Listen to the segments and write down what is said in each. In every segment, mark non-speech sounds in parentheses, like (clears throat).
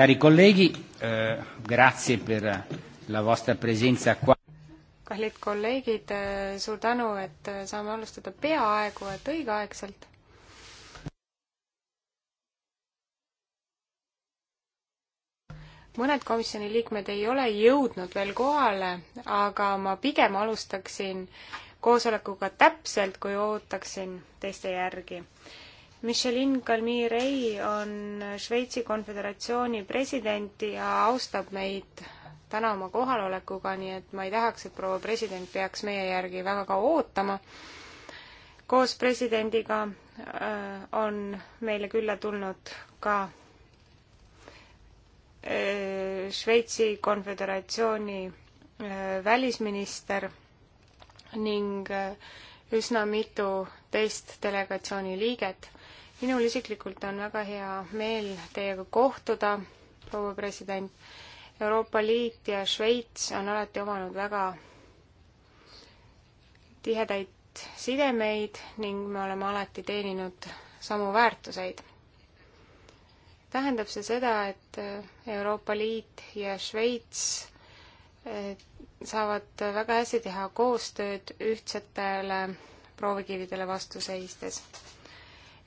Cari colleghi, eh, grazie per la vostra presenza qua. kallid kolleegid, eh, suur tänu, et eh, saame alustada peaaegu et õigeaegselt. mõned komisjoni liikmed ei ole jõudnud veel kohale, aga ma pigem alustaksin koosolekuga täpselt, kui ootaksin teiste järgi Michelin Calmier-Rey on Šveitsi Konföderatsiooni president ja austab meid täna oma kohalolekuga, nii et ma ei tahaks, et proua president peaks meie järgi väga kaua ootama. koos presidendiga äh, on meile külla tulnud ka äh, Šveitsi Konföderatsiooni äh, välisminister ning üsna mitu teist delegatsiooni liiget minul isiklikult on väga hea meel teiega kohtuda, proua president. Euroopa Liit ja Šveits on alati omanud väga tihedaid sidemeid ning me oleme alati teeninud samu väärtuseid. tähendab see seda, et Euroopa Liit ja Šveits eh, saavad väga hästi teha koostööd ühtsetele proovikividele vastu seistes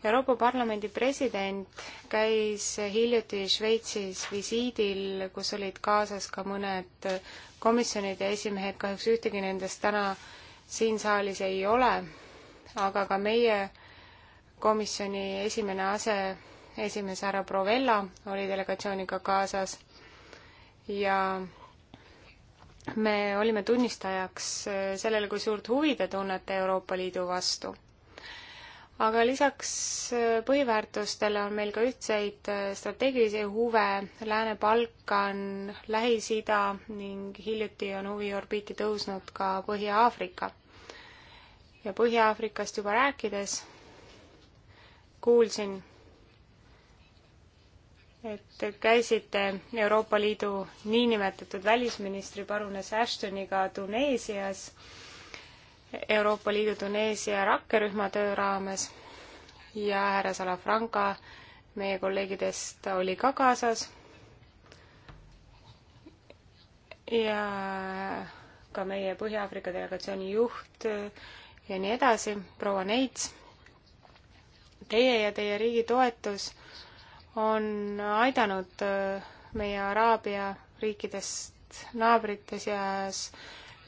Euroopa Parlamendi president käis hiljuti Šveitsis visiidil, kus olid kaasas ka mõned komisjonide esimehed, kahjuks ühtegi nendest täna siin saalis ei ole, aga ka meie komisjoni esimene aseesimees härra Provella oli delegatsiooniga kaasas ja me olime tunnistajaks sellele, kui suurt huvi te tunnete Euroopa Liidu vastu aga lisaks äh, põhiväärtustele on meil ka ühtseid äh, strateegilisi huve Lääne-Balkan, Lähis-Ida ning hiljuti on huviorbiiti tõusnud ka Põhja-Aafrika. ja Põhja-Aafrikast juba rääkides kuulsin, et käisite Euroopa Liidu niinimetatud välisministri parunes Ashtoniga Tuneesias Euroopa Liidu Tuneesia rakkerühma töö raames ja härra Salafranca meie kolleegidest oli ka kaasas. ja ka meie Põhja-Aafrika delegatsiooni juht ja nii edasi, proua Neits. Teie ja teie riigi toetus on aidanud äh, meie Araabia riikidest naabrite seas äh,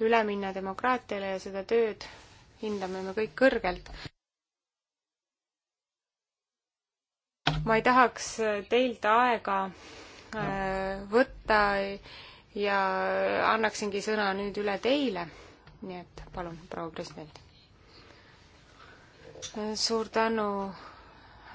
üle minna demokraatiale ja seda tööd hindame me kõik kõrgelt. ma ei tahaks teilt aega äh, võtta ja annaksingi sõna nüüd üle teile. nii et palun, proua Kristel. suur tänu,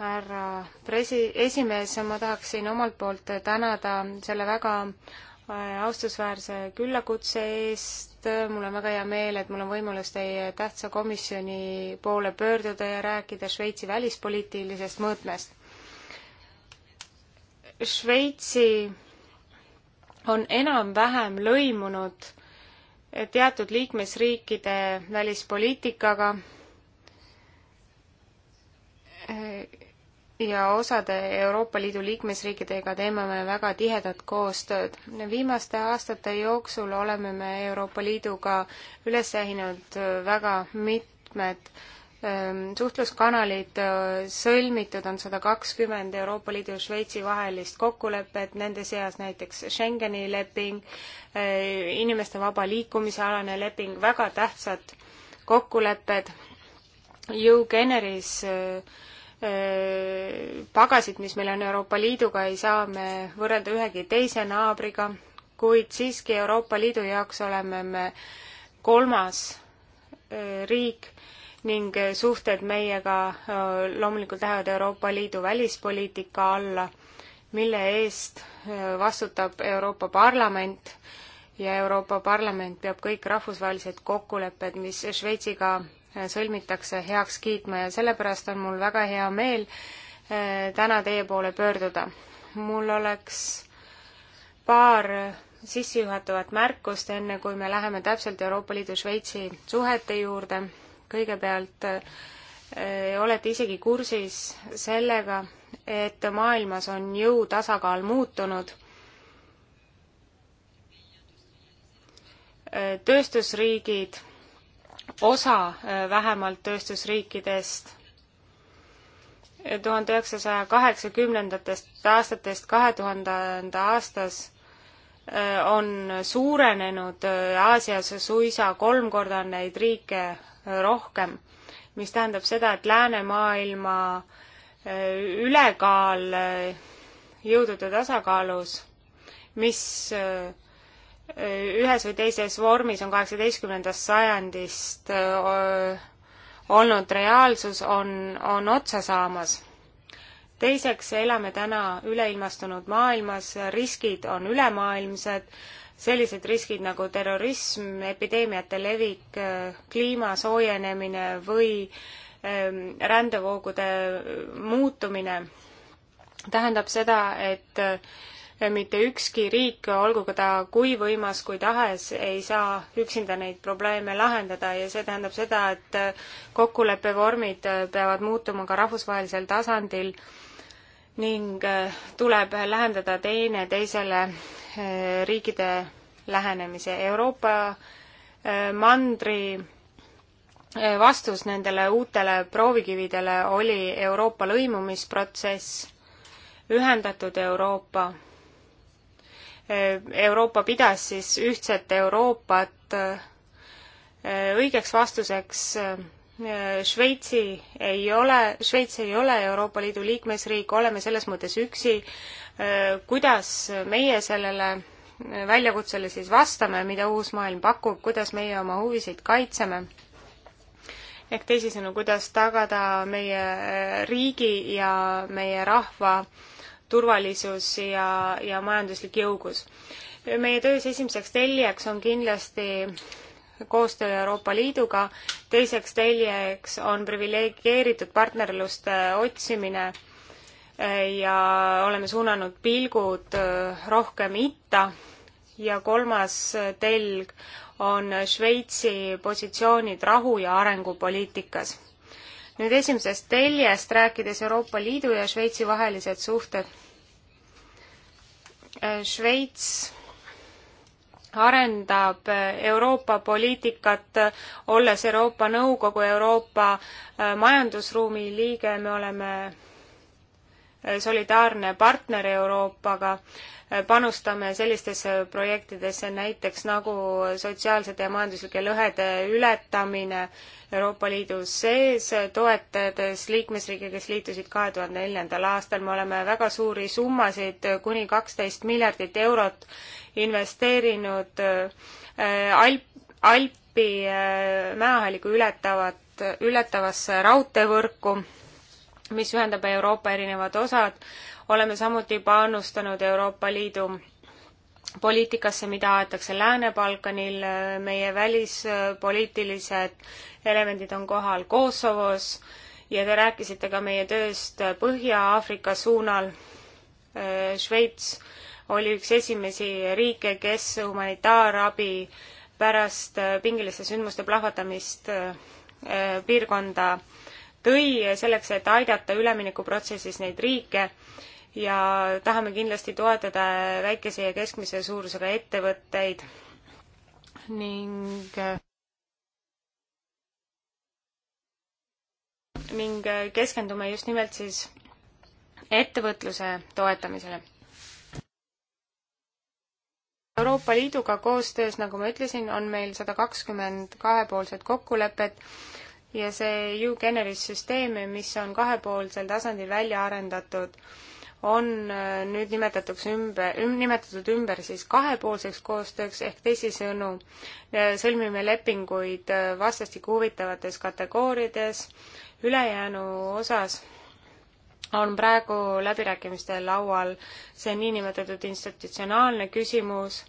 härra presi-, esimees, ma tahaksin omalt poolt tänada selle väga äh, austusväärse küllakutse eest eest, äh, mul on väga hea meel, et mul on võimalus teie tähtsa komisjoni poole pöörduda ja rääkida Šveitsi välispoliitilisest mõõtmest. Šveitsi on enam-vähem lõimunud teatud liikmesriikide välispoliitikaga äh, ja osade Euroopa Liidu liikmesriikidega teeme me väga tihedat koostööd. viimaste aastate jooksul oleme me Euroopa Liiduga üles ehinud väga mitmed ähm, suhtluskanalid äh, sõlmitud on sada kakskümmend Euroopa Liidu ja Šveitsi vahelist kokkulepet, nende seas näiteks Schengeni leping, äh, inimeste vaba liikumise alane leping, väga tähtsad kokkulepped. Eugeneris äh, pagasid, mis meil on Euroopa Liiduga, ei saa me võrrelda ühegi teise naabriga, kuid siiski Euroopa Liidu jaoks oleme me kolmas riik ning suhted meiega loomulikult lähevad Euroopa Liidu välispoliitika alla, mille eest vastutab Euroopa Parlament ja Euroopa Parlament peab kõik rahvusvahelised kokkulepped, mis Šveitsiga sõlmitakse heaks kiitma ja sellepärast on mul väga hea meel eh, täna teie poole pöörduda. mul oleks paar sissejuhatavat märkust, enne kui me läheme täpselt Euroopa Liidu Šveitsi suhete juurde. kõigepealt eh, olete isegi kursis sellega, et maailmas on jõu tasakaal muutunud. Eh, tööstusriigid osa äh, vähemalt tööstusriikidest tuhande üheksasaja kaheksakümnendatest aastatest kahe tuhandenda aastas äh, on suurenenud äh, Aasias suisa kolm korda on neid riike rohkem, mis tähendab seda, et läänemaailma ülekaal jõudude tasakaalus, mis ühes või teises vormis on kaheksateistkümnendast sajandist olnud reaalsus, on, on otsa saamas. teiseks, elame täna üleilmastunud maailmas, riskid on ülemaailmsed, sellised riskid nagu terrorism, epideemiate levik, kliima soojenemine või rändevoogude muutumine tähendab seda, et mitte ükski riik, olgu ta kui võimas kui tahes, ei saa üksinda neid probleeme lahendada ja see tähendab seda, et kokkuleppevormid peavad muutuma ka rahvusvahelisel tasandil ning äh, tuleb lähendada teineteisele äh, riikide lähenemise. Euroopa äh, mandri vastus nendele uutele proovikividele oli Euroopa lõimumisprotsess, ühendatud Euroopa Euroopa pidas siis ühtset Euroopat äh, õigeks vastuseks äh, Šveitsi ei ole, Šveits ei ole Euroopa Liidu liikmesriik, oleme selles mõttes üksi. Äh, kuidas meie sellele väljakutsele siis vastame, mida uus maailm pakub, kuidas meie oma huvisid kaitseme? ehk teisisõnu, kuidas tagada meie riigi ja meie rahva äh, turvalisus ja, ja majanduslik jõugus. meie töös esimeseks tellijaks on kindlasti koostöö Euroopa Liiduga, teiseks teljeks on priviligeeritud partnerluste otsimine eh, ja oleme suunanud pilgud eh, rohkem itta ja kolmas telg on Šveitsi positsioonid rahu- ja arengupoliitikas nüüd esimesest teljest rääkides Euroopa Liidu ja Šveitsi vahelised suhted. Šveits arendab Euroopa poliitikat, olles Euroopa Nõukogu, Euroopa äh, majandusruumi liige, me oleme solidaarne partner Euroopaga, panustame sellistesse projektidesse näiteks nagu sotsiaalsete ja majanduslike lõhede ületamine Euroopa Liidu sees, toetades liikmesriike, kes liitusid kahe tuhande neljandal aastal, me oleme väga suuri summasid, kuni kaksteist miljardit eurot investeerinud äh, Alp, Alpi äh, mäehalliku ületavat, ületavasse raudteevõrku mis ühendab Euroopa erinevad osad. oleme samuti panustanud Euroopa Liidu poliitikasse, mida aetakse Lääne-Balkanil, meie välispoliitilised elemendid on kohal Kosovos ja te rääkisite ka meie tööst Põhja-Aafrika suunal. Šveits oli üks esimesi riike, kes humanitaarabi pärast pingiliste sündmuste plahvatamist eh, piirkonda äh, tõi selleks, et aidata üleminekuprotsessis neid riike ja tahame kindlasti toetada väikese ja keskmise suurusega ettevõtteid ning ning keskendume just nimelt siis ettevõtluse toetamisele. Euroopa Liiduga koostöös, nagu ma ütlesin, on meil sada kakskümmend kahepoolset kokkulepet ja see YouGeneris süsteem, mis on kahepoolsel tasandil välja arendatud, on äh, nüüd nimetatuks ümber üm,, nimetatud ümber siis kahepoolseks koostööks ehk teisisõnu äh, sõlmime lepinguid äh, vastastikku huvitavates kategooriades, ülejäänu osas on praegu läbirääkimiste laual see niinimetatud institutsionaalne küsimus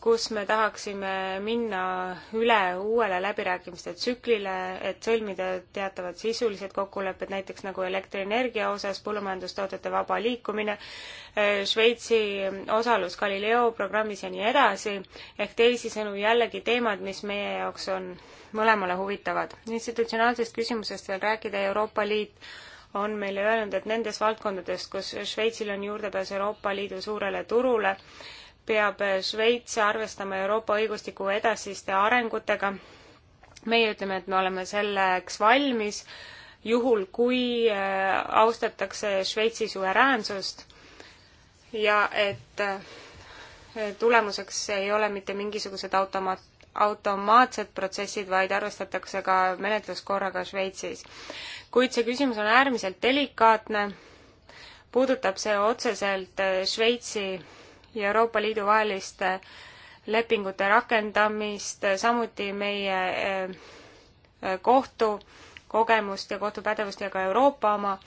kus me tahaksime minna üle uuele läbirääkimiste tsüklile, et sõlmida teatavad sisulised kokkulepped, näiteks nagu elektrienergia osas, põllumajandustoodete vaba liikumine, äh, Šveitsi osalus Galileo programmis ja nii edasi, ehk teisisõnu jällegi teemad, mis meie jaoks on mõlemale huvitavad. institutsionaalsest küsimusest veel rääkida, Euroopa Liit on meile öelnud, et nendes valdkondades, kus Šveitsil on juurdepääs Euroopa Liidu suurele turule, peab Šveits arvestama Euroopa õigustiku edasiste arengutega. meie ütleme, et me oleme selleks valmis, juhul kui äh, austatakse Šveitsi suveräänsust ja et äh, tulemuseks ei ole mitte mingisugused automaat, automaatsed protsessid, vaid arvestatakse ka menetluskorraga Šveitsis. kuid see küsimus on äärmiselt delikaatne, puudutab see otseselt äh, Šveitsi ja Euroopa Liidu vaheliste lepingute rakendamist, samuti meie eh, kohtu kogemust ja kohtupädevust ja ka Euroopa oma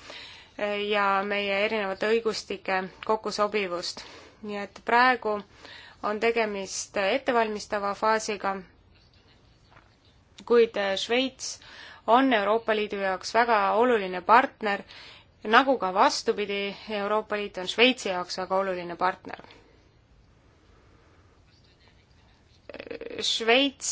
eh, ja meie erinevate õigustike kokkusobivust. nii et praegu on tegemist ettevalmistava faasiga, kuid eh, Šveits on Euroopa Liidu jaoks väga oluline partner, nagu ka vastupidi, Euroopa Liit on Šveitsi jaoks väga oluline partner Šveits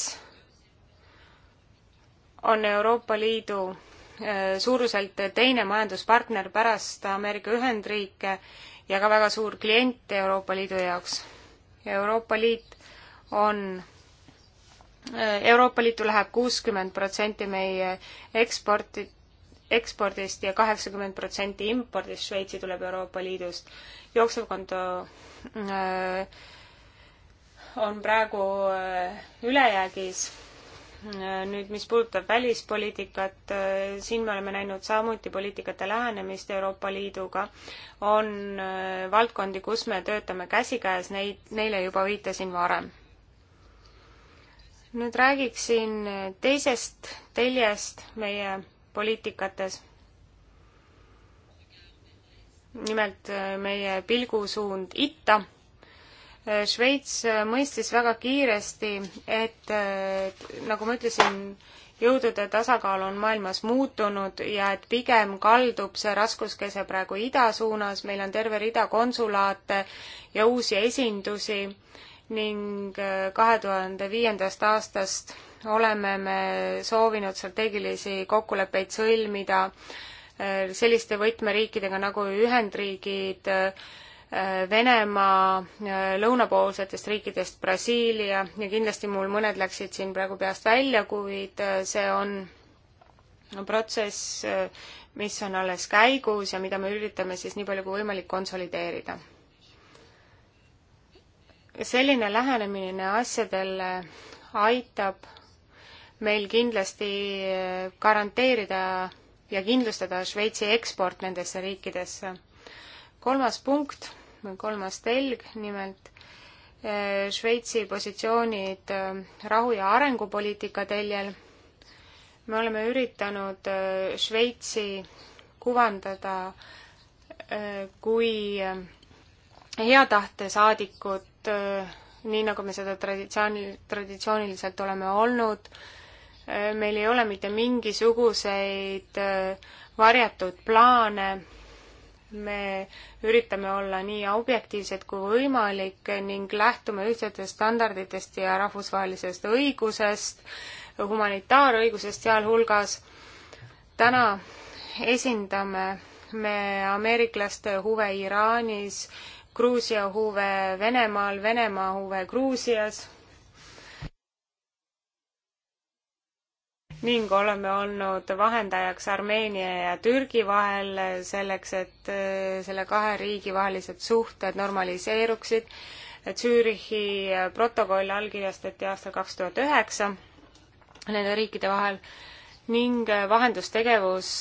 on Euroopa Liidu äh, suuruselt teine majanduspartner pärast Ameerika Ühendriike ja ka väga suur klient Euroopa Liidu jaoks. Euroopa Liit on, äh, Euroopa Liitu läheb kuuskümmend protsenti meie eksporti, ekspordist ja kaheksakümmend protsenti impordist Šveitsi tuleb Euroopa Liidust. jooksevkonto äh, on praegu äh, ülejäägis. Äh, nüüd, mis puudutab välispoliitikat, äh, siin me oleme näinud samuti poliitikate lähenemist Euroopa Liiduga. on valdkondi, kus me töötame käsikäes, neid, neile juba viitasin varem. nüüd räägiksin teisest teljest meie poliitikates. nimelt meie pilgusuund itta Šveits mõistis väga kiiresti, et äh, nagu ma ütlesin, jõudude tasakaal on maailmas muutunud ja et pigem kaldub see raskuskese praegu ida suunas, meil on terve rida konsulaate ja uusi esindusi ning äh, kahe tuhande viiendast aastast oleme me soovinud strateegilisi kokkuleppeid sõlmida äh, selliste võtmeriikidega nagu Ühendriigid, Venemaa, äh, lõunapoolsetest riikidest Brasiilia ja kindlasti mul mõned läksid siin praegu peast välja, kuid äh, see on protsess, äh, mis on alles käigus ja mida me üritame siis nii palju kui võimalik konsolideerida. selline lähenemine asjadele aitab meil kindlasti garanteerida ja kindlustada Šveitsi eksport nendesse riikidesse. kolmas punkt kolmas telg, nimelt eh, Šveitsi positsioonid eh, rahu- ja arengupoliitika teljel. me oleme üritanud eh, Šveitsi kuvandada kui hea tahte saadikut, nii nagu me seda traditsiooni, traditsiooniliselt oleme olnud, meil ei ole mitte mingisuguseid varjatud plaane me üritame olla nii objektiivsed kui võimalik ning lähtume ühtsetest standarditest ja rahvusvahelisest õigusest, humanitaarõigusest sealhulgas. täna esindame me ameeriklaste huve Iraanis, Gruusia huve Venemaal, Venemaa huve Gruusias ning oleme olnud vahendajaks Armeenia ja Türgi vahel selleks, et äh, selle kahe riigi vahelised suhted normaliseeruksid. Zürichi protokoll allkirjastati aastal kaks tuhat üheksa nende riikide vahel ning äh, vahendustegevus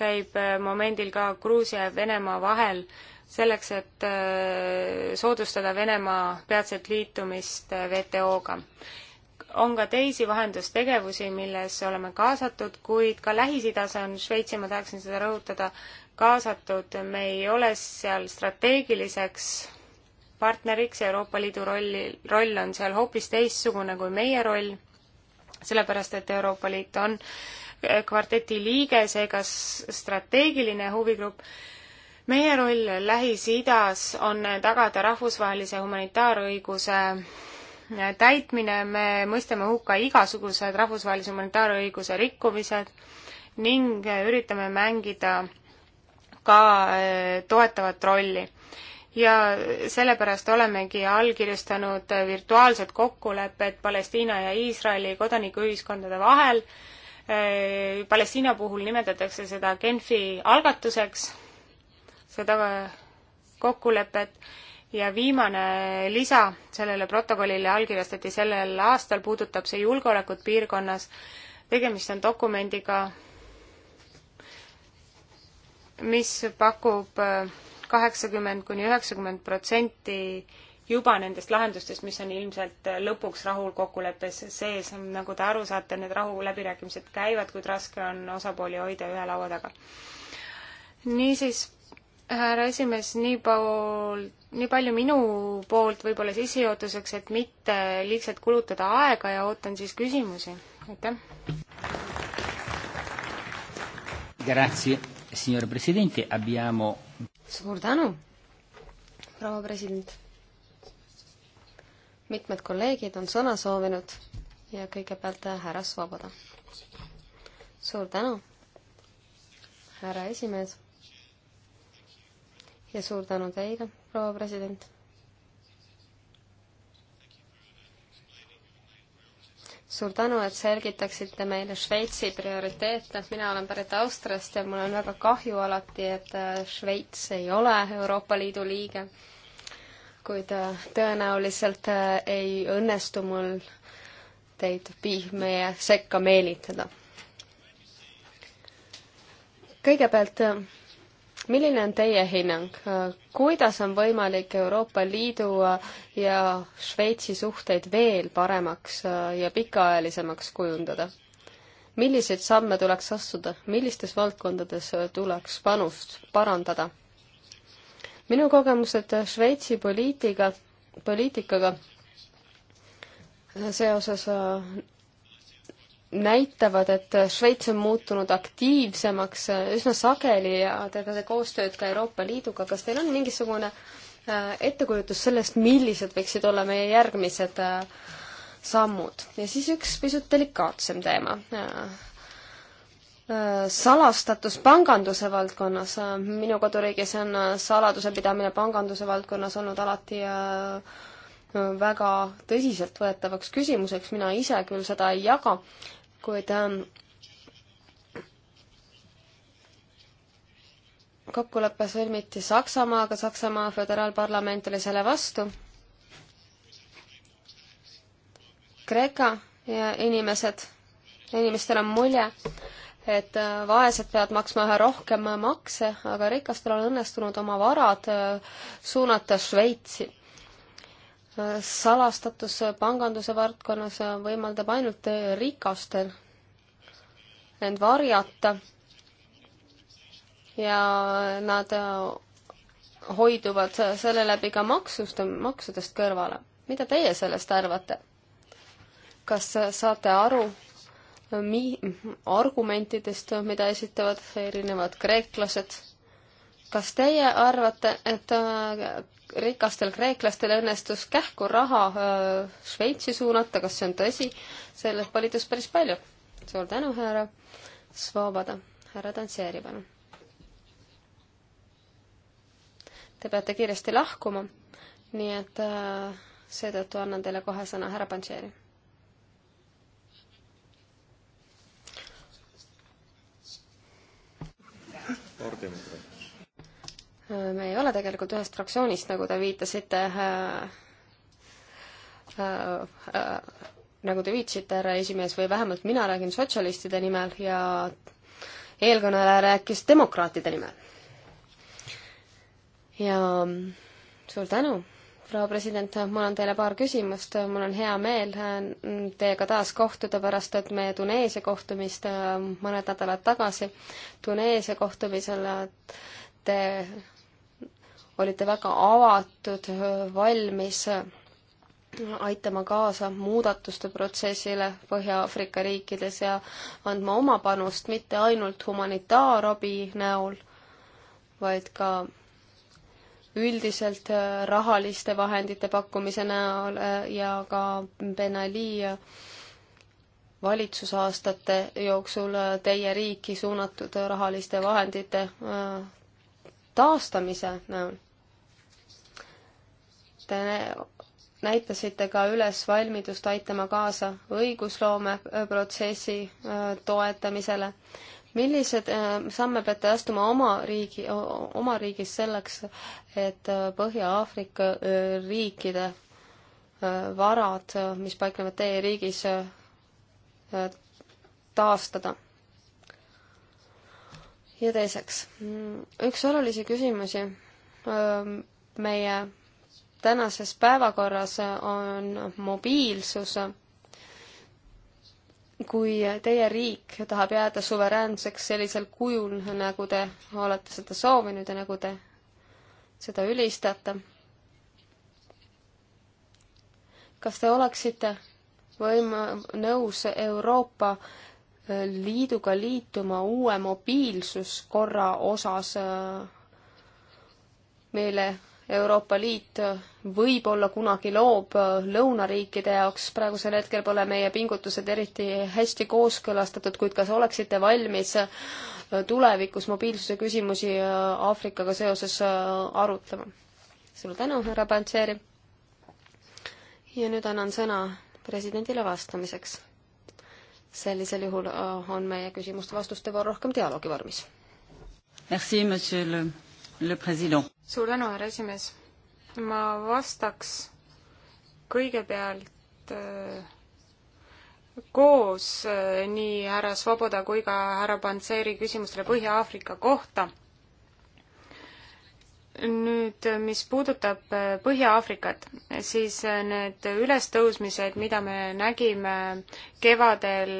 käib äh, momendil ka Gruusia ja Venemaa vahel selleks, et soodustada Venemaa peatset liitumist WTO-ga on ka teisi vahendustegevusi, milles oleme kaasatud, kuid ka Lähis-Idas on Šveitsi, ma tahaksin seda rõhutada, kaasatud, me ei ole seal strateegiliseks partneriks, Euroopa Liidu rolli, roll on seal hoopis teistsugune kui meie roll, sellepärast et Euroopa Liit on eh, kvarteti liige, seega strateegiline huvigrupp. meie roll Lähis-Idas on tagada rahvusvahelise humanitaarõiguse täitmine, me mõistame hukka igasugused rahvusvahelise humanitaarõiguse rikkumised ning üritame mängida ka äh, toetavat rolli. ja sellepärast olemegi allkirjastanud virtuaalsed kokkulepped Palestiina ja Iisraeli kodanikuühiskondade vahel. Äh, Palestiina puhul nimetatakse seda Genfi algatuseks, seda kokkulepet ja viimane lisa sellele protokollile allkirjastati sellel aastal, puudutab see julgeolekut piirkonnas. tegemist on dokumendiga, mis pakub äh, kaheksakümmend kuni üheksakümmend protsenti juba nendest lahendustest, mis on ilmselt äh, lõpuks rahulkokkuleppes sees, nagu te aru saate, need rahuläbirääkimised käivad, kuid raske on osapooli hoida ühe laua taga. niisiis, härra esimees, nii pool nii palju minu poolt võib-olla sissejuhatuseks, et mitte liigselt kulutada aega ja ootan siis küsimusi, aitäh. Grazie, signor presidente, abbiamo. suur tänu, proua president. mitmed kolleegid on sõna soovinud ja kõigepealt härra Svoboda. suur tänu, härra esimees. ja suur tänu teile proua president. suur tänu, et selgitaksite meile Šveitsi prioriteete. mina olen pärit Austriast ja mul on väga kahju alati, et äh, Šveits ei ole Euroopa Liidu liige. kuid äh, tõenäoliselt äh, ei õnnestu mul teid meie sekka meelitada. kõigepealt milline on teie hinnang, kuidas on võimalik Euroopa Liidu ja Šveitsi suhteid veel paremaks ja pikaajalisemaks kujundada? milliseid samme tuleks astuda, millistes valdkondades tuleks panust parandada? minu kogemused Šveitsi poliitiga, poliitikaga seoses näitavad, et Šveits on muutunud aktiivsemaks üsna sageli ja te teete koostööd ka Euroopa Liiduga, kas teil on mingisugune äh, ettekujutus sellest, millised võiksid olla meie järgmised äh, sammud? ja siis üks pisut delikaatsem teema. Äh, salastatus panganduse valdkonnas, minu koduriigis on saladuse pidamine panganduse valdkonnas olnud alati väga tõsiseltvõetavaks küsimuseks, mina ise küll seda ei jaga, kuid ähm, kokkulepe sõlmiti Saksamaaga, Saksamaa föderaalparlament oli selle vastu. Kreeka inimesed, inimestel on mulje, et äh, vaesed peavad maksma üha rohkem makse, aga rikastel on õnnestunud oma varad äh, suunata Šveitsi salastatus panganduse valdkonnas võimaldab ainult rikastel end varjata ja nad hoiduvad selle läbi ka maksust, maksudest kõrvale. mida teie sellest arvate? kas saate aru mi-, argumentidest, mida esitavad erinevad kreeklased? kas teie arvate, et rikastel kreeklastel õnnestus kähku raha äh, Šveitsi suunata, kas see on tõsi? sellest valitus päris palju. suur tänu, härra Svoboda. härra Tantseeri, palun. Te peate kiiresti lahkuma, nii et äh, seetõttu annan teile kohe sõna, härra Tantseeri. ordinaat me ei ole tegelikult ühest fraktsioonist, nagu te viitasite äh,, äh, äh, nagu te viitasite, härra esimees, või vähemalt mina räägin sotsialistide nimel ja eelkõneleja rääkis demokraatide nimel. ja suur tänu, proua president, mul on teile paar küsimust, mul on hea meel äh, teiega taas kohtuda pärast, et meie Tuneesia kohtumist äh, mõned nädalad tagasi, Tuneesia kohtumisel äh, te olite väga avatud, valmis aitama kaasa muudatuste protsessile Põhja-Aafrika riikides ja andma oma panust mitte ainult humanitaarabi näol, vaid ka üldiselt äh, rahaliste vahendite pakkumise näol äh, ja ka Ben Ali äh, valitsusaastate jooksul teie riiki suunatud rahaliste vahendite taastamise näol Te näitasite ka üles valmidust aitama kaasa õigusloome äh, protsessi äh, toetamisele. millised äh, samme peate astuma oma riigi, oma riigis selleks, et Põhja-Aafrika riikide varad, mis paiknevad teie riigis, taastada? ja teiseks, mm, üks olulisi küsimusi ähm, meie tänases päevakorras on mobiilsus. kui teie riik tahab jääda suveräänseks sellisel kujul, nagu te olete seda soovinud ja nagu te seda ülistate, kas te oleksite võima-, nõus Euroopa Liiduga liituma uue mobiilsuskorra osas, mille Euroopa Liit võib-olla kunagi loob lõunariikide jaoks, praegusel hetkel pole meie pingutused eriti hästi kooskõlastatud, kuid kas oleksite valmis tulevikus mobiilsuse küsimusi äh, Aafrikaga seoses äh, arutlema? suur tänu, härra Pantseri! ja nüüd annan sõna presidendile vastamiseks. sellisel juhul äh, on meie küsimuste-vastuste voor rohkem dialoogi vormis. Merci, monsieur le suur tänu, härra esimees. ma vastaks kõigepealt äh, koos äh, nii härra Svoboda kui ka härra Panseri küsimustele Põhja-Aafrika kohta nüüd, mis puudutab äh, Põhja-Aafrikat, siis need ülestõusmised, mida me nägime kevadel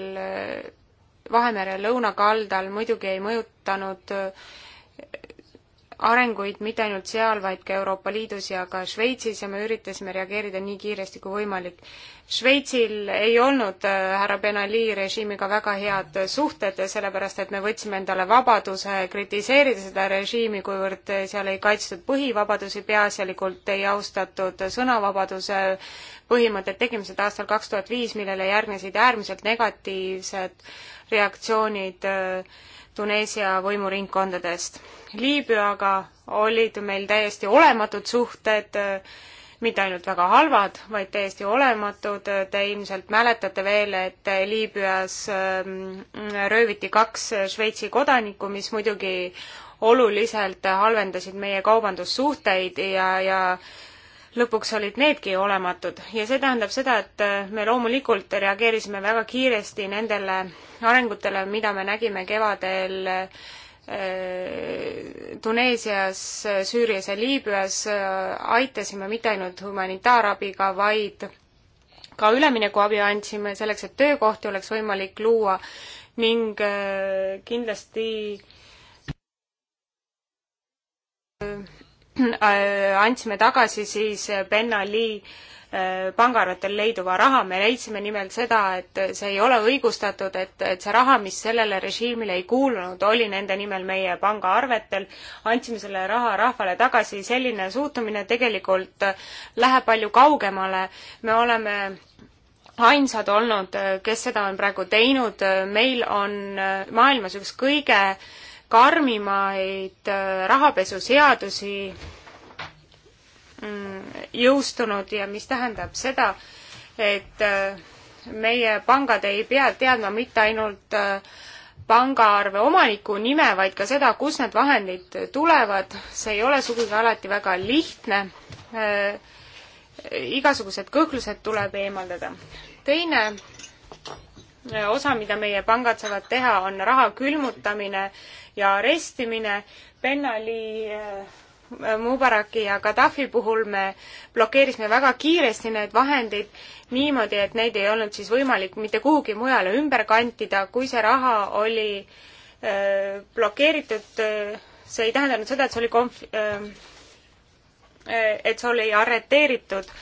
Vahemere lõunakaldal, muidugi ei mõjutanud arenguid mitte ainult seal, vaid ka Euroopa Liidus ja ka Šveitsis ja me üritasime reageerida nii kiiresti kui võimalik. Šveitsil ei olnud äh, härra Ben Ali režiimiga väga head äh, suhted, sellepärast et me võtsime endale vabaduse kritiseerida seda režiimi, kuivõrd äh, seal ei kaitstud põhivabadusi, peaasjalikult ei austatud sõnavabaduse põhimõtet, tegime seda aastal kaks tuhat viis, millele järgnesid äärmiselt negatiivsed reaktsioonid äh, Tuneesia võimuringkondadest. Liibüaga olid meil täiesti olematud suhted, mitte ainult väga halvad, vaid täiesti olematud. Te ilmselt mäletate veel, et Liibüas ähm, rööviti kaks Šveitsi kodanikku, mis muidugi oluliselt halvendasid meie kaubandussuhteid ja, ja lõpuks olid needki olematud ja see tähendab seda, et äh, me loomulikult reageerisime väga kiiresti nendele arengutele, mida me nägime kevadel äh, Tuneesias, Süürias ja Liibüas, aitasime mitte ainult humanitaarabiga, vaid ka üleminekuabi andsime selleks, et töökohti oleks võimalik luua ning äh, kindlasti äh, Äh, andsime tagasi siis Ben Ali äh, pangaarvetel leiduva raha, me leidsime nimelt seda, et see ei ole õigustatud, et, et see raha, mis sellele režiimile ei kuulunud, oli nende nimel meie pangaarvetel, andsime selle raha rahvale tagasi, selline suhtumine tegelikult äh, läheb palju kaugemale, me oleme ainsad olnud, kes seda on praegu teinud, meil on maailmas üks kõige äh, karmimaid äh, rahapesuseadusi mm, jõustunud ja mis tähendab seda, et äh, meie pangad ei pea teadma mitte ainult äh, pangaarve omaniku nime, vaid ka seda, kust need vahendid tulevad, see ei ole sugugi alati väga lihtne. igasugused kõhklused tuleb eemaldada. teine osa, mida meie pangad saavad teha, on raha külmutamine ja arestimine. Ben Ali äh, Mubaraki ja Gaddafi puhul me blokeerisime väga kiiresti need vahendid niimoodi, et neid ei olnud siis võimalik mitte kuhugi mujale ümber kantida, kui see raha oli öö, äh, blokeeritud, äh, see ei tähendanud seda, et see oli konf-, et see oli arreteeritud öö,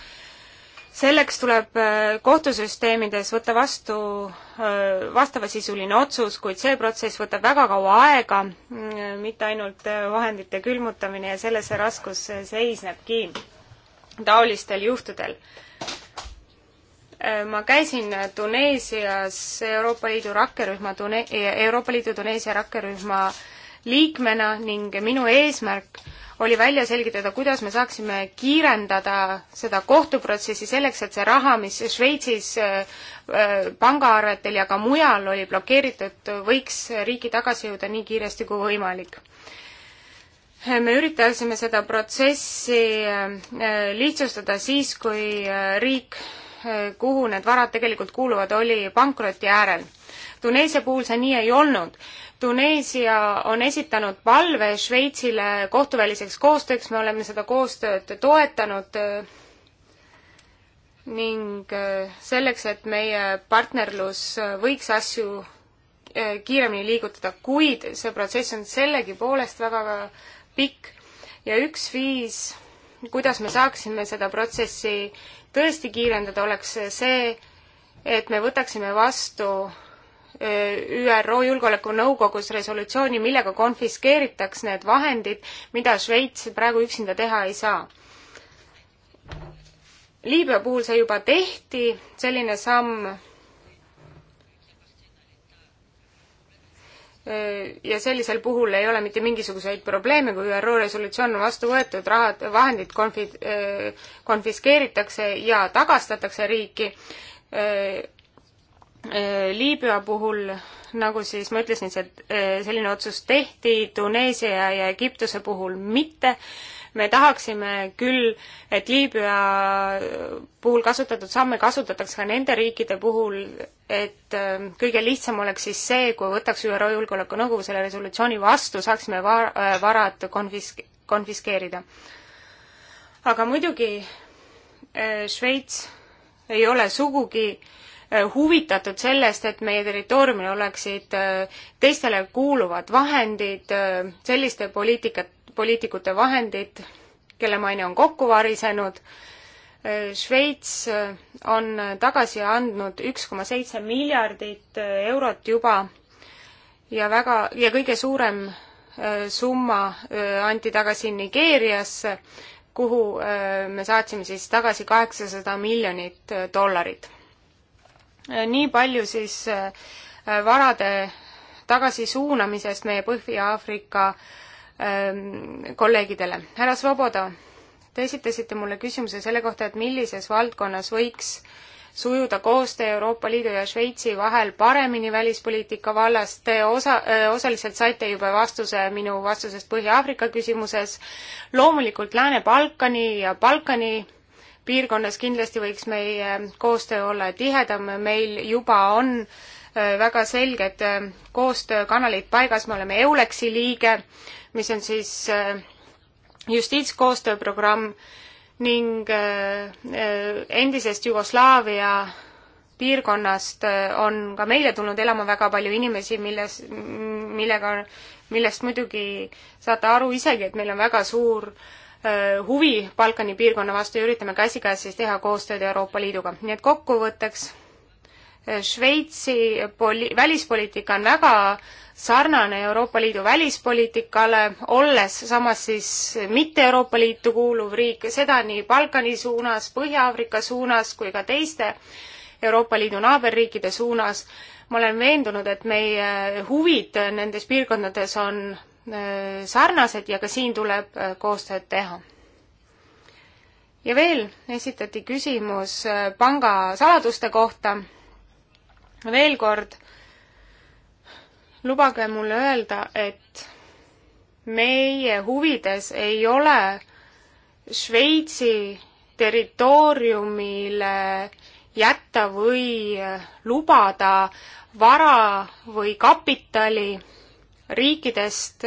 selleks tuleb äh, kohtusüsteemides võtta vastu äh, vastavasisuline otsus, kuid see protsess võtab väga kaua aega, mm, äh, mitte ainult vahendite külmutamine ja selles see raskus seisnebki taolistel juhtudel. ma käisin Tuneesias Euroopa Liidu rakkerühma, Euroopa Liidu Tuneesia rakkerühma äh, liikmena ning minu eesmärk oli välja selgitada, kuidas me saaksime kiirendada seda kohtuprotsessi selleks, et see raha, mis Šveitsis äh, äh, pangaarvetel ja ka mujal oli blokeeritud, võiks riiki tagasi jõuda nii kiiresti kui võimalik me üritasime seda protsessi äh, lihtsustada siis, kui riik, kuhu need varad tegelikult kuuluvad, oli pankroti äärel. Tuneesia puhul see nii ei olnud Tuneesia on esitanud palve Šveitsile kohtuväliseks koostööks, me oleme seda koostööd toetanud äh, ning äh, selleks, et meie partnerlus äh, võiks asju kiiremini liigutada, kuid see protsess on sellegipoolest väga pikk ja üks viis, kuidas me saaksime seda protsessi tõesti kiirendada, oleks see, et me võtaksime vastu ÜRO Julgeolekunõukogus resolutsiooni, millega konfiskeeritaks need vahendid, mida Šveits praegu üksinda teha ei saa. Liibüa puhul see juba tehti, selline samm ja sellisel puhul ei ole mitte mingisuguseid probleeme, kui ÜRO resolutsioon on vastu võetud, rahad, vahendid konfi-, konfiskeeritakse ja tagastatakse riiki, Äh, Liibüa puhul, nagu siis ma ütlesin, see, äh, selline otsus tehti, Tuneesia ja Egiptuse puhul mitte. me tahaksime küll, et Liibüa äh, puhul kasutatud samme kasutatakse ka nende riikide puhul, et kõige lihtsam oleks siis see, kui võtaks ÜRO Julgeolekunõukogu selle resolutsiooni vastu, saaksime va-, varad konfisk-, konfiskeerida. aga muidugi Šveits ei ole sugugi äh, Äh, huvitatud sellest, et meie territooriumil oleksid äh, teistele kuuluvad vahendid, äh, selliste poliitikat, poliitikute vahendid, kelle maine on kokku varisenud. Šveits on tagasi andnud üks koma seitse miljardit eurot juba ja väga, ja kõige suurem summa anti tagasi Nigeeriasse, kuhu me saatsime siis tagasi kaheksasada miljonit dollarit Äh, nii palju siis äh, varade tagasisuunamisest meie Põhja-Aafrika ähm, kolleegidele. härra Svoboda, te esitasite mulle küsimuse selle kohta, et millises valdkonnas võiks sujuda koostöö Euroopa Liidu ja Šveitsi vahel paremini välispoliitika vallas. Te osa, äh, osaliselt saite juba vastuse minu vastusest Põhja-Aafrika küsimuses. loomulikult Lääne-Balkani ja Balkani piirkonnas kindlasti võiks meie koostöö olla tihedam, meil juba on äh, väga selged äh, koostöökanalid paigas, me oleme EULEX-i liige, mis on siis äh, justiitskoostööprogramm ning endisest Jugoslaavia piirkonnast on ka meile tulnud elama väga palju inimesi, milles, millega, millest muidugi saate aru isegi, et meil on väga suur äh, Eh, huvi Balkani piirkonna vastu ja üritame käsikäes siis teha koostööd Euroopa Liiduga. nii et kokkuvõtteks, eh, Šveitsi poli-, välispoliitika on väga sarnane Euroopa Liidu välispoliitikale, olles samas siis mitte Euroopa Liitu kuuluv riik, seda nii Balkani suunas, Põhja-Aafrika suunas kui ka teiste Euroopa Liidu naaberriikide suunas. ma olen veendunud, et meie huvid nendes piirkondades on Äh, sarnased ja ka siin tuleb äh, koostööd teha. ja veel esitati küsimus äh, panga saladuste kohta. veel kord, lubage mulle öelda, et meie huvides ei ole Šveitsi territooriumile jätta või lubada vara või kapitali riikidest,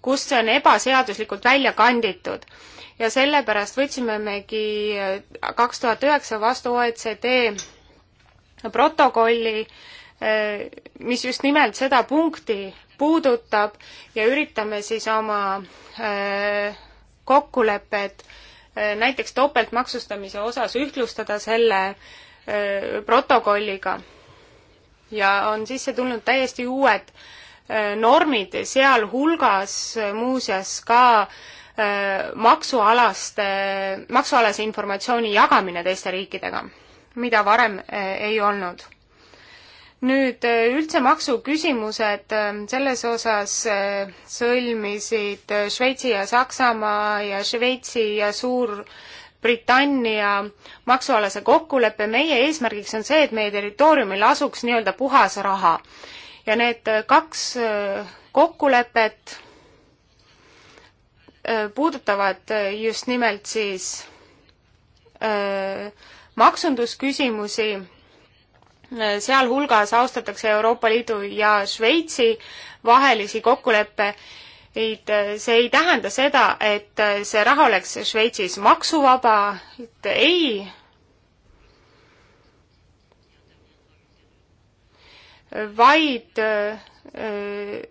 kust see on ebaseaduslikult välja kanditud. ja sellepärast võtsimegi kaks tuhat üheksa vastu OECD protokolli, mis just nimelt seda punkti puudutab ja üritame siis oma äh, kokkulepped äh, näiteks topeltmaksustamise osas ühtlustada selle äh, protokolliga. ja on sisse tulnud täiesti uued äh, Äh, normid, sealhulgas äh, muuseas ka äh, maksualaste, maksualase informatsiooni jagamine teiste riikidega, mida varem ei olnud. nüüd üldse maksuküsimused, selles osas sõlmisid Šveitsi ja Saksamaa ja Šveitsi ja Suurbritannia maksualase kokkuleppe, meie eesmärgiks on see, et meie territooriumil asuks nii-öelda puhas raha ja need äh, kaks äh, kokkulepet äh, puudutavad just nimelt siis maksundusküsimusi, sealhulgas austatakse Euroopa Liidu ja Šveitsi vahelisi kokkuleppeid, see ei tähenda seda, et see raha oleks Šveitsis maksuvaba, et ei, vaid äh,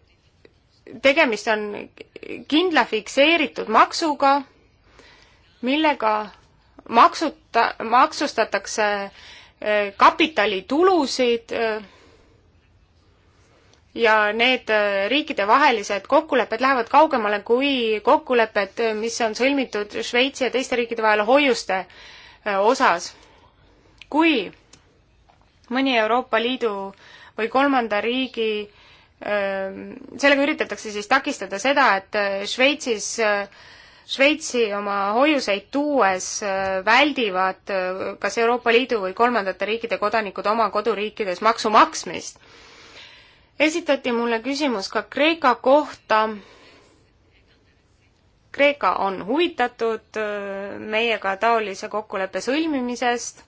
tegemist on kindla fikseeritud maksuga, millega maksuta, maksustatakse äh, kapitalitulusid äh, ja need riikidevahelised kokkulepped lähevad kaugemale kui kokkulepped, mis on sõlmitud Šveitsi ja teiste riikide vahel hoiuste osas. kui mõni Euroopa Liidu äh, või kolmanda riigi ähm, sellega üritatakse siis takistada seda, et äh, Šveitsis, äh, Šveitsi oma hoiuseid tuues äh, väldivad kas Euroopa Liidu või kolmandate riikide kodanikud oma koduriikides maksu maksmist. esitati mulle küsimus ka Kreeka kohta. Kreeka on huvitatud meiega taolise kokkuleppe sõlmimisest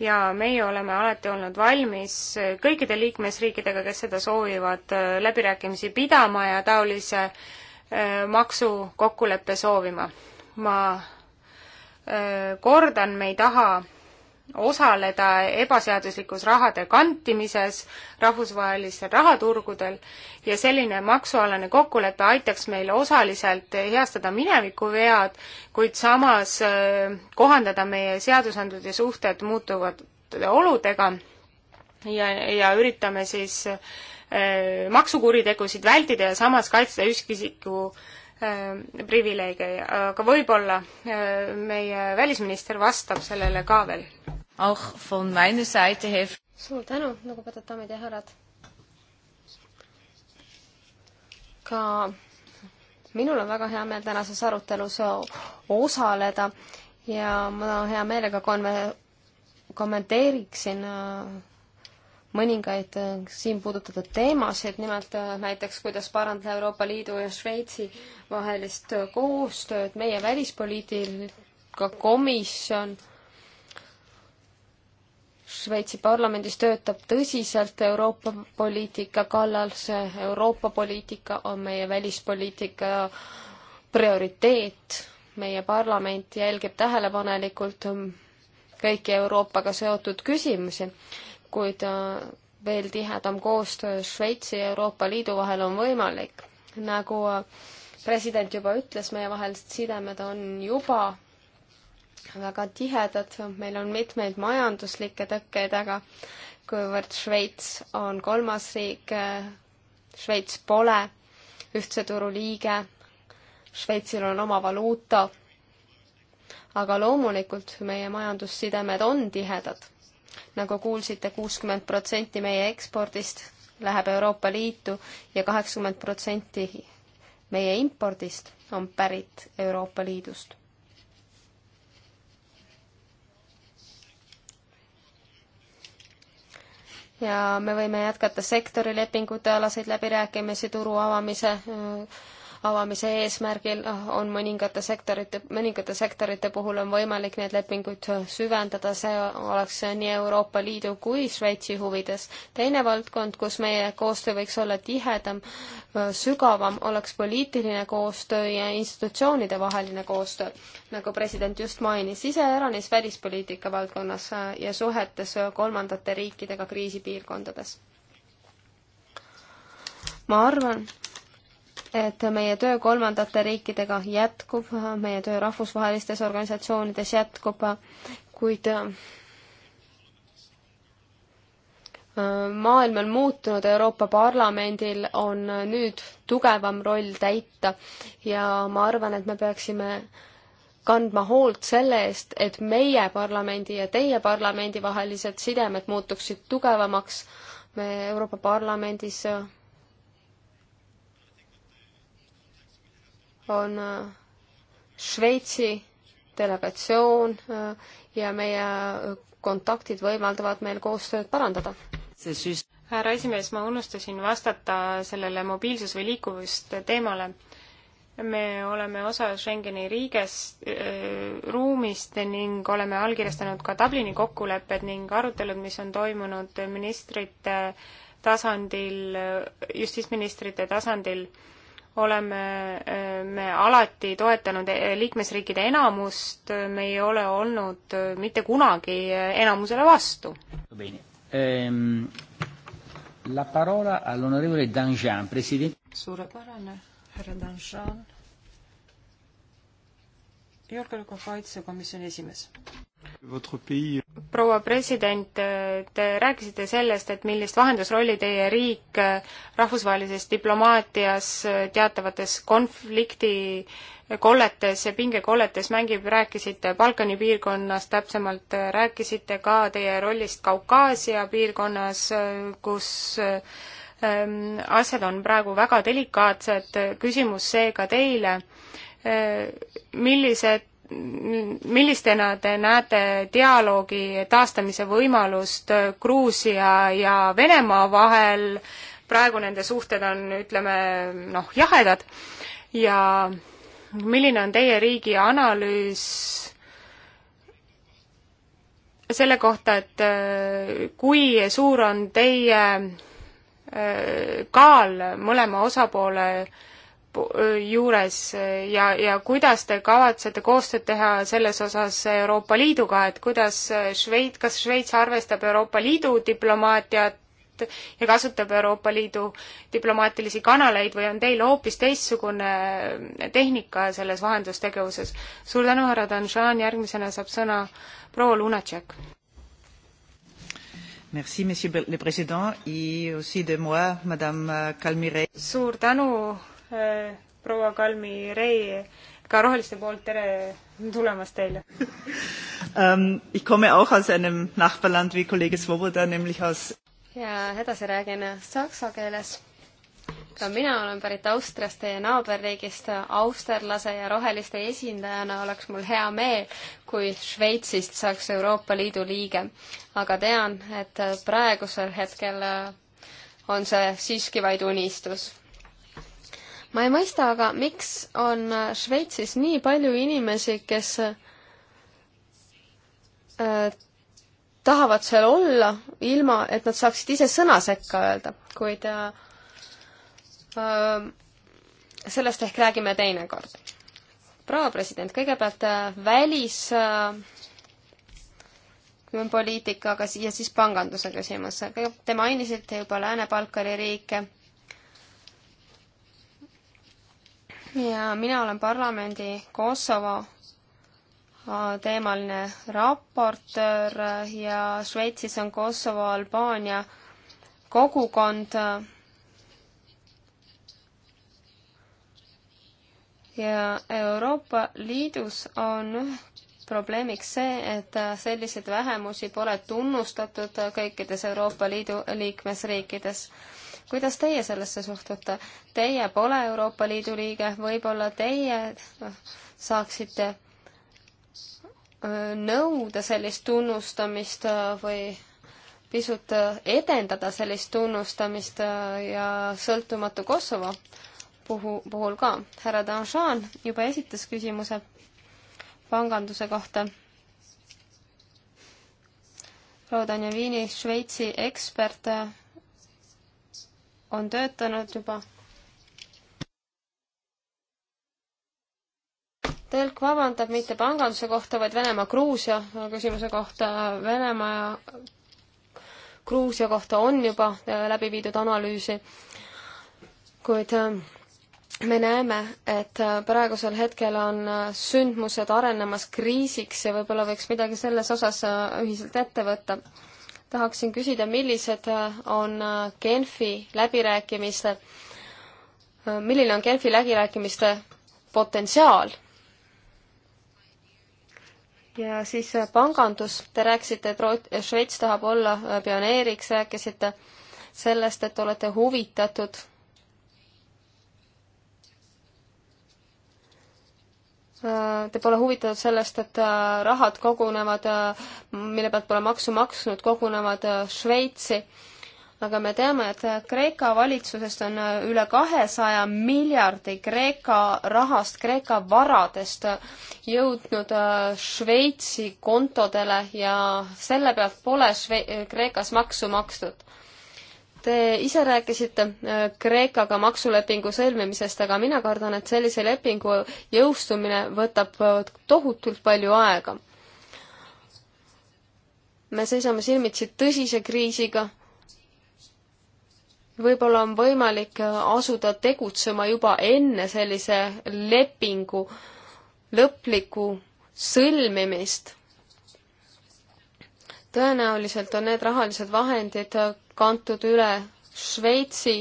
ja meie oleme alati olnud valmis kõikide liikmesriikidega, kes seda soovivad, äh, läbirääkimisi pidama ja taolise äh, maksukokkuleppe soovima. ma äh, kordan, me ei taha osaleda ebaseaduslikus rahade kantimises rahvusvahelistel rahaturgudel ja selline maksualane kokkulepe aitaks meil osaliselt heastada minevikuvead, kuid samas äh, kohandada meie seadusandluse suhted muutuvate oludega ja, ja üritame siis äh, maksukuritegusid vältida ja samas kaitsta üksikisiku Äh, privileege, aga võib-olla äh, meie välisminister vastab sellele ka veel. suur tänu, lugupeetud daamid ja härrad. ka minul on väga hea meel tänases arutelus osaleda ja ma hea meelega konve-, kommenteeriksin äh, mõningaid äh, siin puudutatud teemasid, nimelt äh, näiteks kuidas parandada Euroopa Liidu ja Šveitsi vahelist äh, koostööd, meie välispoliitika komisjon Šveitsi parlamendis töötab tõsiselt Euroopa poliitika kallal, see Euroopa poliitika on meie välispoliitika prioriteet, meie parlament jälgib tähelepanelikult ähm, kõiki Euroopaga seotud küsimusi kuid äh, veel tihedam koostöö Šveitsi ja Euroopa Liidu vahel on võimalik. nagu äh, president juba ütles, meievahelised sidemed on juba väga tihedad, meil on mitmeid majanduslikke tõkkeid, aga kuivõrd Šveits on kolmas riik, äh, Šveits pole ühtse turu liige, Šveitsil on oma valuuta, aga loomulikult meie majandussidemed on tihedad nagu kuulsite, kuuskümmend protsenti meie ekspordist läheb Euroopa Liitu ja kaheksakümmend protsenti meie impordist on pärit Euroopa Liidust. ja me võime jätkata sektorilepingute alaseid läbirääkimisi, turu avamise avamise eesmärgil on mõningate sektorite, mõningate sektorite puhul on võimalik neid lepinguid süvendada, see oleks nii Euroopa Liidu kui Šveitsi huvides. teine valdkond, kus meie koostöö võiks olla tihedam, sügavam, oleks poliitiline koostöö ja institutsioonide vaheline koostöö, nagu president just mainis, iseäranis välispoliitika valdkonnas ja suhetes kolmandate riikidega kriisipiirkondades ma arvan, et meie töö kolmandate riikidega jätkub, meie töö rahvusvahelistes organisatsioonides jätkub, kuid äh, maailm on muutunud, Euroopa Parlamendil on nüüd tugevam roll täita ja ma arvan, et me peaksime kandma hoolt selle eest, et meie parlamendi ja teie parlamendi vahelised sidemed muutuksid tugevamaks. me Euroopa Parlamendis on äh, Šveitsi delegatsioon äh, ja meie äh, kontaktid võimaldavad meil koostööd parandada. härra esimees, ma unustasin vastata sellele mobiilsus või liikuvust teemale. me oleme osa Schengeni riigest äh,, ruumist ning oleme allkirjastanud ka Dublini kokkulepped ning arutelud, mis on toimunud ministrite tasandil, justiitsministrite tasandil äh, oleme me alati toetanud liikmesriikide enamust, me ei ole olnud mitte kunagi enamusele vastu. Ehm, suurepärane, härra Danjean julgeoleku kaitsekomisjoni esimees. proua president, te rääkisite sellest, et millist vahendusrolli teie riik rahvusvahelises diplomaatias teatavates konflikti kolletes ja pingekolletes mängib, rääkisite Balkani piirkonnast täpsemalt, rääkisite ka teie rollist Kaukaasia piirkonnas, kus ähm, asjad on praegu väga delikaatsed, küsimus seega teile millised millistena te näete dialoogi taastamise võimalust Gruusia ja Venemaa vahel, praegu nende suhted on, ütleme, noh, jahedad, ja milline on teie riigi analüüs selle kohta, et äh, kui suur on teie äh, kaal mõlema osapoole äh, juures äh, ja, ja kuidas te kavatsete koostööd teha selles osas Euroopa Liiduga, et kuidas äh, Šveit, kas Šveits arvestab Euroopa Liidu diplomaatiat ja kasutab Euroopa Liidu diplomaatilisi kanaleid või on teil hoopis teistsugune äh, tehnika selles vahendustegevuses? suur tänu, härra Danšan, järgmisena saab sõna proua Lunatšek. Merci, monsieur le president, et aussi de moi, madame Calmire. suur tänu, Äh, proua Kalmi Rei ka Roheliste poolt, tere tulemast teile um,! Ich komme auch aus einem Nachbarland wie kolleeg Svoboda, nämlich aus ja edasi räägin saksa keeles. ka mina olen pärit Austriast, teie naaberriigist. austerlase ja roheliste esindajana oleks mul hea meel, kui Šveitsist saaks Euroopa Liidu liige. aga tean, et praegusel hetkel on see siiski vaid unistus ma ei mõista aga, miks on Šveitsis nii palju inimesi, kes äh, tahavad seal olla, ilma et nad saaksid ise sõna sekka öelda, kuid äh, äh sellest ehk räägime teinekord. proua president, kõigepealt välispoliitikaga äh, äh ja siis panganduse küsimus. Te mainisite juba Lääne-Balkani riike ja mina olen parlamendi Kosovo äh, teemaline raportöör äh, ja Šveitsis on Kosovo-Albaania kogukond äh. ja Euroopa Liidus on probleemiks see, et selliseid vähemusi pole tunnustatud kõikides Euroopa Liidu liikmesriikides kuidas teie sellesse suhtute? Teie pole Euroopa Liidu liige, võib-olla teie noh, saaksite nõuda sellist tunnustamist või pisut edendada sellist tunnustamist ja sõltumatu Kosovo puhu, puhul ka. härra Danšan juba esitas küsimuse panganduse kohta. Rodan Javini, Šveitsi ekspert, on töötanud juba. tõlk vabandab mitte panganduse kohta, vaid Venemaa-Gruusia küsimuse kohta. Venemaa ja Gruusia kohta on juba äh, läbi viidud analüüsi, kuid äh, me näeme, et äh, praegusel hetkel on sündmused arenemas kriisiks ja võib-olla võiks midagi selles osas ühiselt ette võtta tahaksin küsida, millised äh, on äh, Genfi läbirääkimiste, äh, milline on Genfi läbirääkimiste potentsiaal? ja siis pangandus, te rääkisite, et Šveits tahab olla pioneeriks, rääkisite sellest, et olete huvitatud Äh, te pole huvitatud sellest, et äh, rahad kogunevad, äh, mille pealt pole maksu maksnud, kogunevad Šveitsi. aga me teame, et Kreeka valitsusest on üle kahesaja miljardi Kreeka rahast, Kreeka varadest jõudnud Šveitsi kontodele ja selle pealt pole Šve-, Kreekas maksu makstud Te ise rääkisite äh, Kreekaga maksulepingu sõlmimisest, aga mina kardan, et sellise lepingu jõustumine võtab äh, tohutult palju aega. me seisame silmitsi tõsise kriisiga. võib-olla on võimalik äh, asuda tegutsema juba enne sellise lepingu lõplikku sõlmimist. tõenäoliselt on need rahalised vahendid kantud üle Šveitsi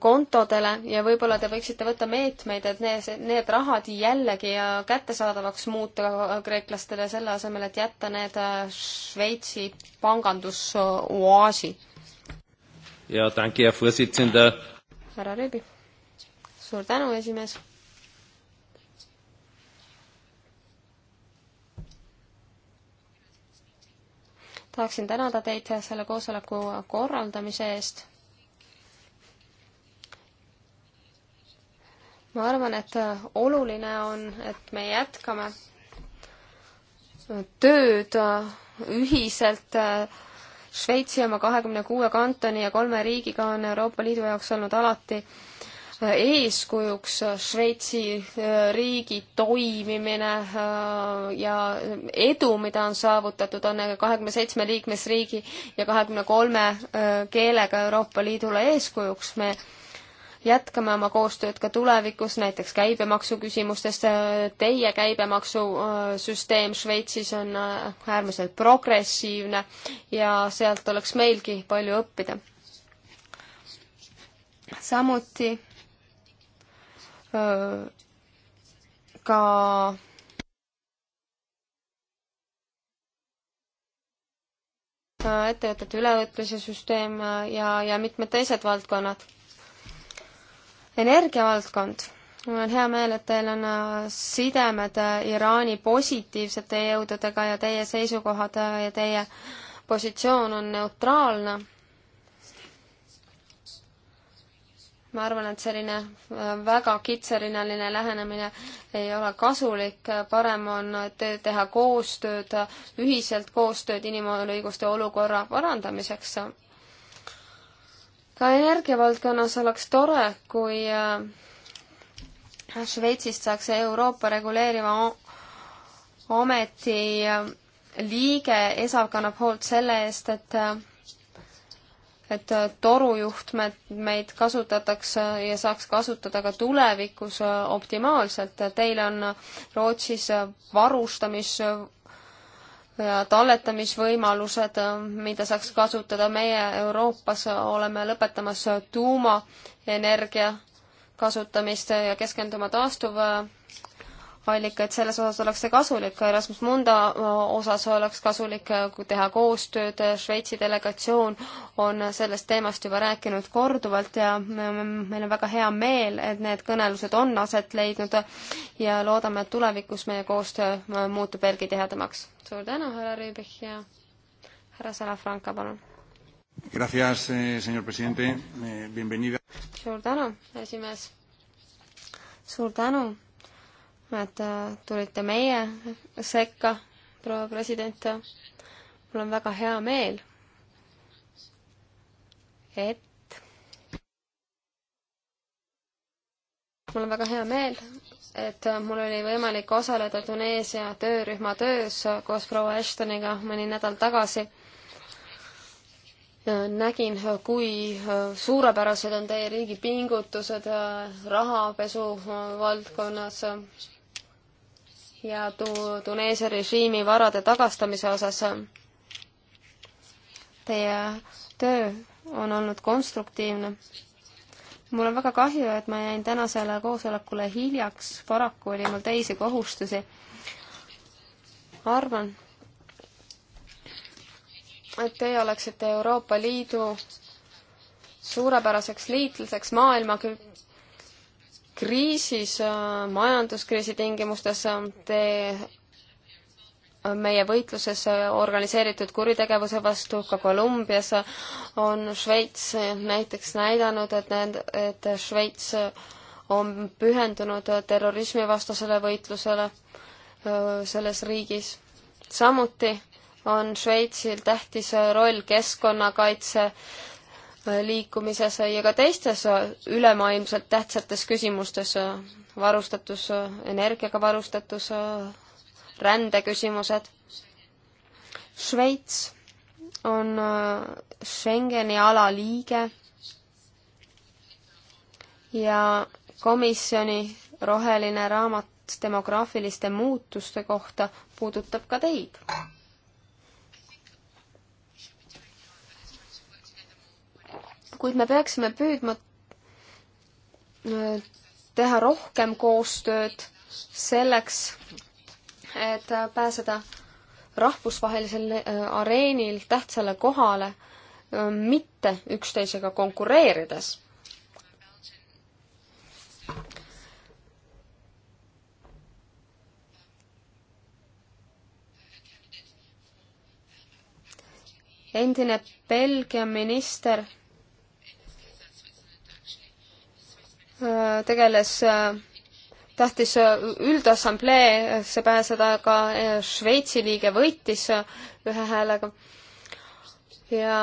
kontodele ja võib-olla te võiksite võtta meetmeid, et need, need rahad jällegi kättesaadavaks muuta kreeklastele, selle asemel, et jätta need Šveitsi pangandusoaasi. ja tänki ja härra Rüübi. suur tänu, esimees tahaksin tänada teid selle koosoleku korraldamise eest. ma arvan, et oluline on, et me jätkame tööd ühiselt Šveitsi oma kahekümne kuue kantoni ja kolme riigiga on Euroopa Liidu jaoks olnud alati eeskujuks Šveitsi äh, riigi toimimine äh, ja edu, mida on saavutatud, on kahekümne seitsme liikmesriigi ja kahekümne kolme äh, keelega Euroopa Liidule eeskujuks. me jätkame oma koostööd ka tulevikus, näiteks käibemaksu küsimustes. Teie käibemaksusüsteem Šveitsis on äärmiselt progressiivne ja sealt oleks meilgi palju õppida. samuti ka ettevõtete ülevõtmise süsteem ja, ja mitmed teised valdkonnad. energiavaldkond. mul on hea meel, et teil on sidemed Iraani positiivsete jõududega ja teie seisukohad ja teie positsioon on neutraalne ma arvan, et selline äh, väga kitsarinaline lähenemine ei ole kasulik, parem on te teha koostööd, ühiselt koostööd inimõiguste olukorra parandamiseks. ka energiavaldkonnas oleks tore, kui äh, Šveitsist saaks Euroopa reguleeriva ameti äh, liige, ESA kannab hoolt selle eest, et et äh, torujuhtmeid kasutatakse äh, ja saaks kasutada ka tulevikus äh, optimaalselt. Teil on Rootsis varustamis- ja talletamisvõimalused, mida saaks kasutada. meie Euroopas oleme lõpetamas tuumaenergia kasutamist ja keskenduma taastuva allikaid, selles osas oleks see kasulik, Erasmus Munda äh, osas oleks kasulik äh, teha koostööd, Šveitsi delegatsioon on sellest teemast juba rääkinud korduvalt ja meil on väga hea meel, et need kõnelused on aset leidnud ja loodame, et tulevikus meie koostöö äh, muutub veelgi tihedamaks. suur tänu, härra Rüübich ja härra Salafranca, palun! Gracias, eh, señor presidente. Eh, bienvenida. Suur tänu, esimees. Suur tänu et äh, tulite meie sekka, proua president. mul on väga hea meel, et mul on väga hea meel, et mul oli võimalik osaleda Tuneesia töörühma töös koos proua Ashtoniga mõni nädal tagasi. nägin, kui suurepärased on teie riigi pingutused rahapesu valdkonnas ja tu-, Tuneesia režiimi varade tagastamise osas teie töö on olnud konstruktiivne. mul on väga kahju, et ma jäin tänasele koosolekule hiljaks, paraku oli mul teisi kohustusi. arvan, et teie oleksite Euroopa Liidu suurepäraseks liitlaseks, maailma kriisis, äh, majanduskriisi tingimustes äh, te äh, meie võitluses organiseeritud kuritegevuse vastu, ka Kolumbias on Šveits näiteks näidanud, et need, et Šveits on pühendunud terrorismivastasele võitlusele selles riigis. samuti on Šveitsil tähtis roll keskkonnakaitse liikumises ja ka teistes ülemaailmselt tähtsates küsimustes, varustatus, energiaga varustatus, rändeküsimused. Šveits on äh, Schengeni ala liige ja komisjoni roheline raamat demograafiliste muutuste kohta puudutab ka teid kuid me peaksime püüdma äh, teha rohkem koostööd selleks, et äh, pääseda rahvusvahelisel äh, areenil tähtsale kohale, mitte üksteisega konkureerides endine Belgia minister Äh, tegeles, äh, tahtis äh, üldassambleesse pääseda, aga Šveitsi liige võitis ühe häälega. ja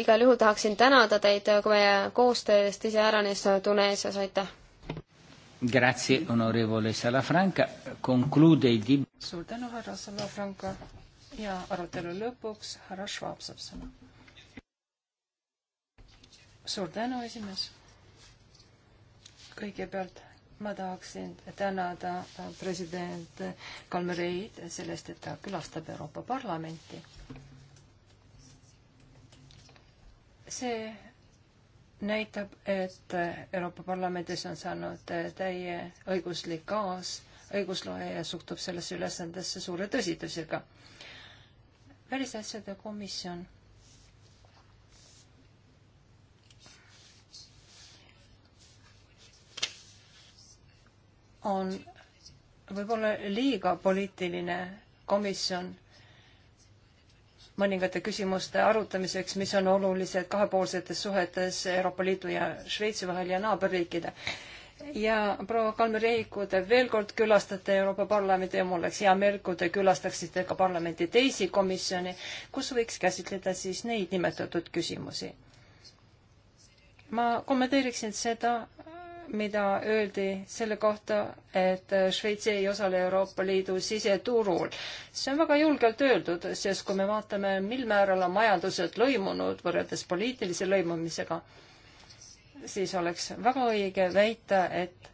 igal juhul tahaksin tänada teid meie koostöö eest iseäranis Tuneesias, aitäh! Grazie onorevole Salafranca, conclude il suur tänu, härra Salafranca ja arutelu lõpuks härra Schwab saab sõna. suur tänu, esimees kõigepealt ma tahaksin tänada president Kalmereid sellest, et ta külastab Euroopa Parlamenti. see näitab, et Euroopa Parlamendis on saanud täie õiguslik kaas, õigusloe ja suhtub sellesse ülesandesse suure tõsidusega. välisasjade komisjon on võib-olla liiga poliitiline komisjon mõningate küsimuste arutamiseks, mis on olulised kahepoolsetes suhetes Euroopa Liidu ja Šveitsi vahel ja naaberriikide. ja proua Kalmerei, kui te veel kord külastate Euroopa Parlamendi ja mul oleks hea meel, kui te külastaksite ka parlamendi teisi komisjone, kus võiks käsitleda siis neid nimetatud küsimusi. ma kommenteeriksin seda, mida öeldi selle kohta, et Šveits ei osale Euroopa Liidu siseturul. see on väga julgelt öeldud, sest kui me vaatame, mil määral on majandused lõimunud võrreldes poliitilise lõimumisega, siis oleks väga õige väita, et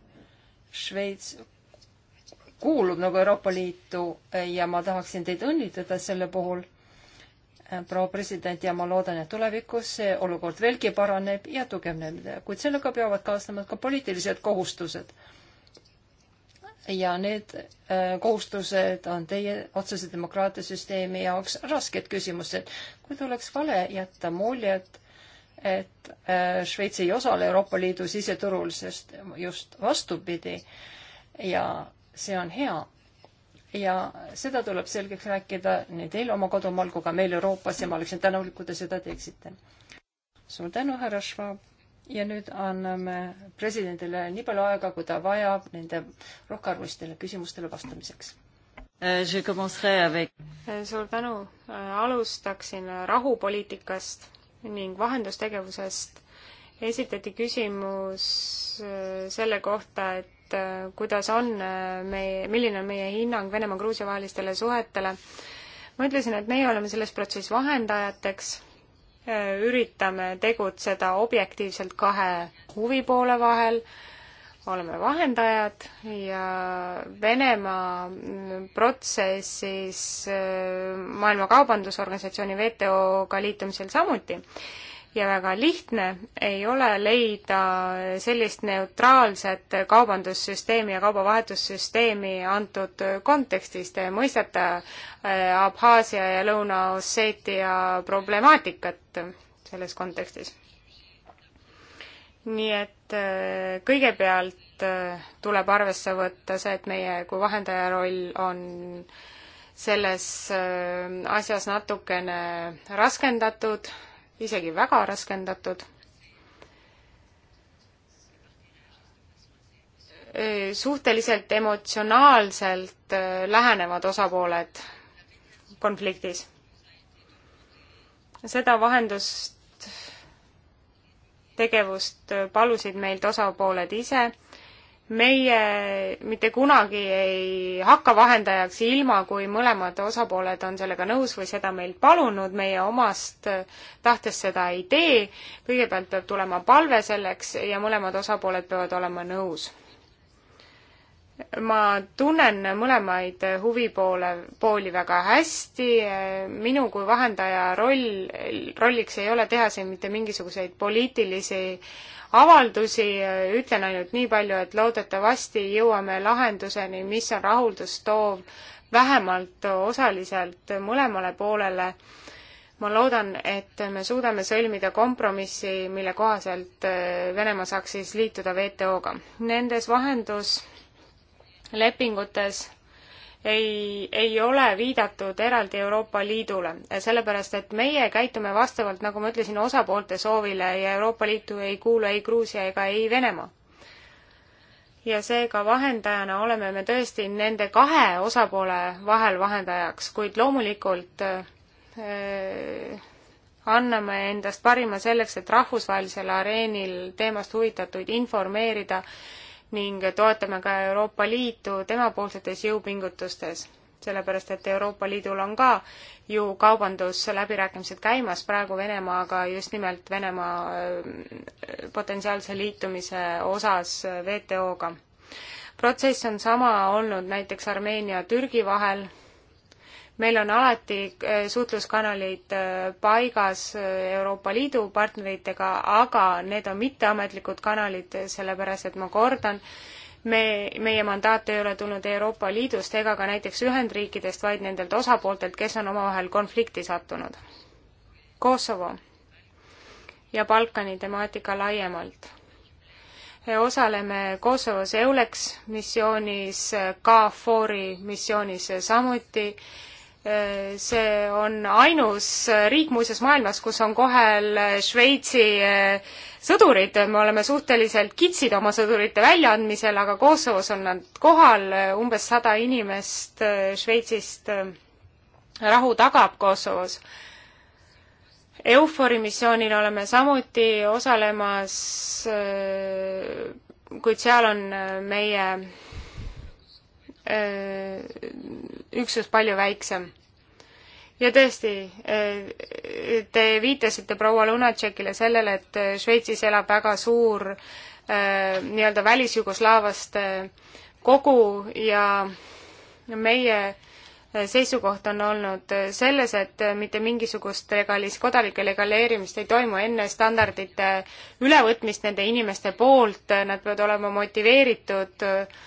Šveits kuulub nagu Euroopa Liitu ja ma tahaksin teid õnnitleda selle puhul Äh, proua president ja ma loodan, et tulevikus see olukord veelgi paraneb ja tugevneb, kuid sellega peavad kaasnema ka poliitilised kohustused. ja need äh, kohustused on teie otsese demokraatia süsteemi jaoks rasked küsimused, kuid oleks vale jätta muljet, et äh, Šveits ei osale Euroopa Liidu siseturul, sest just vastupidi ja see on hea ja seda tuleb selgeks rääkida nii teil oma kodumaal kui ka meil Euroopas ja ma oleksin tänulik, kui te seda teeksite. suur tänu, härra Schwab ja nüüd anname presidendile nii palju aega, kui ta vajab nende rohkearvulistele küsimustele vastamiseks. Euh, euh, suur tänu, euh, alustaksin rahupoliitikast ning vahendustegevusest. esitati küsimus selle kohta, et et äh, kuidas on äh, meie, milline on meie hinnang Venemaa-Gruusia vahelistele suhetele. ma ütlesin, et meie oleme selles protsessis vahendajateks, äh, üritame tegutseda objektiivselt kahe huvipoole vahel, oleme vahendajad ja Venemaa mm, protsessis Maailma Kaubandusorganisatsiooni WTO-ga liitumisel samuti ja väga lihtne ei ole leida sellist neutraalset kaubandussüsteemi ja kaubavahetussüsteemi antud kontekstis. Te mõistate äh, Abhaasia ja Lõuna-Osseetia problemaatikat selles kontekstis. nii et äh, kõigepealt äh, tuleb arvesse võtta see, et meie kui vahendaja roll on selles asjas natukene raskendatud, isegi väga raskendatud. suhteliselt emotsionaalselt äh, lähenevad osapooled konfliktis. seda vahendust, tegevust äh, palusid meilt osapooled ise meie mitte kunagi ei hakka vahendajaks ilma, kui mõlemad osapooled on sellega nõus või seda meilt palunud, meie omast tahtest seda ei tee. kõigepealt peab tulema palve selleks ja mõlemad osapooled peavad olema nõus. ma tunnen mõlemaid huvipoole, pooli väga hästi, minu kui vahendaja roll, rolliks ei ole teha siin mitte mingisuguseid poliitilisi äh, avaldusi, ütlen ainult nii palju, et loodetavasti jõuame lahenduseni, mis on rahuldust toov vähemalt osaliselt mõlemale poolele. ma loodan, et me suudame sõlmida kompromissi, mille kohaselt äh, Venemaa saaks siis liituda WTO-ga. Nendes vahenduslepingutes ei, ei ole viidatud eraldi Euroopa Liidule, sellepärast et meie käitume vastavalt, nagu ma ütlesin, osapoolte soovile ja Euroopa Liitu ei kuulu ei Gruusia ega ei Venemaa. ja seega vahendajana oleme me tõesti nende kahe osapoole vahel vahendajaks, kuid loomulikult äh, anname endast parima selleks, et rahvusvahelisel areenil teemast huvitatuid informeerida äh, ning toetame ka Euroopa Liitu temapoolsetes jõupingutustes, sellepärast et Euroopa Liidul on ka ju kaubandusläbirääkimised käimas praegu Venemaaga just nimelt Venemaa äh, potentsiaalse liitumise osas WTO-ga. protsess on sama olnud näiteks Armeenia-Türgi vahel meil on alati äh, suhtluskanalid äh, paigas äh, Euroopa Liidu partneritega, aga need on mitteametlikud kanalid, sellepärast et ma kordan, me, meie mandaat ei ole tulnud Euroopa Liidust ega ka näiteks Ühendriikidest, vaid nendelt osapooltelt, kes on omavahel konflikti sattunud. Kosovo ja Balkani temaatika laiemalt osaleme Kosovos EULEX missioonis, KFOR-i missioonis samuti see on ainus riik muuseas maailmas, kus on kohal Šveitsi eh, sõdurid, me oleme suhteliselt kitsid oma sõdurite väljaandmisel, aga Kosovos on nad kohal, umbes sada inimest eh, Šveitsist eh, rahu tagab Kosovos. EUFOR-i missioonil oleme samuti osalemas, kuid seal on meie Äh, üksus palju väiksem. ja tõesti, äh, te viitasite proua Lunatšekile sellele, et Šveitsis elab väga suur äh, nii-öelda välisjugoslaavaste kogu ja meie seisukoht on olnud selles, et mitte mingisugust legalis-, kodanike legaleerimist ei toimu enne standardite ülevõtmist nende inimeste poolt, nad peavad olema motiveeritud äh,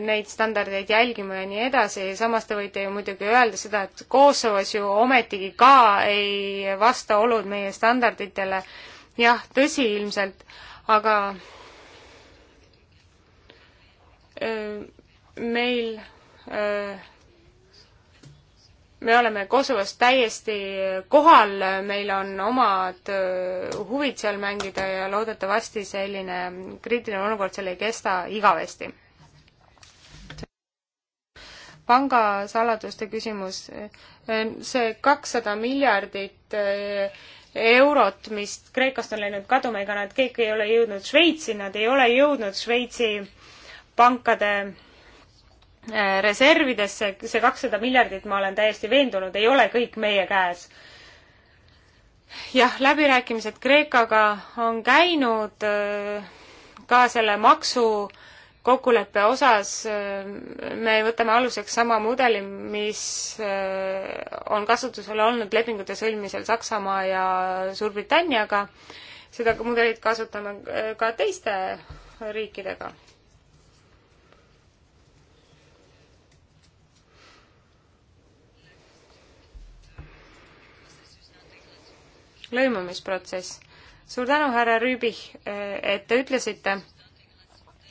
neid standardeid jälgima ja nii edasi, samas te võite ju muidugi öelda seda, et Kosovos ju ometigi ka ei vasta olud meie standarditele. jah, tõsi ilmselt, aga meil me oleme Kosovos täiesti kohal, meil on omad huvid seal mängida ja loodetavasti selline kriitiline olukord seal ei kesta igavesti pangasaladuste küsimus, see kakssada miljardit eh, eurot, mis Kreekast on läinud kaduma, ega nad kõik ei ole jõudnud Šveitsi, nad ei ole jõudnud Šveitsi pankade eh, reservidesse, see kakssada miljardit, ma olen täiesti veendunud, ei ole kõik meie käes. jah, läbirääkimised Kreekaga on käinud eh, ka selle maksu äh, kokkuleppe osas äh, me võtame aluseks sama mudeli, mis äh, on kasutusel olnud lepingute sõlmisel Saksamaa ja Suurbritanniaga. seda mudelit kasutame äh, ka teiste riikidega. lõimumisprotsess. suur tänu, härra Rüübih, et te ütlesite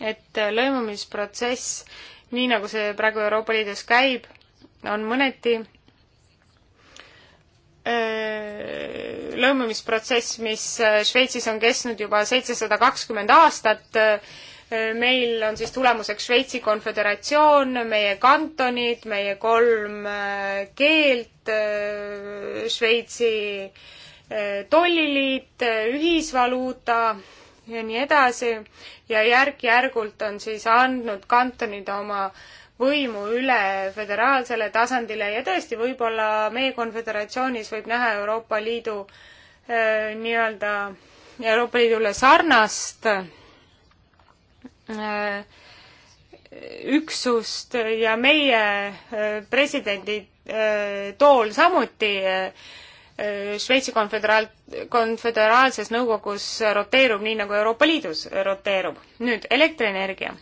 et lõimumisprotsess, nii nagu see praegu Euroopa Liidus käib, on mõneti lõimumisprotsess, mis äh, Šveitsis on kestnud juba seitsesada kakskümmend aastat, meil on siis tulemuseks Šveitsi konföderatsioon, meie kantonid, meie kolm äh, keelt, Šveitsi tolliliit, ühisvaluuta ja nii edasi ja järk-järgult on siis andnud kantonid oma võimu üle föderaalsele tasandile ja tõesti, võib-olla meie konföderatsioonis võib näha Euroopa Liidu äh, nii-öelda, Euroopa Liidule sarnast äh, üksust ja meie äh, presidendi äh, tool samuti äh, Šveitsi konföderaal-, konföderaalses nõukogus roteerub nii, nagu Euroopa Liidus roteerub. nüüd elektrienergia.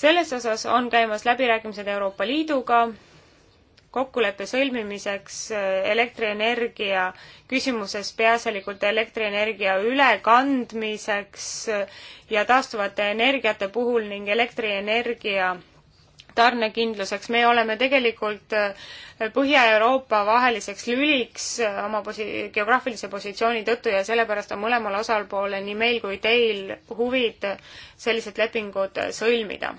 selles osas on käimas läbirääkimised Euroopa Liiduga kokkuleppe sõlmimiseks äh, elektrienergia küsimuses peaasjalikult elektrienergia ülekandmiseks äh, ja taastuvate energiate puhul ning elektrienergia tarnekindluseks, me oleme tegelikult äh, Põhja-Euroopa vaheliseks lüliks äh, oma posi-, geograafilise positsiooni tõttu ja sellepärast on mõlemal osapoolel, nii meil kui teil, huvid sellised lepingud sõlmida.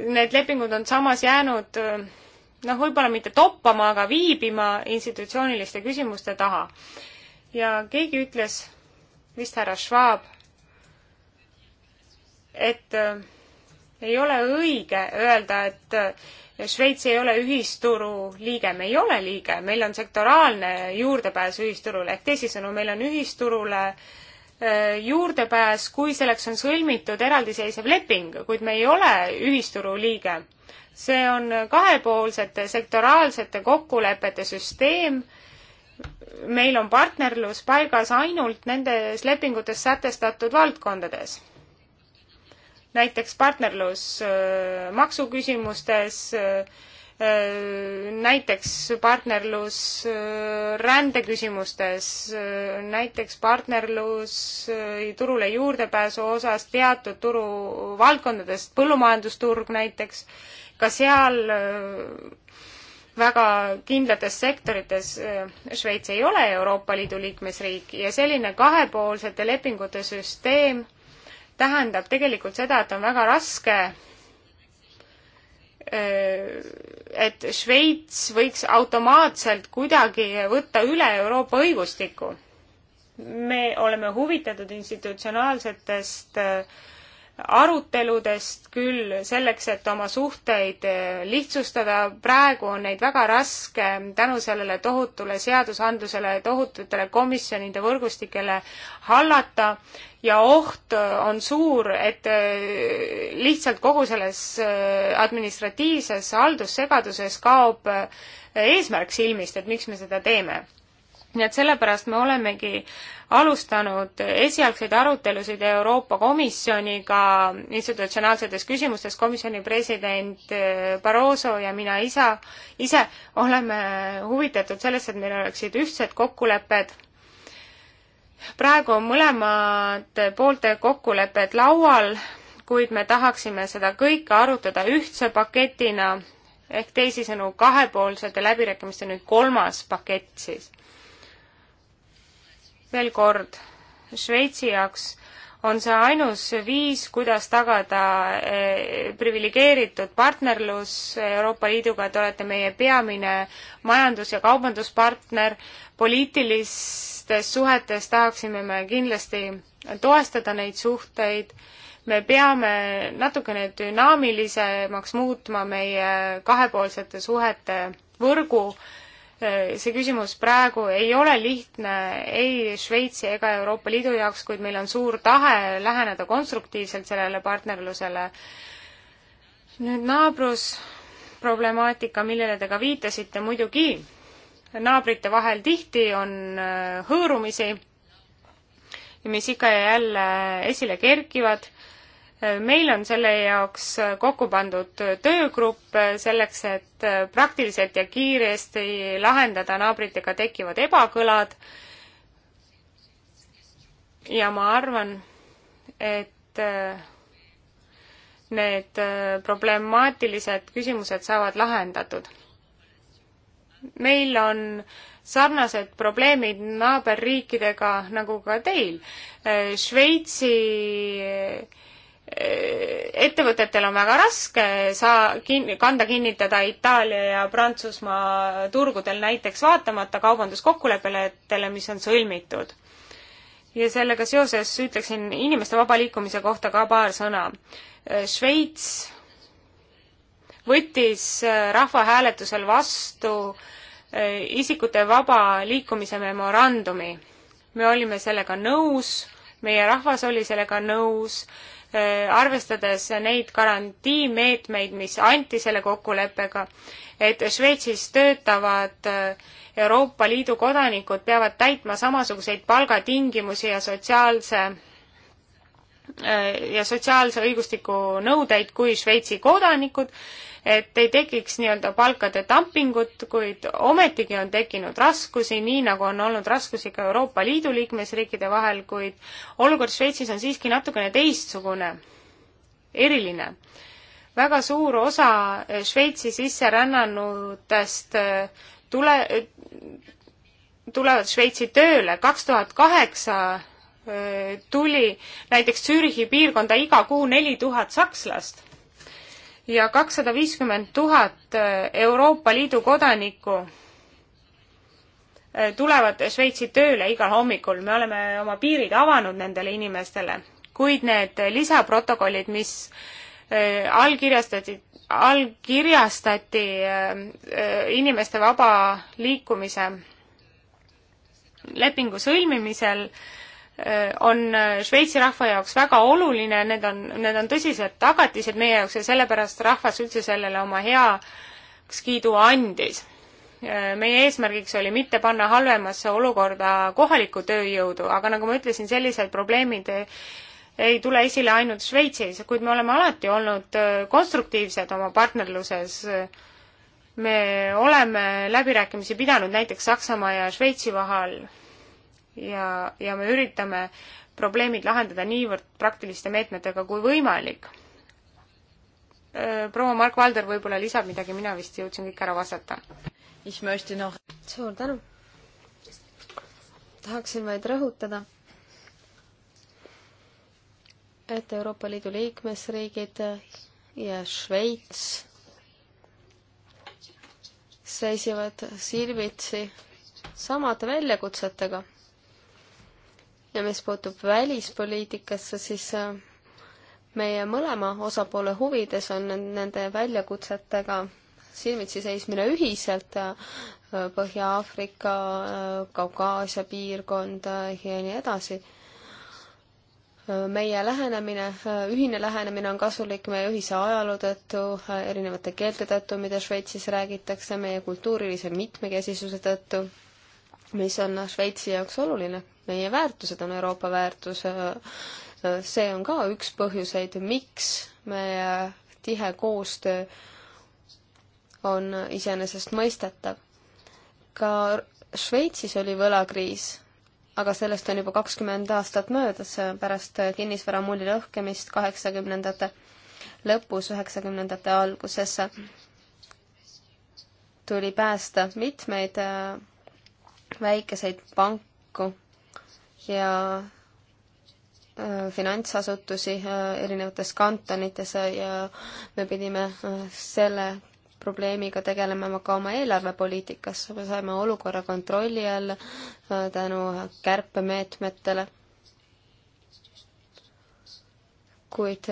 Need lepingud on samas jäänud äh, noh, võib-olla mitte toppama, aga viibima institutsiooniliste küsimuste taha. ja keegi ütles, vist härra Schwab et äh, ei ole õige öelda, et äh, Šveits ei ole ühisturu liige, me ei ole liige, meil on sektoraalne juurdepääs ühisturule, ehk teisisõnu, meil on ühisturule äh, juurdepääs, kui selleks on sõlmitud eraldiseisev leping, kuid me ei ole ühisturu liige. see on kahepoolsete sektoraalsete kokkulepete süsteem, meil on partnerlus paigas ainult nendes lepingutes sätestatud valdkondades näiteks partnerlus äh, maksuküsimustes, äh, näiteks partnerlus äh, rändeküsimustes, näiteks partnerlus turule juurdepääsu osas teatud turuvaldkondadest, põllumajandusturg näiteks, ka seal väga kindlates sektorites Šveits ei ole Euroopa Liidu liikmesriik ja selline kahepoolsete lepingute süsteem tähendab tegelikult seda, et on väga raske, äh, et Šveits võiks automaatselt kuidagi võtta üle Euroopa õigustiku. me oleme huvitatud institutsionaalsetest äh, aruteludest küll selleks, et oma suhteid eh, lihtsustada, praegu on neid väga raske tänu sellele tohutule seadusandlusele, tohututele komisjonide võrgustikele hallata ja oht eh, on suur, et eh, lihtsalt kogu selles administratiivses haldussegaduses kaob eesmärk silmist, et miks me seda teeme nii et sellepärast me olemegi alustanud esialgseid arutelusid Euroopa Komisjoniga institutsionaalsetes küsimustes, komisjoni president äh, Barroso ja mina isa, ise oleme huvitatud sellest, et meil oleksid ühtsed kokkulepped. praegu on mõlemad poolte kokkulepped laual, kuid me tahaksime seda kõike arutada ühtse paketina, ehk teisisõnu kahepoolsete läbirääkimiste nüüd kolmas pakett siis veel kord, Šveitsi jaoks on see ainus viis, kuidas tagada eh, priviligeeritud partnerlus Euroopa Liiduga, te olete meie peamine majandus- ja kaubanduspartner. poliitilistes suhetes tahaksime me kindlasti toestada neid suhteid. me peame natukene dünaamilisemaks muutma meie kahepoolsete suhete võrgu see küsimus praegu ei ole lihtne ei Šveitsi ega Euroopa Liidu jaoks, kuid meil on suur tahe läheneda konstruktiivselt sellele partnerlusele. nüüd naabrusproblemaatika, millele te ka viitasite, muidugi naabrite vahel tihti on äh, hõõrumisi, mis ikka ja jälle esile kerkivad meil on selle jaoks kokku pandud töögrupp selleks, et praktiliselt ja kiiresti lahendada naabritega tekkivad ebakõlad. ja ma arvan, et need problemaatilised küsimused saavad lahendatud. meil on sarnased probleemid naaberriikidega nagu ka teil. Šveitsi ettevõtetel on väga raske saa-, kin-, kanda kinnitada Itaalia ja Prantsusmaa turgudel näiteks vaatamata kaubanduskokkulepetele, mis on sõlmitud. ja sellega seoses ütleksin inimeste vaba liikumise kohta ka paar sõna. Šveits võttis äh, rahvahääletusel vastu äh, isikute vaba liikumise memorandumi. me olime sellega nõus, meie rahvas oli sellega nõus Äh, arvestades neid garantiimeetmeid, mis anti selle kokkuleppega, et Šveitsis töötavad äh, Euroopa Liidu kodanikud peavad täitma samasuguseid palgatingimusi ja sotsiaalse äh, ja sotsiaalse õigustiku nõudeid kui Šveitsi kodanikud et ei tekiks nii-öelda palkade dumpingut, kuid ometigi on tekkinud raskusi, nii nagu on olnud raskusi ka Euroopa Liidu liikmesriikide vahel, kuid olukord Šveitsis on siiski natukene teistsugune, eriline. väga suur osa eh, Šveitsi sisserännanutest eh, tule, eh, tulevad Šveitsi tööle, kaks tuhat kaheksa tuli näiteks Zürichi piirkonda iga kuu neli tuhat sakslast ja kakssada viiskümmend tuhat äh, Euroopa Liidu kodanikku äh, tulevad Šveitsi tööle igal hommikul, me oleme oma piirid avanud nendele inimestele, kuid need lisaprotokollid, mis äh, allkirjastati, allkirjastati inimeste vaba liikumise lepingu sõlmimisel, Äh, on äh, Šveitsi rahva jaoks väga oluline, need on, need on tõsised tagatised meie jaoks ja sellepärast rahvas üldse sellele oma heakskiidu andis. Äh, meie eesmärgiks oli mitte panna halvemasse olukorda kohalikku tööjõudu, aga nagu ma ütlesin, sellised probleemid ei tule esile ainult Šveitsis, kuid me oleme alati olnud konstruktiivsed oma partnerluses. me oleme läbirääkimisi pidanud näiteks Saksamaa ja Šveitsi vahel ja, ja me üritame probleemid lahendada niivõrd praktiliste meetmetega kui võimalik. Äh, proua Mark Valder võib-olla lisab midagi, mina vist jõudsin kõik ära vastata. suur tänu! tahaksin vaid rõhutada, et Euroopa Liidu liikmesriigid ja Šveits seisivad silmitsi samade väljakutsetega ja mis puutub välispoliitikasse, siis äh, meie mõlema osapoole huvides on nende väljakutsetega silmitsi seismine ühiselt, äh, Põhja-Aafrika, äh, Kaukaasia piirkond ja nii edasi. meie lähenemine, ühine lähenemine on kasulik meie ühise ajaloo tõttu, erinevate keelte tõttu, mida Šveitsis räägitakse, meie kultuurilise mitmekesisuse tõttu mis on Šveitsi jaoks oluline. meie väärtused on Euroopa väärtus. see on ka üks põhjuseid, miks meie tihe koostöö on iseenesestmõistetav. ka Šveitsis oli võlakriis, aga sellest on juba kakskümmend aastat möödas, pärast kinnisvaramulli lõhkemist kaheksakümnendate lõpus, üheksakümnendate alguses tuli päästa mitmeid äh, väikeseid panku ja äh, finantsasutusi äh, erinevates kantonites ja me pidime äh, selle probleemiga tegelema ka oma eelarvepoliitikas, me saime olukorra kontrolli alla tänu kärpemeetmetele. kuid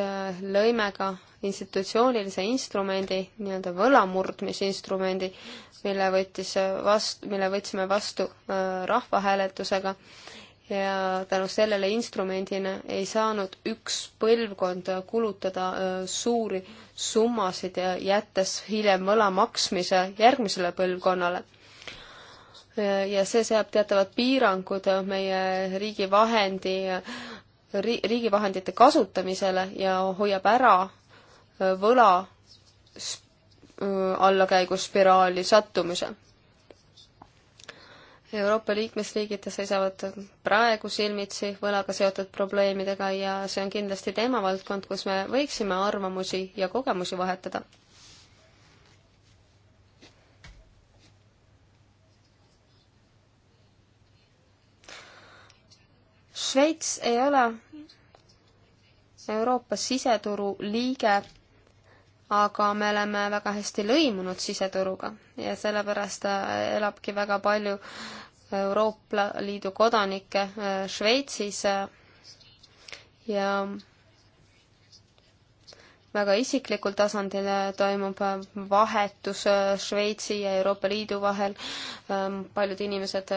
lõime ka institutsioonilise instrumendi, nii-öelda võlamurdmisinstrumendi, mille võttis vastu, mille võtsime vastu äh, rahvahääletusega ja tänu sellele instrumendina ei saanud üks põlvkond kulutada äh, suuri summasid, jättes hiljem võla maksmise järgmisele põlvkonnale. Äh, ja see seab teatavad piirangud meie riigi vahendi, riigi vahendite kasutamisele ja hoiab ära võla allakäiguspiraali sattumise. Euroopa liikmesriigid seisavad praegu silmitsi võlaga seotud probleemidega ja see on kindlasti teemavaldkond, kus me võiksime arvamusi ja kogemusi vahetada. Šveits ei ole Euroopa siseturu liige aga me oleme väga hästi lõimunud siseturuga ja sellepärast äh, elabki väga palju äh, Euroopa Liidu kodanikke äh, Šveitsis ja väga isiklikul tasandil toimub vahetus Šveitsi ja Euroopa Liidu vahel. Ähm, paljud inimesed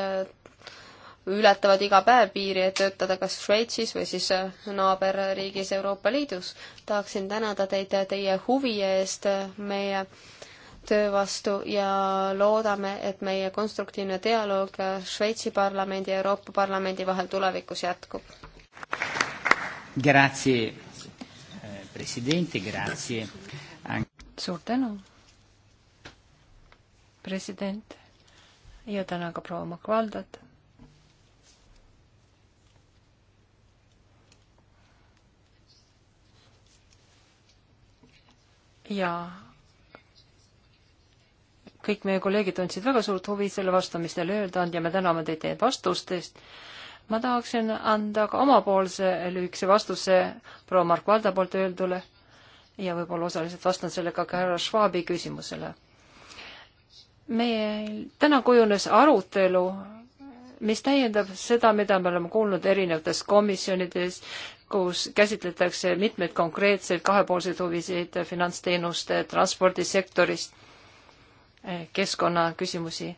ületavad iga päev piiri, et töötada kas Šveitsis või siis äh, naaberriigis Euroopa Liidus. tahaksin tänada teid äh, teie huvi eest äh, meie töö vastu ja loodame, et meie konstruktiivne dialoog Šveitsi parlamendi ja Euroopa Parlamendi vahel tulevikus jätkub. Grazie, eh, presidenti, grazie. suur tänu, president ja tänan ka proua Makvaldat ja kõik meie kolleegid tundsid väga suurt huvi selle vastu, mis teil öelda on ja me täname teid teie vastustest. ma tahaksin anda ka omapoolse lühikese vastuse proua Mark Valda poolt öeldule ja võib-olla osaliselt vastan sellega ka härra Schwabi küsimusele. meil täna kujunes arutelu mis täiendab seda, mida me oleme kuulnud erinevates komisjonides, kus käsitletakse mitmeid konkreetseid kahepoolseid huvisid finantsteenuste, transpordisektorist, eh, keskkonnaküsimusi.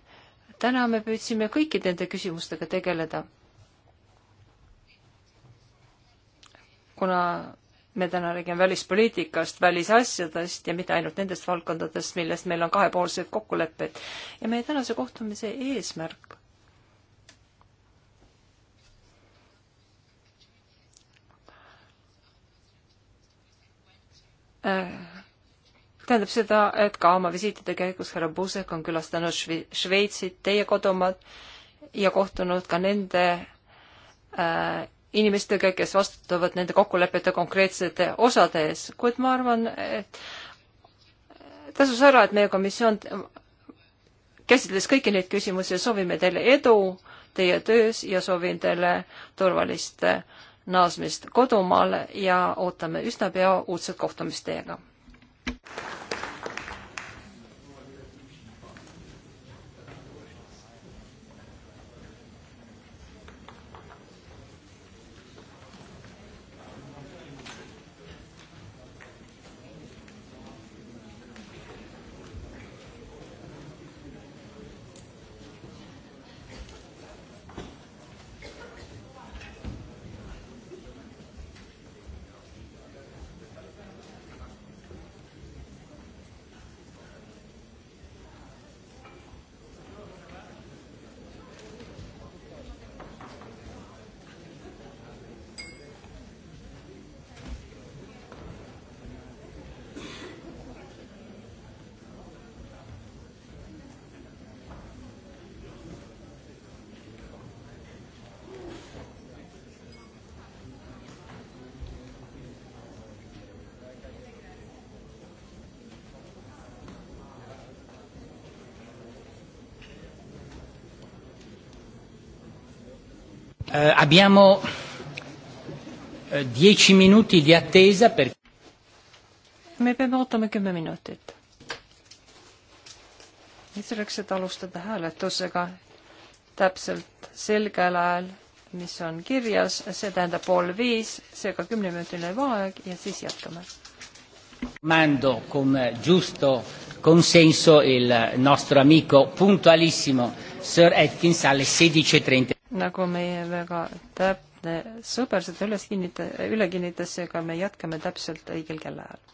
täna me püüdsime kõikide nende küsimustega tegeleda. kuna me täna räägime välispoliitikast, välisasjadest ja mitte ainult nendest valdkondadest, millest meil on kahepoolsed kokkulepped. ja meie tänase kohtumise eesmärk Äh, tähendab seda, et ka oma visiitide käigus härra Buzek on külastanud Šve Šveitsit, teie kodumaad, ja kohtunud ka nende äh, inimestega, kes vastutavad nende kokkulepete konkreetsete osade ees, kuid ma arvan, et tasus ära, et meie komisjon käsitles kõiki neid küsimusi ja soovime teile edu teie töös ja soovin teile turvalist äh, naasmist kodumaale ja ootame üsna pea uudset kohtumist teiega. Eh, abbiamo eh, dieci minuti di attesa per... me peame ootama kümme minutit. selleks, et alustada hääletusega täpselt selgel ajal, mis on kirjas, see tähendab pool viis, seega kümneminutiline vaheaeg ja siis jätkame. Mando con giusto consenso il nostro amico puntualissimo Sir Atkins alle 16.30 nagu meie väga täpne sõber seda üles kinnita-, üle kinnitas, seega me jätkame täpselt õigel kellaajal.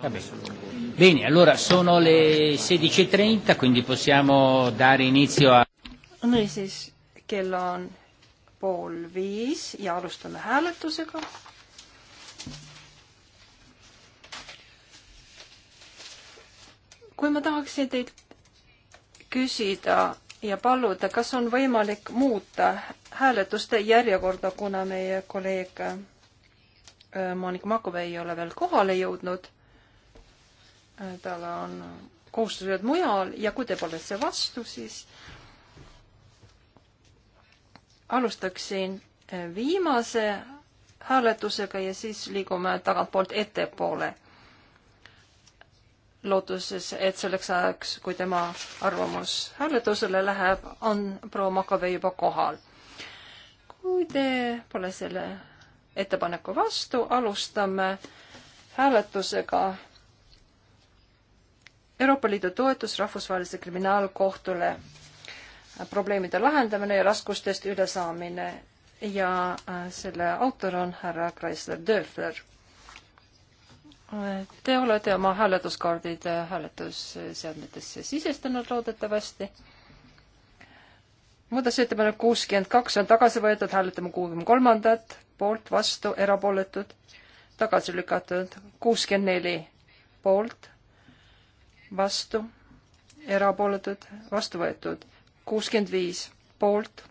Va bene. bene, allora sono le 16.30, e quindi possiamo dare inizio a... Niisiis, kell on pool viis ja alustame hääletusega. kui ma tahaksin teilt küsida ja paluda, kas on võimalik muuta hääletuste järjekorda, kuna meie kolleeg äh, Monika Makov ei ole veel kohale jõudnud Äh, tal on kohustused mujal ja kui te pole see vastu, siis alustaksin äh, viimase hääletusega ja siis liigume tagantpoolt ettepoole. lootuses, et selleks ajaks, kui tema arvamus hääletusele läheb, on proua Makave juba kohal. kui te pole selle ettepaneku vastu, alustame hääletusega Euroopa Liidu toetus Rahvusvahelise Kriminaalkohtule, äh, probleemide lahendamine ja raskustest ülesaamine ja äh, selle autor on härra Chrysler Döfler. Äh, te olete oma hääletuskaardid hääletusseadmetesse sisestanud loodetavasti. muudatusettepanek kuuskümmend kaks on tagasi võetud, hääletame kuuekümne kolmandat, poolt, vastu, erapooletud, tagasi lükatud, kuuskümmend neli poolt vastu, erapooletud, vastu võetud. kuuskümmend viis poolt,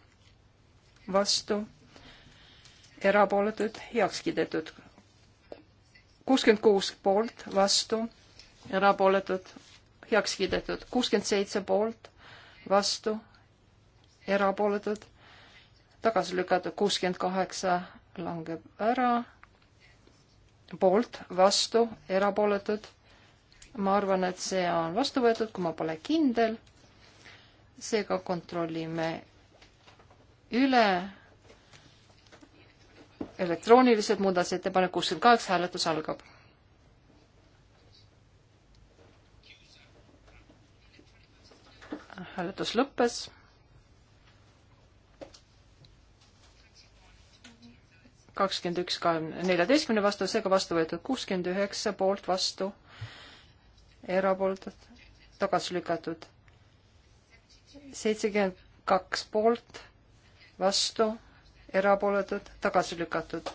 vastu, erapooletud, heaks kiidetud. kuuskümmend kuus poolt, vastu, erapooletud, heaks kiidetud. kuuskümmend seitse poolt, vastu, erapooletud, tagasi lükatud. kuuskümmend kaheksa langeb ära, poolt, vastu, erapooletud ma arvan, et see on vastu võetud, kui ma pole kindel. seega kontrollime üle elektroonilised muudatusettepanek kuuskümmend kaheksa, hääletus algab. hääletus lõppes. kakskümmend üks, kahekümne, neljateistkümne vastu, seega vastu võetud kuuskümmend üheksa poolt vastu erapooletud, tagasi lükatud. seitsekümmend kaks poolt, vastu, erapooletud, tagasi lükatud.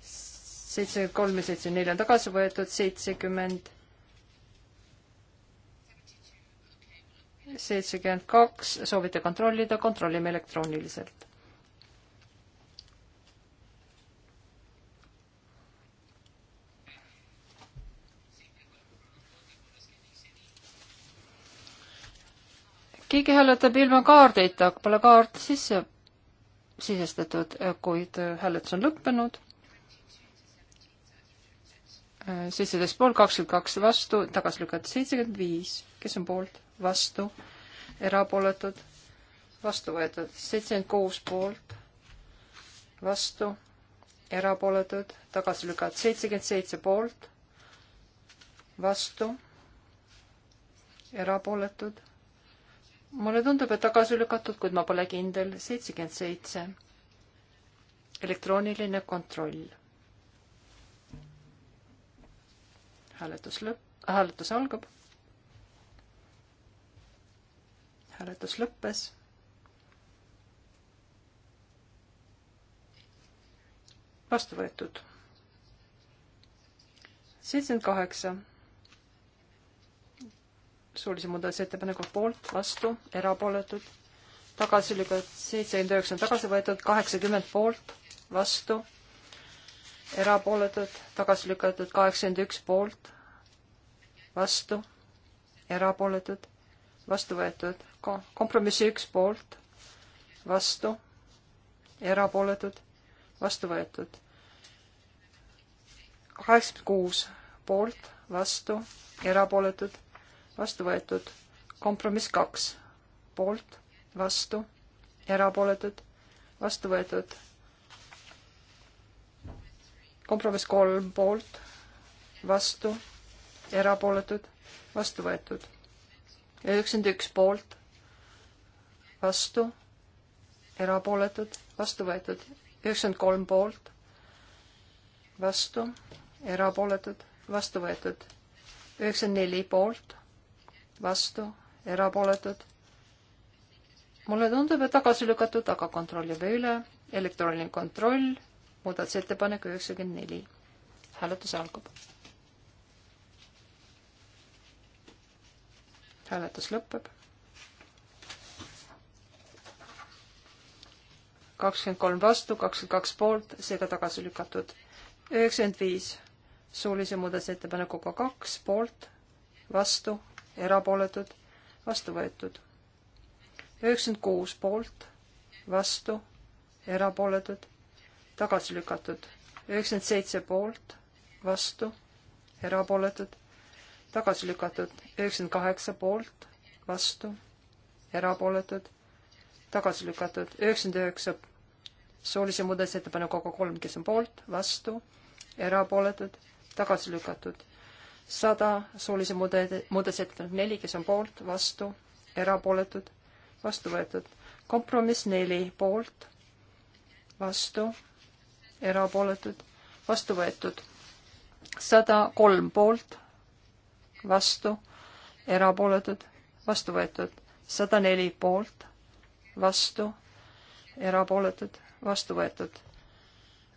seitsekümmend kolm ja seitsekümmend neli on tagasi võetud, seitsekümmend, seitsekümmend kaks, soovite kontrollida, kontrollime elektrooniliselt keegi hääletab ilma kaardita, pole kaart sisse sisestatud, kuid äh, hääletus on lõppenud. Äh, seitseteist poolt, kakskümmend kaks vastu, tagasi lükati seitsekümmend viis, kes on poolt, vastu, erapooletud, vastu võetud, seitsekümmend kuus poolt, vastu, erapooletud, tagasi lükati seitsekümmend seitse poolt, vastu, erapooletud mulle tundub, et tagasi lükatud, kuid ma pole kindel, seitsekümmend seitse. elektrooniline kontroll. hääletus lõpp, hääletus algab. hääletus lõppes. vastu võetud. seitsekümmend kaheksa suulise muudatusettepaneku poolt, vastu, erapooletud, tagasi lükatud, seitsekümmend üheksa on tagasi võetud, kaheksakümmend poolt, vastu, erapooletud, tagasi lükatud, kaheksakümmend üks poolt, vastu, erapooletud, vastu võetud, kompromissi üks poolt, vastu, erapooletud, vastu võetud. kaheksakümmend kuus poolt, vastu, erapooletud, vastu võetud. kompromiss kaks, poolt, vastu, erapooletud, vastu võetud. kompromiss kolm, poolt, vastu, erapooletud, vastu võetud. üheksakümmend üks poolt, vastu, erapooletud, vastu võetud. üheksakümmend kolm poolt, vastu, erapooletud, vastu võetud. üheksakümmend neli poolt, vastu, erapooletud. mulle tundub, et tagasi lükatud, aga kontrollime üle. elektrooniline kontroll, muudatusettepanek üheksakümmend neli. hääletus algab. hääletus lõpeb. kakskümmend kolm vastu, kakskümmend kaks poolt, seega tagasi lükatud. üheksakümmend viis suulise muudatusettepanekuga kaks poolt, vastu erapooletud, vastu võetud. üheksakümmend kuus poolt, vastu, erapooletud, tagasi lükatud. üheksakümmend seitse poolt, vastu, erapooletud, tagasi lükatud. üheksakümmend kaheksa poolt, vastu, erapooletud, tagasi lükatud. üheksakümmend üheksa soolise muudatusettepanekuga kolm, kes on poolt, vastu, erapooletud, tagasi lükatud sada suulise muudatusettepanek neli, kes on poolt, vastu, erapooletud, vastu võetud. kompromiss neli poolt, vastu, erapooletud, vastu võetud. sada kolm poolt, vastu, erapooletud, vastu võetud. sada neli poolt, vastu, erapooletud, vastu võetud.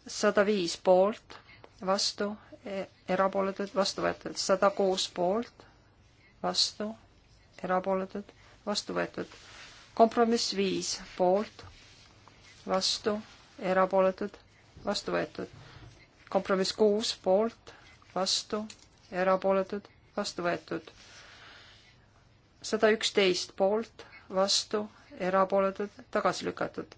sada viis poolt, vastu e, erapooletud, vastu võetud sada kuus poolt, vastu, erapooletud, vastu võetud. kompromiss viis poolt, vastu, erapooletud, vastu võetud. kompromiss kuus poolt, vastu, erapooletud, vastu võetud. sada üksteist poolt, vastu, erapooletud, tagasi lükatud.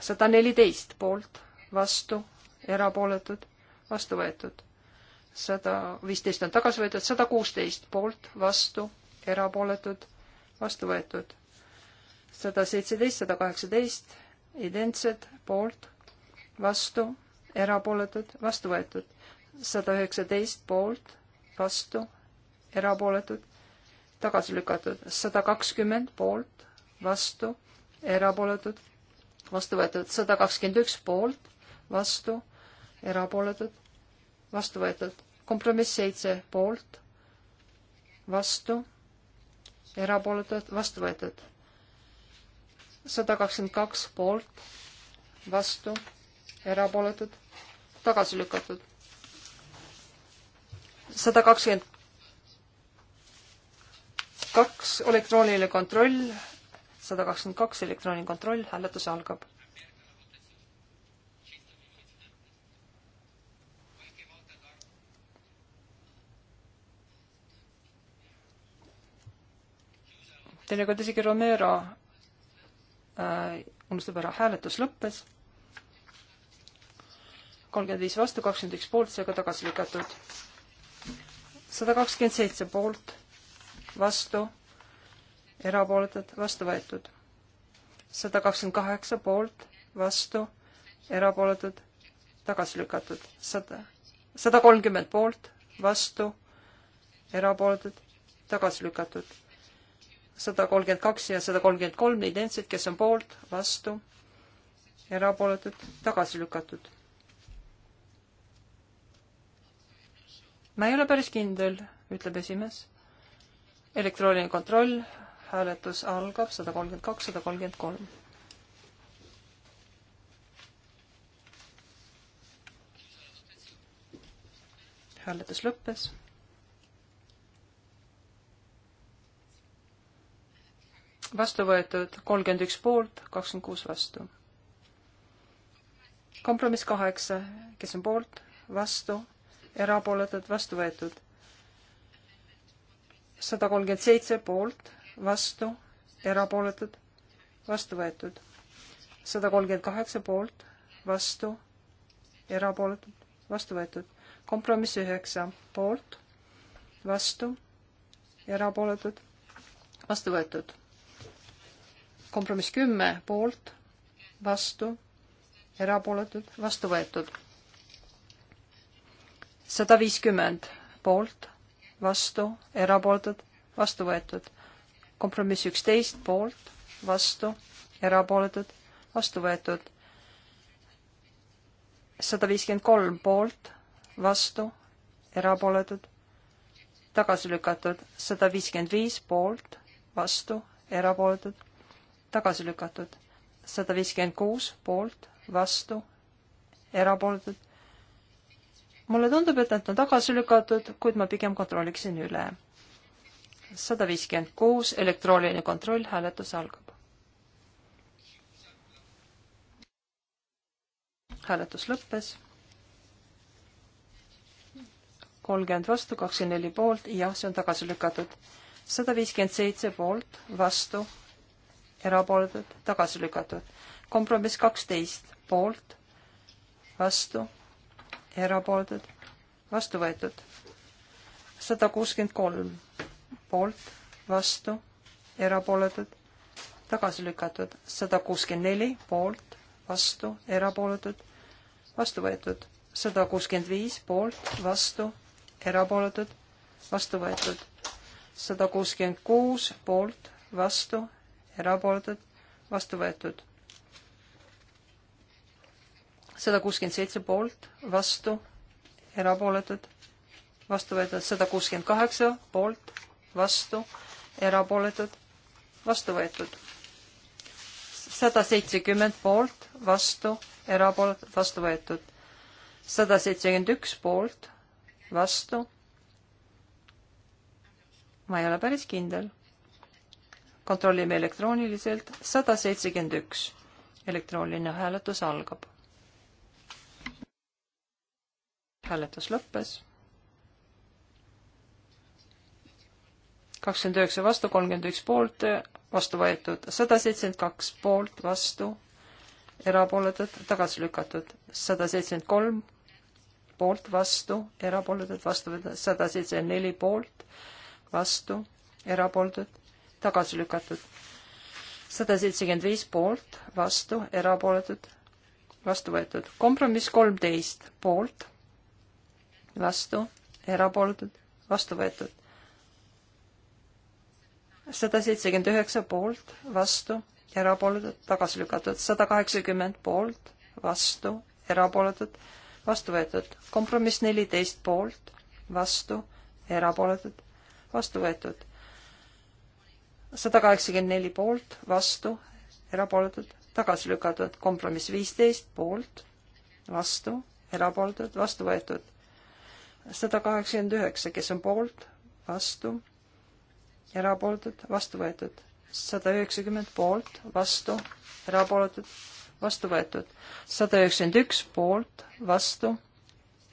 sada neliteist poolt, vastu erapooletud, vastu võetud. sada viisteist on tagasi võetud, sada kuusteist poolt, vastu, erapooletud, vastu võetud. sada seitseteist, sada kaheksateist, identsed, poolt, vastu, erapooletud, vastu võetud. sada üheksateist poolt, vastu, erapooletud, tagasi lükatud. sada kakskümmend poolt, vastu, erapooletud, vastu võetud. sada kakskümmend üks poolt, vastu erapooletud, vastu võetud. kompromiss seitse poolt, vastu, erapooletud, vastu võetud. sada kakskümmend kaks poolt, vastu, erapooletud, tagasi lükatud. sada kakskümmend kaks elektrooniline kontroll, sada kakskümmend kaks elektrooniline kontroll, hääletus algab teinekord isegi Romero äh, unustab ära, hääletus lõppes. kolmkümmend viis vastu, kakskümmend üks poolt, seega tagasi lükatud. sada kakskümmend seitse poolt, vastu, erapooletud, vastu võetud. sada kakskümmend kaheksa poolt, vastu, erapooletud, tagasi lükatud. sada, sada kolmkümmend poolt, vastu, erapooletud, tagasi lükatud sada kolmkümmend kaks ja sada kolmkümmend kolm identsed, kes on poolt, vastu, erapooletud, tagasi lükatud. ma ei ole päris kindel, ütleb esimees. elektrooniline kontroll, hääletus algab sada kolmkümmend kaks, sada kolmkümmend kolm. hääletus lõppes vastu võetud kolmkümmend üks poolt, kakskümmend kuus vastu. kompromiss kaheksa, kes on poolt, vastu, erapooletud, vastu võetud. sada kolmkümmend seitse poolt, vastu, erapooletud, vastu võetud. sada kolmkümmend kaheksa poolt, vastu, erapooletud, vastu võetud. kompromiss üheksa poolt, vastu, erapooletud, vastu võetud kompromiss kümme poolt, vastu, erapooletud, vastu võetud. sada viiskümmend poolt, vastu, erapooletud, vastu võetud. kompromiss üksteist poolt, vastu, erapooletud, vastu võetud. sada viiskümmend kolm poolt, vastu, erapooletud, tagasi lükatud. sada viiskümmend viis poolt, vastu, erapooletud tagasi lükatud. sada viiskümmend kuus poolt, vastu, erapooletud. mulle tundub, et nad on tagasi lükatud, kuid ma pigem kontrolliksin üle. sada viiskümmend kuus, elektrooniline kontroll, hääletus algab. hääletus lõppes. kolmkümmend vastu, kakskümmend neli poolt, jah, see on tagasi lükatud. sada viiskümmend seitse poolt, vastu erapooletud, tagasi lükatud. kompromiss kaksteist, poolt, vastu, erapooletud, vastu võetud. sada kuuskümmend kolm, poolt, vastu, erapooletud, tagasi lükatud. sada kuuskümmend neli, poolt, vastu, erapooletud, vastu võetud. sada kuuskümmend viis, poolt, vastu, erapooletud, vastu võetud. sada kuuskümmend kuus, poolt, vastu, erapooletud, vastu võetud. sada kuuskümmend seitse poolt, vastu, erapooletud, vastu võetud, sada kuuskümmend kaheksa poolt, vastu, erapooletud, vastu võetud. sada seitsekümmend poolt, vastu, erapooletud, vastu võetud. sada seitsekümmend üks poolt, vastu ma ei ole päris kindel kontrollime elektrooniliselt, sada seitsekümmend üks. elektrooniline hääletus algab. hääletus lõppes. kakskümmend üheksa vastu, kolmkümmend üks poolt, vastu võetud sada seitsekümmend kaks poolt, vastu, erapooletud, tagasi lükatud, sada seitsekümmend kolm poolt, vastu, erapooletud, vastu võetud, sada seitsekümmend neli poolt, vastu, erapooletud, tagasi lükatud. sada seitsekümmend viis poolt, vastu, erapooletud, vastu võetud. kompromiss kolmteist poolt, vastu, erapooletud, vastu võetud. sada seitsekümmend üheksa poolt, vastu, erapooletud, tagasi lükatud. sada kaheksakümmend poolt, vastu, erapooletud, vastu võetud. kompromiss neliteist poolt, vastu, erapooletud, vastu võetud sada kaheksakümmend neli poolt, vastu, erapooletud, tagasi lükatud, kompromiss viisteist poolt, vastu, erapooletud, vastu võetud. sada kaheksakümmend üheksa, kes on poolt, vastu, erapooletud, vastu võetud. sada üheksakümmend poolt, vastu, erapooletud, vastu võetud. sada üheksakümmend üks poolt, vastu,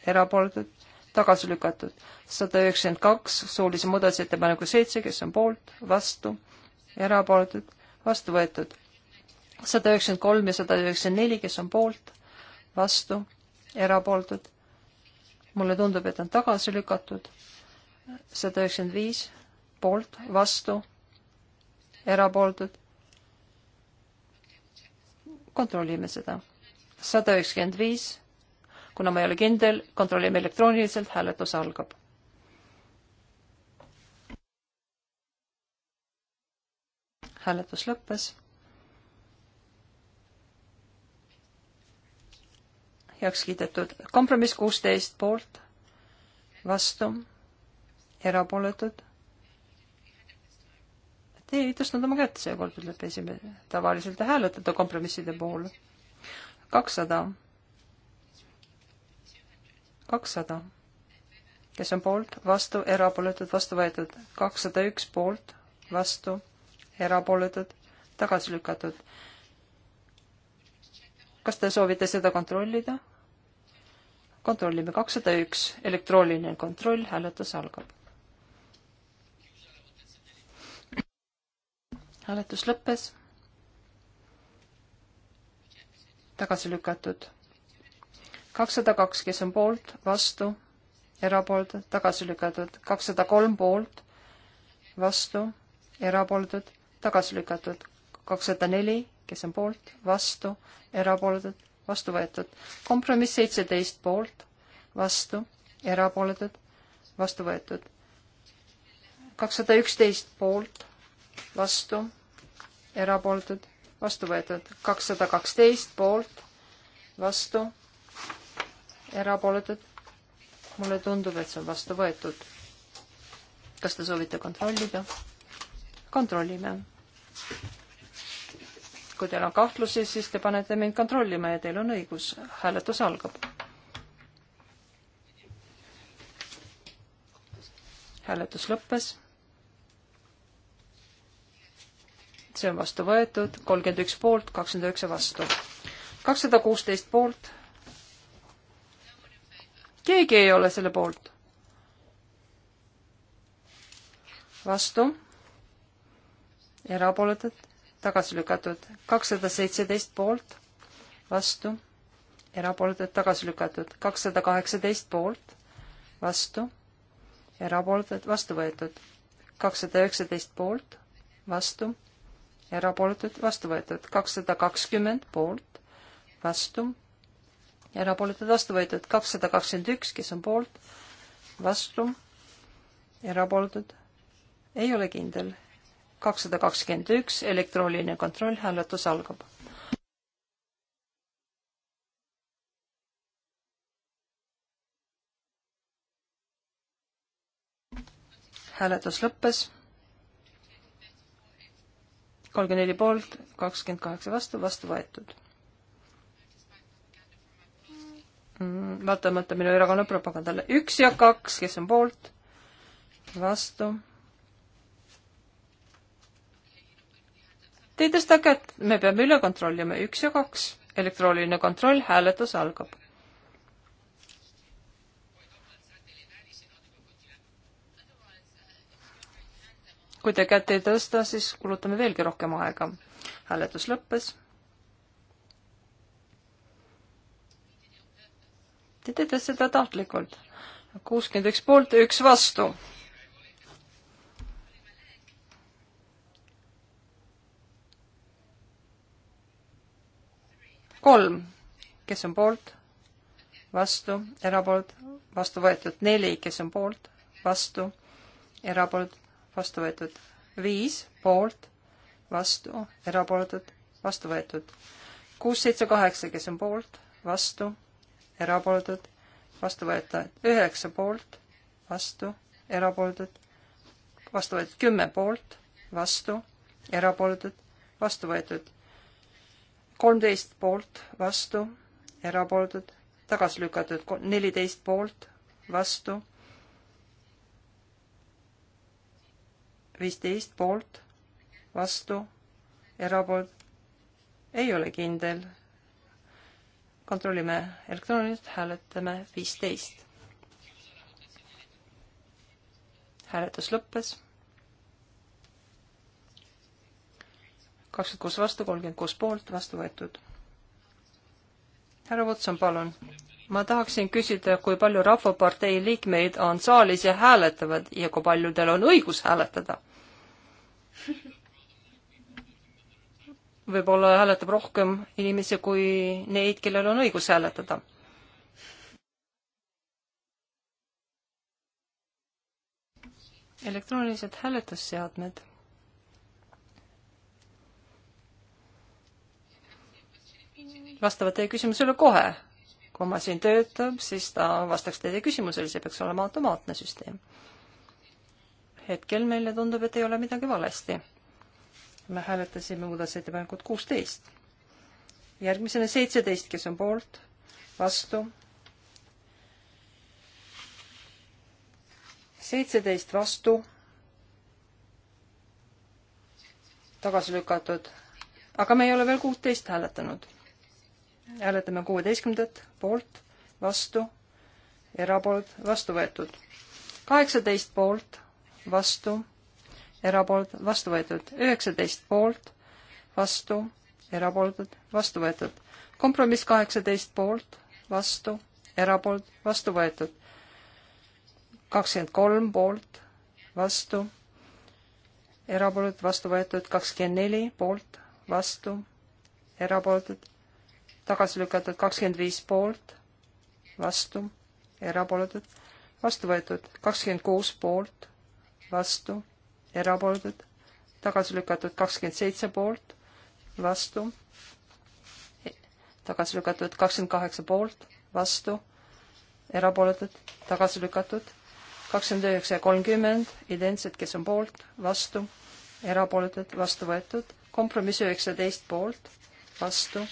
erapooletud, tagasi lükatud. sada üheksakümmend kaks suulise muudatusettepaneku seitse, kes on poolt, vastu, erapooletud, vastu võetud. sada üheksakümmend kolm ja sada üheksakümmend neli, kes on poolt, vastu, erapooletud. mulle tundub, et on tagasi lükatud. sada üheksakümmend viis, poolt, vastu, erapooletud. kontrollime seda. sada üheksakümmend viis kuna ma ei ole kindel, kontrollime elektrooniliselt, hääletus algab. hääletus lõppes. heaks kiidetud kompromiss kuusteist poolt, vastu, erapooletud Te ei tõstnud oma kätt seekord, ütleb esimene. tavaliselt te hääletate kompromisside puhul. kakssada kakssada, kes on poolt, vastu, erapooletud, vastu võetud, kakssada üks poolt, vastu, erapooletud, tagasi lükatud. kas te soovite seda kontrollida? kontrollime kakssada üks, elektrooniline kontroll, hääletus algab. hääletus lõppes. tagasi lükatud kakssada kaks, kes on poolt, vastu, erapooletud, tagasi lükatud, kakssada kolm poolt, vastu, erapooletud, tagasi lükatud, kakssada neli, kes on poolt, vastu, erapooletud, vastu võetud. kompromiss seitseteist poolt, vastu, erapooletud, vastu võetud. kakssada üksteist poolt, vastu, erapooletud, vastu võetud. kakssada kaksteist poolt, vastu erapooletud? mulle tundub, et see on vastu võetud. kas te soovite kontrollida? kontrollime. kui teil on kahtlusi, siis te panete mind kontrollima ja teil on õigus, hääletus algab. hääletus lõppes see on vastu võetud, kolmkümmend üks poolt, kakskümmend üheksa vastu. kakssada kuusteist poolt, keegi ei ole selle poolt. vastu, erapooletud, tagasi lükatud, kakssada seitseteist poolt, vastu, erapooletud, tagasi lükatud, kakssada kaheksateist poolt, vastu, erapooletud, vastu võetud, kakssada üheksateist poolt, vastu, erapooletud, vastu võetud, kakssada kakskümmend poolt, vastu ja erapooletud vastu võetud kakssada kakskümmend üks, kes on poolt, vastu, erapooletud, ei ole kindel. kakssada kakskümmend üks, elektrooniline kontroll, hääletus algab. hääletus lõppes. kolmkümmend neli poolt, kakskümmend kaheksa vastu, vastu võetud Mm, vaatamata minu erakonna propagandale. üks ja kaks, kes on poolt, vastu. Te ei tõsta kätt, me peame üle kontrollima, üks ja kaks. elektrooniline kontroll, hääletus algab. kui te kätt ei tõsta, siis kulutame veelgi rohkem aega. hääletus lõppes Te teete seda tahtlikult. kuuskümmend üks poolt, üks vastu. kolm, kes on poolt, vastu, erapoolt, vastu võetud. neli, kes on poolt, vastu, erapoolt, vastu võetud. viis, poolt, vastu, erapooletud, vastu võetud. kuus, seitse, kaheksa, kes on poolt, vastu erapooletud, vastu võetud üheksa poolt, vastu, erapooletud, vastu võetud kümme poolt, vastu, erapooletud, vastu võetud kolmteist poolt, vastu, erapooletud, tagasi lükatud neliteist poolt, vastu, viisteist poolt, vastu, erapoolt, ei ole kindel kontrollime elektrooniliselt, hääletame viisteist. hääletus lõppes. kakskümmend kuus vastu, kolmkümmend kuus poolt, vastu võetud. härra Vutson, palun. ma tahaksin küsida, kui palju Rahvapartei liikmeid on saalis ja hääletavad ja kui paljudel on õigus hääletada (laughs) võib-olla hääletab rohkem inimesi kui neid, kellel on õigus hääletada. elektroonilised hääletusseadmed. vastavad teie küsimusele kohe. kui masin töötab, siis ta vastaks teie küsimusele, see peaks olema automaatne süsteem. hetkel meile tundub, et ei ole midagi valesti me hääletasime muudatusettepanekut kuusteist. järgmisena seitseteist, kes on poolt, vastu. seitseteist vastu. tagasi lükatud, aga me ei ole veel kuuteist hääletanud. hääletame kuueteistkümnendat poolt, vastu, erapoolt, vastu võetud. kaheksateist poolt, vastu erapoolt, vastu võetud. üheksateist poolt, vastu, erapooletud, vastu võetud. kompromiss kaheksateist poolt, vastu, erapoolt, vastu võetud. kakskümmend kolm poolt, vastu, erapoolt, vastu võetud. kakskümmend neli poolt, vastu, erapooletud, tagasi lükatud. kakskümmend viis poolt, vastu, erapooletud, vastu võetud. kakskümmend kuus poolt, vastu erapooletud, tagasi lükatud kakskümmend seitse poolt, vastu, tagasi lükatud kakskümmend kaheksa poolt, vastu, erapooletud, tagasi lükatud, kakskümmend üheksa ja kolmkümmend, identsed, kes on poolt, vastu, erapooletud, vastu võetud, kompromiss üheksateist poolt, vastu,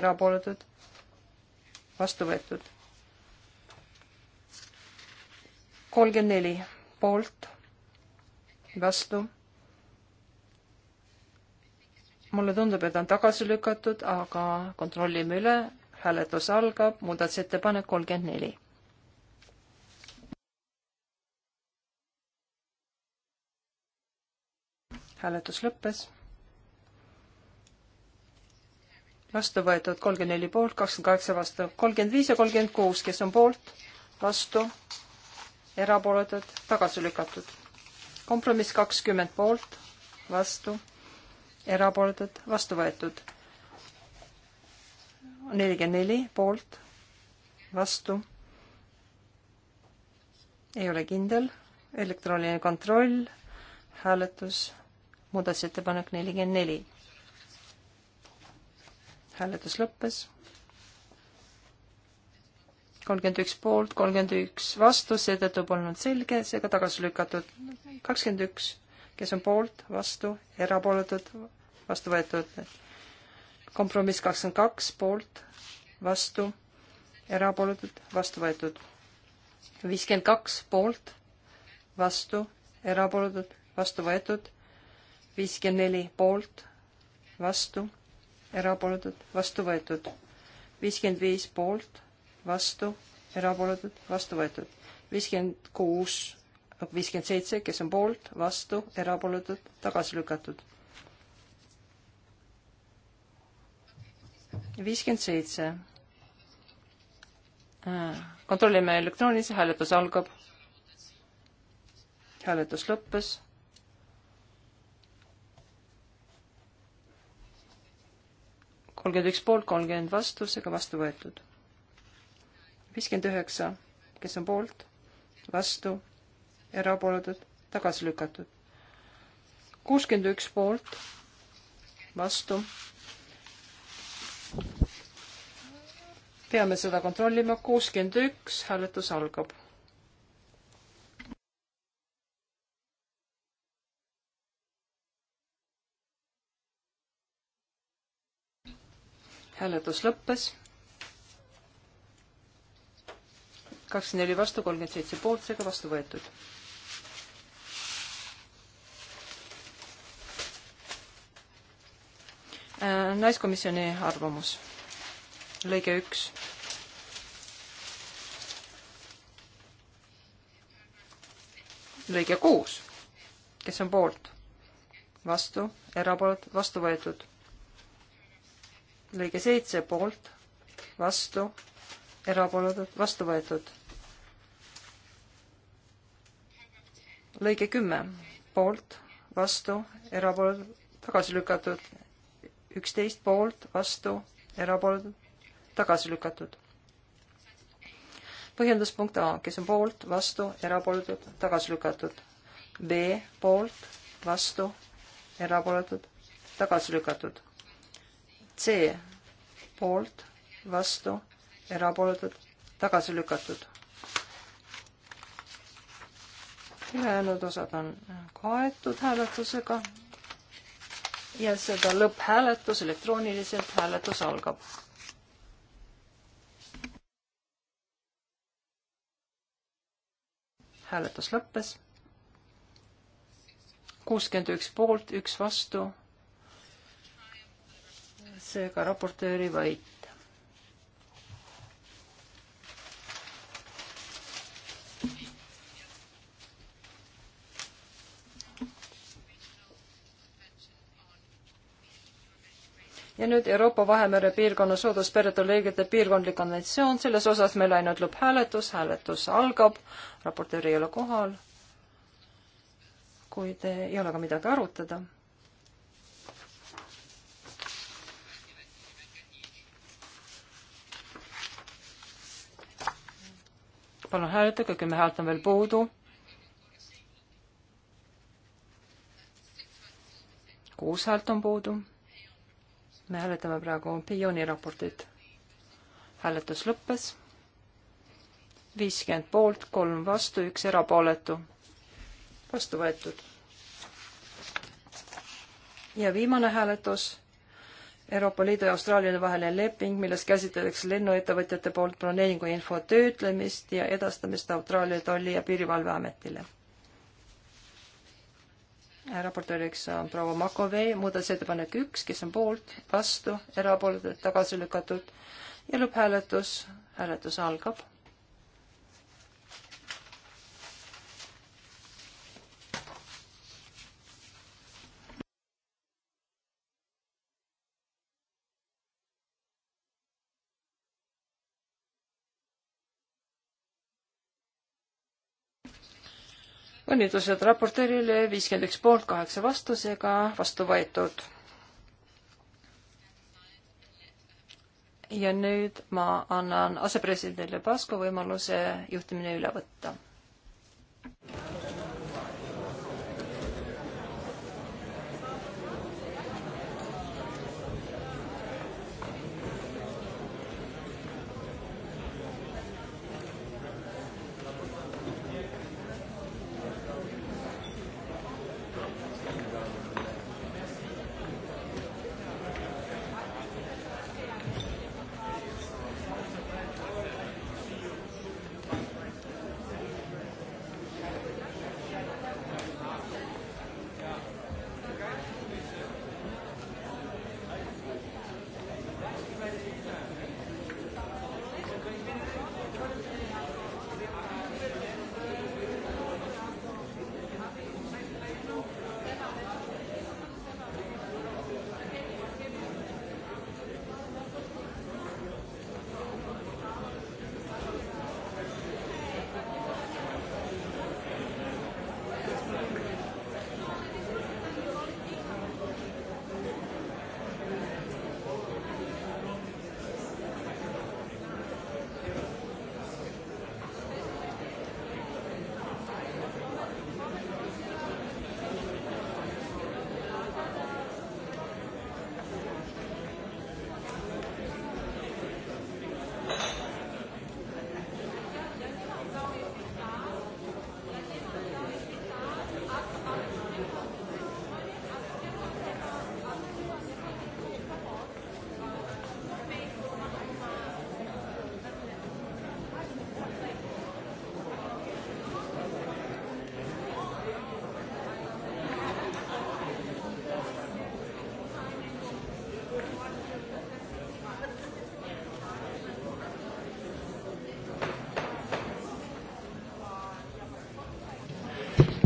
erapooletud, vastu võetud. kolmkümmend neli poolt vastu. mulle tundub, et on tagasi lükatud, aga kontrollime üle. hääletus algab, muudatusettepanek kolmkümmend neli. hääletus lõppes. vastu võetud kolmkümmend neli poolt, kakskümmend kaheksa vastu, kolmkümmend viis ja kolmkümmend kuus, kes on poolt, vastu, erapooletud, tagasi lükatud kompromiss kakskümmend poolt, vastu, erapooletud, vastu võetud. nelikümmend neli poolt, vastu. ei ole kindel, elektrooniline kontroll, hääletus, muudatusettepanek nelikümmend neli. hääletus lõppes kolmkümmend üks poolt, kolmkümmend üks vastu, seetõttu polnud selge, seega tagasi lükatud. kakskümmend üks, kes on poolt, vastu, erapooletud, vastu võetud. kompromiss kakskümmend kaks, poolt, vastu, erapooletud, vastu võetud. viiskümmend kaks poolt, vastu, erapooletud, vastu võetud. viiskümmend neli poolt, vastu, erapooletud, vastu võetud. viiskümmend viis poolt vastu, erapooletud, vastu võetud. viiskümmend kuus, noh, viiskümmend seitse, kes on poolt, vastu, erapooletud, tagasi lükatud. viiskümmend seitse. Äh, kontrollime elektroonilise, hääletus algab. hääletus lõppes kolmkümmend üks poolt, kolmkümmend vastu, seega vastu võetud viiskümmend üheksa, kes on poolt, vastu, erapooletud, tagasi lükatud. kuuskümmend üks poolt, vastu. peame seda kontrollima, kuuskümmend üks, hääletus algab. hääletus lõppes kakskümmend neli vastu, kolmkümmend seitse poolt, seega vastu võetud. Äh, naiskomisjoni arvamus, lõige üks. lõige kuus, kes on poolt, vastu, erapoolt, vastu võetud. lõige seitse poolt, vastu, erapooletud, vastu võetud lõige kümme poolt, vastu, erapooletud, tagasi lükatud. üksteist poolt, vastu, erapooletud, tagasi lükatud. põhjenduspunkt A, kes on poolt, vastu, erapooletud, tagasi lükatud. B poolt, vastu, erapooletud, tagasi lükatud. C poolt, vastu, erapooletud, tagasi lükatud ülejäänud osad on kaetud hääletusega ja seda lõpphääletus elektrooniliselt hääletus algab. hääletus lõppes. kuuskümmend üks poolt, üks vastu. seega raportööri võit. ja nüüd Euroopa Vahemere piirkonna soodusperetulõigete piirkondlik konventsioon, selles osas meil ainult lõpphääletus, hääletus algab, raportöör ei ole kohal, kuid ei ole ka midagi arutada. palun hääletage, kümme häält on veel puudu kuus häält on puudu me hääletame praegu Pioni raportit. hääletus lõppes. viiskümmend poolt, kolm vastu, üks erapooletu. vastu võetud. ja viimane hääletus Euroopa Liidu ja Austraalia vaheline leping, milles käsitletakse lennuettevõtjate poolt broneeringu info töötlemist ja edastamist Austraalia tolli- ja piirivalveametile raportööriks on proua Makovei, muudatusettepanek üks, kes on poolt, vastu, erapooletud, tagasi lükatud ja lõpphääletus, hääletus algab õnnitlused raportöörile, viiskümmend üks poolt, kaheksa vastusega, vastu võetud. ja nüüd ma annan asepresidendile Pasko võimaluse juhtimine üle võtta.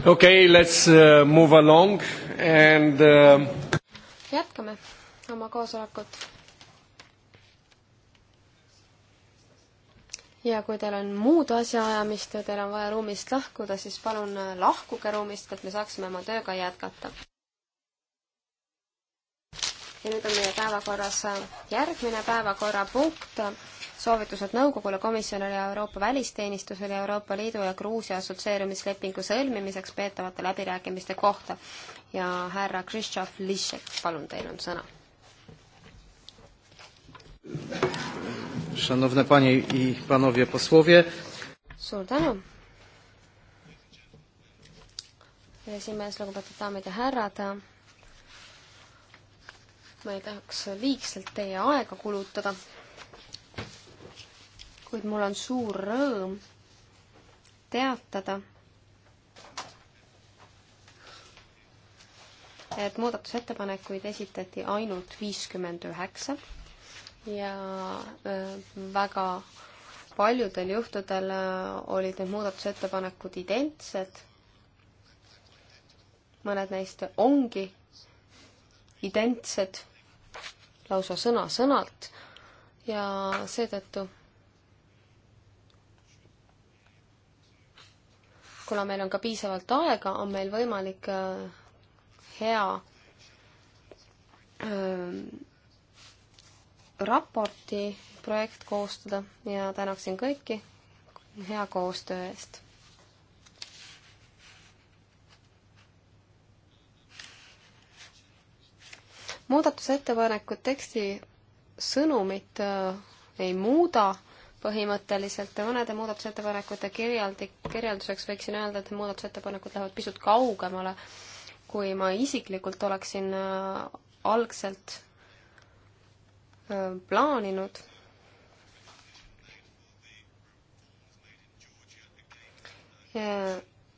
okei okay,, let's uh, move along and uh.... jätkame oma koosolekut. ja kui teil on muud asjaajamist ja teil on vaja ruumist lahkuda, siis palun äh, lahkuge ruumist, et me saaksime oma tööga jätkata ja nüüd on meie päevakorras äh, järgmine päevakorrapunkt, soovitused nõukogule, komisjonile ja Euroopa välisteenistusele Euroopa Liidu ja Gruusia assotsieerumislepingu sõlmimiseks peetavate läbirääkimiste kohta. ja härra Krzysztof Lišek, palun, teil on sõna. Szanowne panie i panowie posłowie. Suur tänu. esimees, lugupeetud daamid ja härrad ma ei tahaks liigselt teie aega kulutada, kuid mul on suur rõõm teatada, et muudatusettepanekuid esitati ainult viiskümmend üheksa ja väga paljudel juhtudel olid need muudatusettepanekud identsed, mõned neist ongi identsed lausa sõna-sõnalt ja seetõttu, kuna meil on ka piisavalt aega, on meil võimalik äh, hea äh, raporti projekt koostada ja tänaksin kõiki hea koostöö eest muudatusettepanekud teksti sõnumit äh, ei muuda põhimõtteliselt ja mõnede muudatusettepanekute kirjaldik, kirjelduseks võiksin öelda, et muudatusettepanekud lähevad pisut kaugemale, kui ma isiklikult oleksin äh, algselt äh, plaaninud.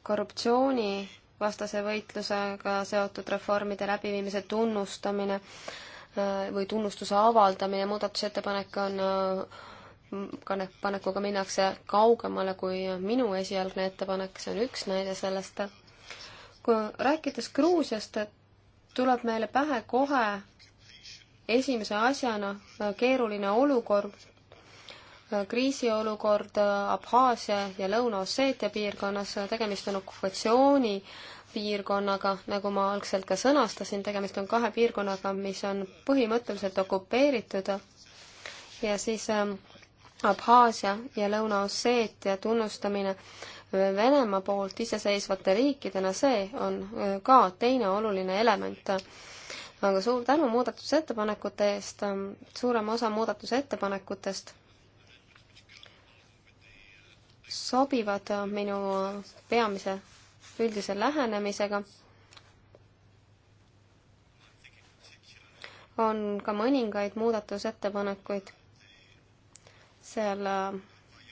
korruptsiooni vastase võitlusega seotud reformide läbiviimise tunnustamine äh, või tunnustuse avaldamine, muudatusettepanek on äh, panekuga minnakse kaugemale kui minu esialgne ettepanek, see on üks näide sellest. kui rääkides Gruusiast, tuleb meile pähe kohe esimese asjana äh, keeruline olukord, kriisiolukord Abhaasia ja Lõuna-Osseetia piirkonnas, tegemist on okupatsiooni piirkonnaga, nagu ma algselt ka sõnastasin, tegemist on kahe piirkonnaga, mis on põhimõtteliselt okupeeritud ja siis ähm, Abhaasia ja Lõuna-Osseetia tunnustamine Venemaa poolt iseseisvate riikidena, see on äh, ka teine oluline element. aga suur tänu muudatusettepanekute eest, ähm, suurem osa muudatusettepanekutest sobivad äh, minu peamise üldise lähenemisega. on ka mõningaid muudatusettepanekuid seal äh,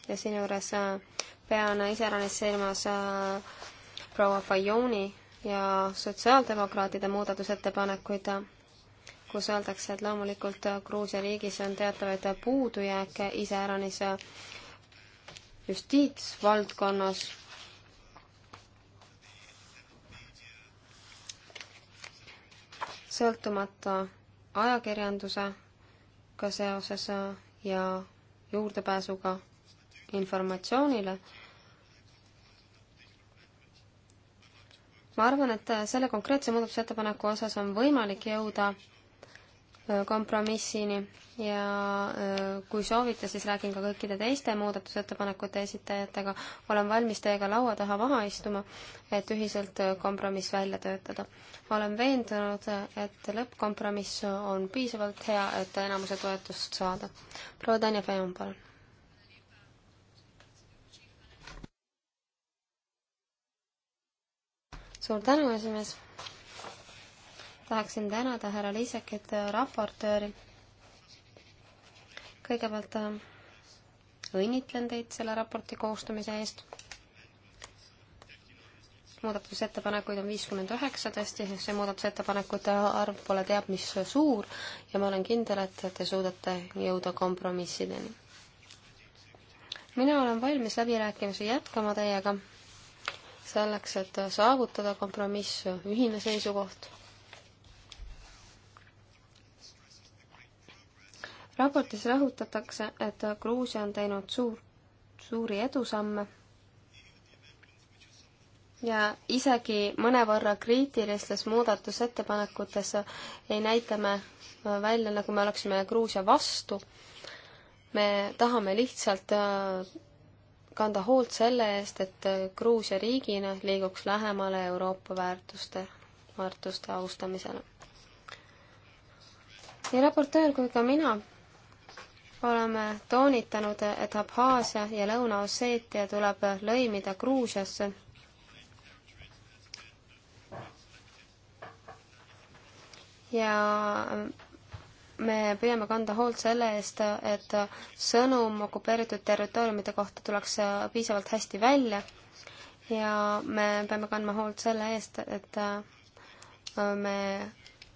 ja siinjuures äh, pean iseäranis silmas proua Fajoni ja sotsiaaldemokraatide muudatusettepanekuid kus öeldakse, et loomulikult Gruusia riigis on teatavaid puudujääke iseäranis justiitsvaldkonnas. sõltumata ajakirjandusega seoses ja juurdepääsuga informatsioonile. ma arvan, et selle konkreetse muudatusettepaneku osas on võimalik jõuda kompromissini ja äh, kui soovite, siis räägin ka kõikide teiste muudatusettepanekute esitajatega. olen valmis teiega laua taha maha istuma, et ühiselt äh, kompromiss välja töötada. olen veendunud, et lõppkompromiss on piisavalt hea, et enamuse toetust saada. proua Tanja Fejon, palun. suur tänu, esimees tahaksin tänada härra Liisekit, äh, raportööri. kõigepealt äh, õnnitlen teid selle raporti koostamise eest. muudatusettepanekuid on viiskümmend üheksa tõesti, see muudatusettepanekute arv pole teab mis suur ja ma olen kindel, et te suudate jõuda kompromissideni mina olen valmis läbirääkimisi jätkama teiega selleks, et saavutada kompromiss, ühine seisukoht. raportis rõhutatakse, et Gruusia on teinud suur, suuri edusamme ja isegi mõnevõrra kriitilistes muudatusettepanekutes ei näita me välja, nagu me oleksime Gruusia vastu. me tahame lihtsalt äh, kanda hoolt selle eest, et Gruusia riigina liiguks lähemale Euroopa väärtuste, väärtuste austamisele. nii raportöör kui ka mina oleme toonitanud, et Abhaasia ja Lõuna-Osseetia tuleb lõimida Gruusiasse. ja me püüame kanda hoolt selle eest, et sõnum okupeeritud territooriumide kohta tuleks piisavalt hästi välja ja me peame kandma hoolt selle eest, et me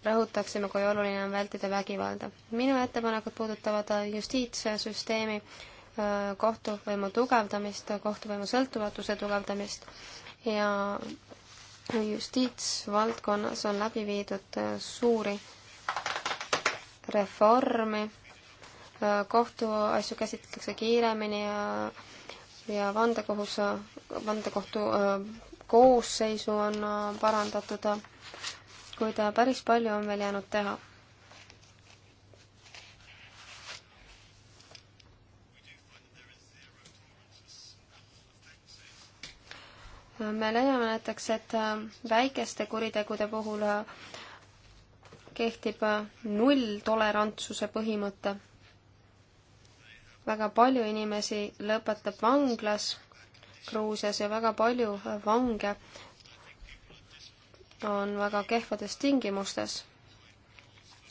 rõhutaksime, kui oluline on vältida vägivalda. minu ettepanekud puudutavad justiitssüsteemi, äh, kohtuvõimu tugevdamist, kohtuvõimu sõltumatuse tugevdamist ja justiitsvaldkonnas on läbi viidud äh, suuri reformi, äh, kohtuasju käsitletakse kiiremini ja, ja vandekohus, vandekohtu koosseisu on parandatud kuid päris palju on veel jäänud teha. me leiame näiteks, et äh, väikeste kuritegude puhul äh, kehtib äh, nulltolerantsuse põhimõte. väga palju inimesi lõpetab vanglas Gruusias ja väga palju vange on väga kehvades tingimustes.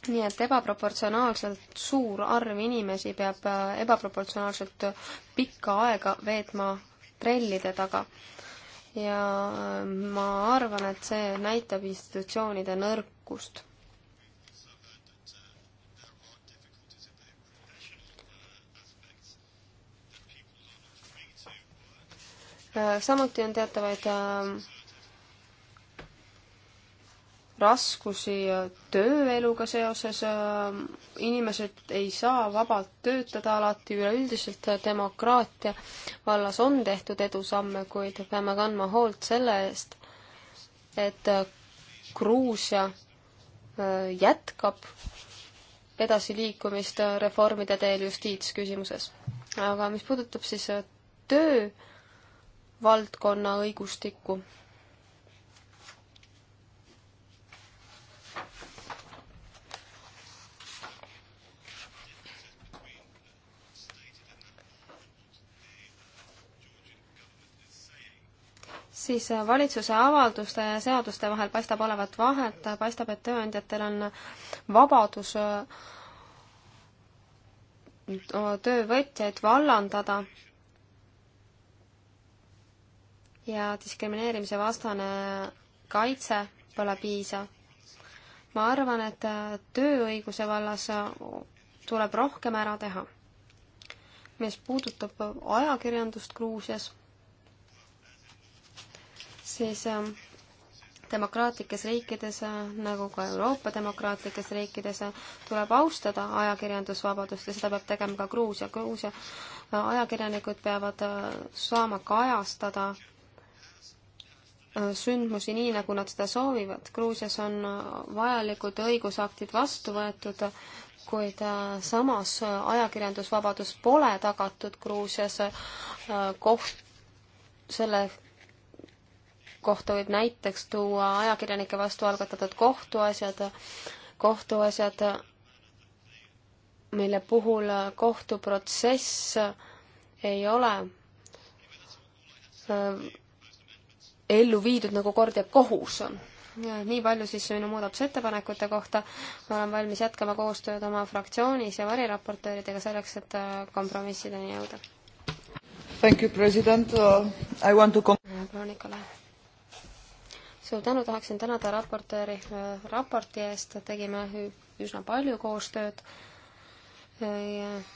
nii et ebaproportsionaalselt suur arv inimesi peab äh, ebaproportsionaalselt pikka aega veetma trellide taga. ja äh, ma arvan, et see näitab institutsioonide nõrkust. Äh, samuti on teatavaid raskusi tööeluga seoses, äh, inimesed ei saa vabalt töötada alati, üleüldiselt demokraatia vallas on tehtud edusamme, kuid peame kandma hoolt selle eest, et Gruusia äh, jätkab edasiliikumist reformide teel justiitsküsimuses. aga mis puudutab siis äh, töövaldkonna õigustikku, siis valitsuse avalduste ja seaduste vahel paistab olevat vahet, paistab, et tööandjatel on vabadus äh, töövõtjaid vallandada ja diskrimineerimise vastane kaitse pole piisav. ma arvan, et tööõiguse vallas tuleb rohkem ära teha. mis puudutab ajakirjandust Gruusias siis ähm, demokraatlikes riikides, äh, nagu ka Euroopa demokraatlikes riikides, äh, tuleb austada ajakirjandusvabadust ja seda peab tegema ka Gruusia. Gruusia äh, ajakirjanikud peavad saama kajastada sündmusi nii, nagu nad seda soovivad. Gruusias on vajalikud õigusaktid vastu võetud, kuid samas ajakirjandusvabadus pole tagatud Gruusias koht, selle kohta võib näiteks tuua ajakirjanike vastu algatatud kohtuasjad, kohtuasjad, mille puhul kohtuprotsess ei ole ellu viidud nagu kord ja kohus on. nii palju siis minu muudatusettepanekute kohta. olen valmis jätkama koostööd oma fraktsioonis ja variraportööridega selleks, et kompromissideni jõuda. Thank you, president uh,. I want to. proua Nikolai suur tänu, tahaksin tänada raportööri äh, raporti eest, tegime üsna palju koostööd äh,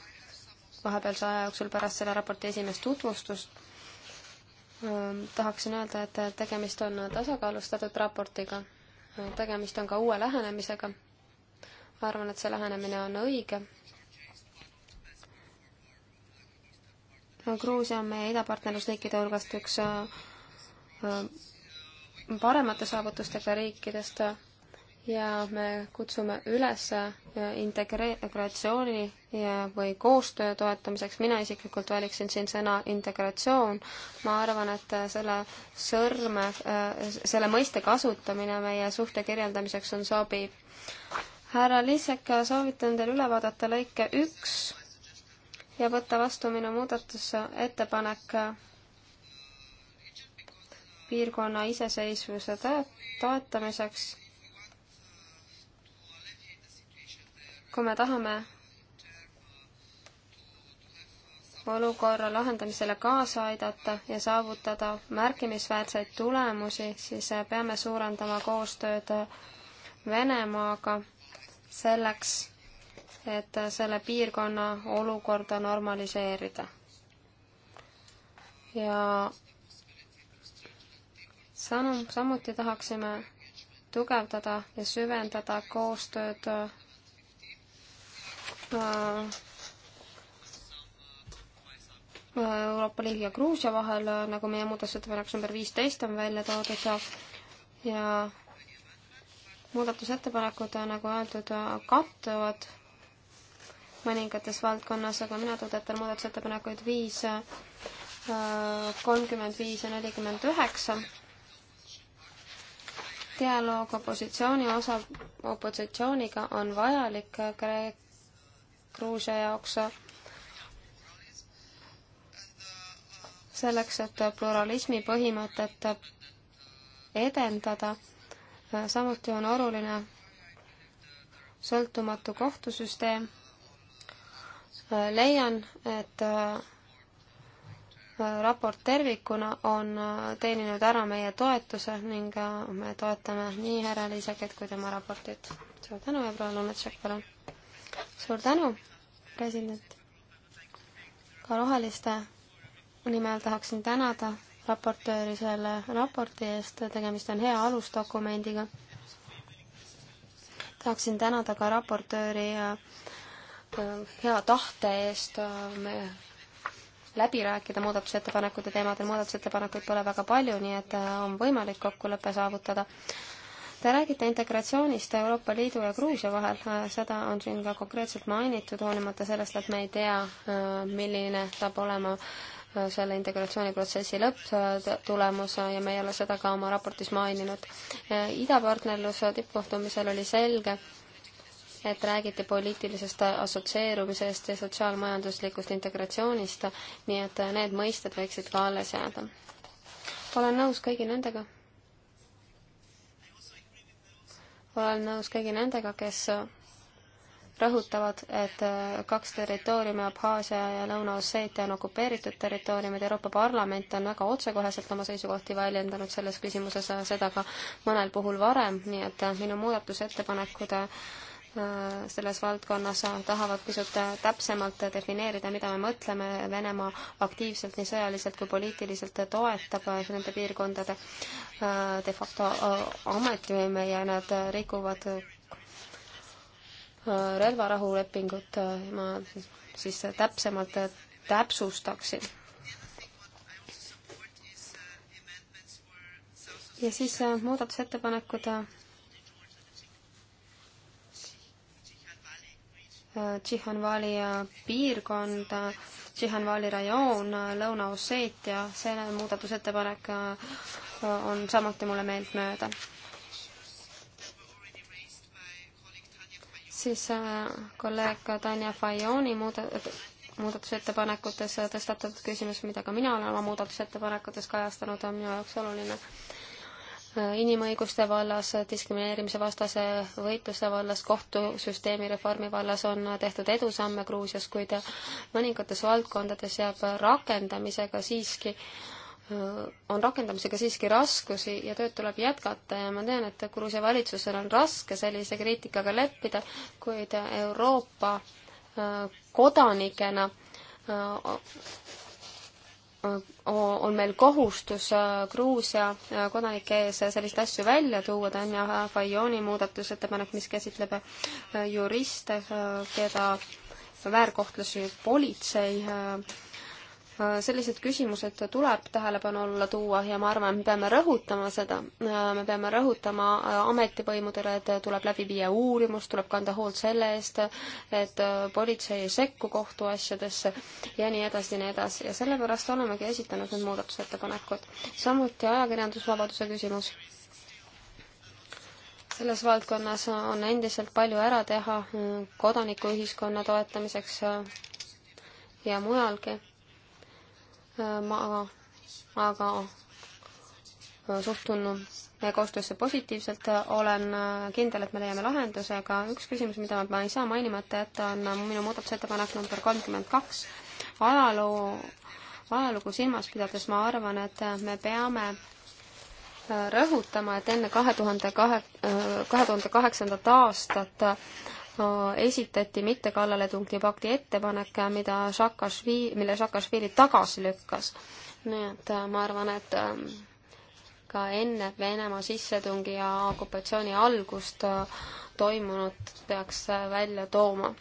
vahepealse aja jooksul pärast selle raporti esimest tutvustust ähm, tahaksin öelda, et tegemist on tasakaalustatud raportiga. tegemist on ka uue lähenemisega. arvan, et see lähenemine on õige. Gruusia on meie idapartnerlusriikide hulgast üks äh, paremate saavutustega riikidest ja me kutsume üles integratsiooni või koostöö toetamiseks, mina isiklikult valiksin siin sõna integratsioon, ma arvan, et selle sõrme, selle mõiste kasutamine meie suhte kirjeldamiseks on sobiv. härra Liisek, soovitan teil üle vaadata lõike üks ja võtta vastu minu muudatusettepanek piirkonna iseseisvuse toetamiseks. kui me tahame olukorra lahendamisele kaasa aidata ja saavutada märkimisväärseid tulemusi, siis peame suurendama koostööd Venemaaga selleks, et selle piirkonna olukorda normaliseerida. ja samm, samuti tahaksime tugevdada ja süvendada koostööd äh, Euroopa Liidu ja Gruusia vahel, äh, nagu meie muudatusettepanekus number viisteist on välja toodud ja, ja muudatusettepanekud, äh, nagu öeldud, kattuvad mõningates valdkonnas, aga mina tudetan muudatusettepanekuid viis, kolmkümmend viis ja nelikümmend üheksa dialoog opositsiooni osa, opositsiooniga on vajalik Kreek-, Gruusia jaoks selleks, et pluralismi põhimõtet edendada. samuti on oluline sõltumatu kohtusüsteem. leian, et raport tervikuna on äh, teeninud ära meie toetuse ning äh, me toetame nii härra Liisaket kui tema raportit. suur tänu ja proua Lunatšek, palun! suur tänu, president! ka roheliste nimel tahaksin tänada raportööri selle raporti eest, tegemist on hea alusdokumendiga. tahaksin tänada ka raportööri äh, hea tahte eest me läbi rääkida muudatusettepanekute teemadel, muudatusettepanekuid pole väga palju, nii et äh, on võimalik kokkulepe saavutada. Te räägite integratsioonist Euroopa Liidu ja Gruusia vahel, äh, seda on siin ka konkreetselt mainitud, hoolimata sellest, et me ei tea, äh, milline saab olema selle integratsiooniprotsessi lõpptulemus ja me ei ole seda ka oma raportis maininud. idapartnerluse tippkohtumisel oli selge, et räägiti poliitilisest assotsieerumisest ja sotsiaalmajanduslikust integratsioonist, nii et need mõisted võiksid ka alles jääda. olen nõus kõigi nendega. olen nõus kõigi nendega, kes rõhutavad, et kaks territooriumi, Abhaasia ja Lõuna-Osseetia on okupeeritud territooriumid, Euroopa Parlament on väga otsekoheselt oma seisukohti väljendanud selles küsimuses, seda ka mõnel puhul varem, nii et minu muudatusettepanekud Äh, selles valdkonnas tahavad pisut äh, täpsemalt defineerida, mida me mõtleme, Venemaa aktiivselt nii sõjaliselt kui poliitiliselt toetab äh, nende piirkondade de facto ametivõime ja nad rikuvad relvarahulepingut, ma siis täpsemalt täpsustaksin. ja siis muudatusettepanekud Tšihhanvali piirkond, Tšihhanvali rajoon, Lõuna-Osseetia, see muudatusettepanek äh, on samuti mulle meeltmööda. siis äh, kolleeg Tanja Fajoni muuda-, muudatusettepanekutes tõstatatud küsimus, mida ka mina olen oma muudatusettepanekutes kajastanud, on minu jaoks oluline inimõiguste vallas, diskrimineerimise vastase võitluse vallas, kohtusüsteemi reformi vallas on tehtud edusamme Gruusias, kuid mõningates valdkondades jääb rakendamisega siiski on rakendamisega siiski raskusi ja tööd tuleb jätkata ja ma tean, et Gruusia valitsusel on raske sellise kriitikaga leppida, kuid Euroopa kodanikena on meil kohustus äh, Gruusia äh, kodanike ees selliseid asju välja tuua, Tanja Fajoni muudatusettepanek, mis käsitleb äh, juriste, keda väärkohtles politsei sellised küsimused tuleb tähelepanu alla tuua ja ma arvan, et me peame rõhutama seda, me peame rõhutama ametivõimudele, et tuleb läbi viia uurimus, tuleb kanda hoolt selle eest, et politsei ei sekku kohtuasjadesse ja nii edasi ja nii edasi ja sellepärast olemegi esitanud need muudatusettepanekud. samuti ajakirjandusvabaduse küsimus. selles valdkonnas on endiselt palju ära teha kodanikuühiskonna toetamiseks ja mujalgi Äh, ma aga äh, suhtun meie äh, koostöösse positiivselt, olen kindel, et me leiame lahenduse, aga üks küsimus, mida ma ei saa mainimata jätta, on minu muudatusettepanek number kolmkümmend kaks. ajaloo, ajalugu silmas pidades ma arvan, et me peame rõhutama, et enne kahe tuhande kahe, kahe tuhande kaheksandat aastat esitati mittekallaletungi pakti ettepanek, mida Šakašvili, mille Šakašvili tagasi lükkas. nii et äh, ma arvan, et äh, ka enne Venemaa sissetungi ja okupatsiooni algust äh, toimunut peaks välja tooma.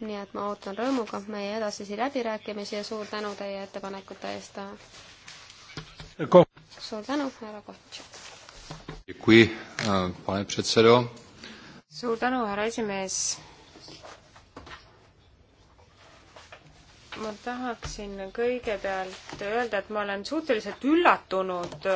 nii et ma ootan rõõmuga meie edasisi läbirääkimisi ja suur tänu teie ettepanekute eest. suur tänu, härra Kohtšik. Děkuji, pane předsedo suur tänu, härra esimees. ma tahaksin kõigepealt öelda, et ma olen suhteliselt üllatunud,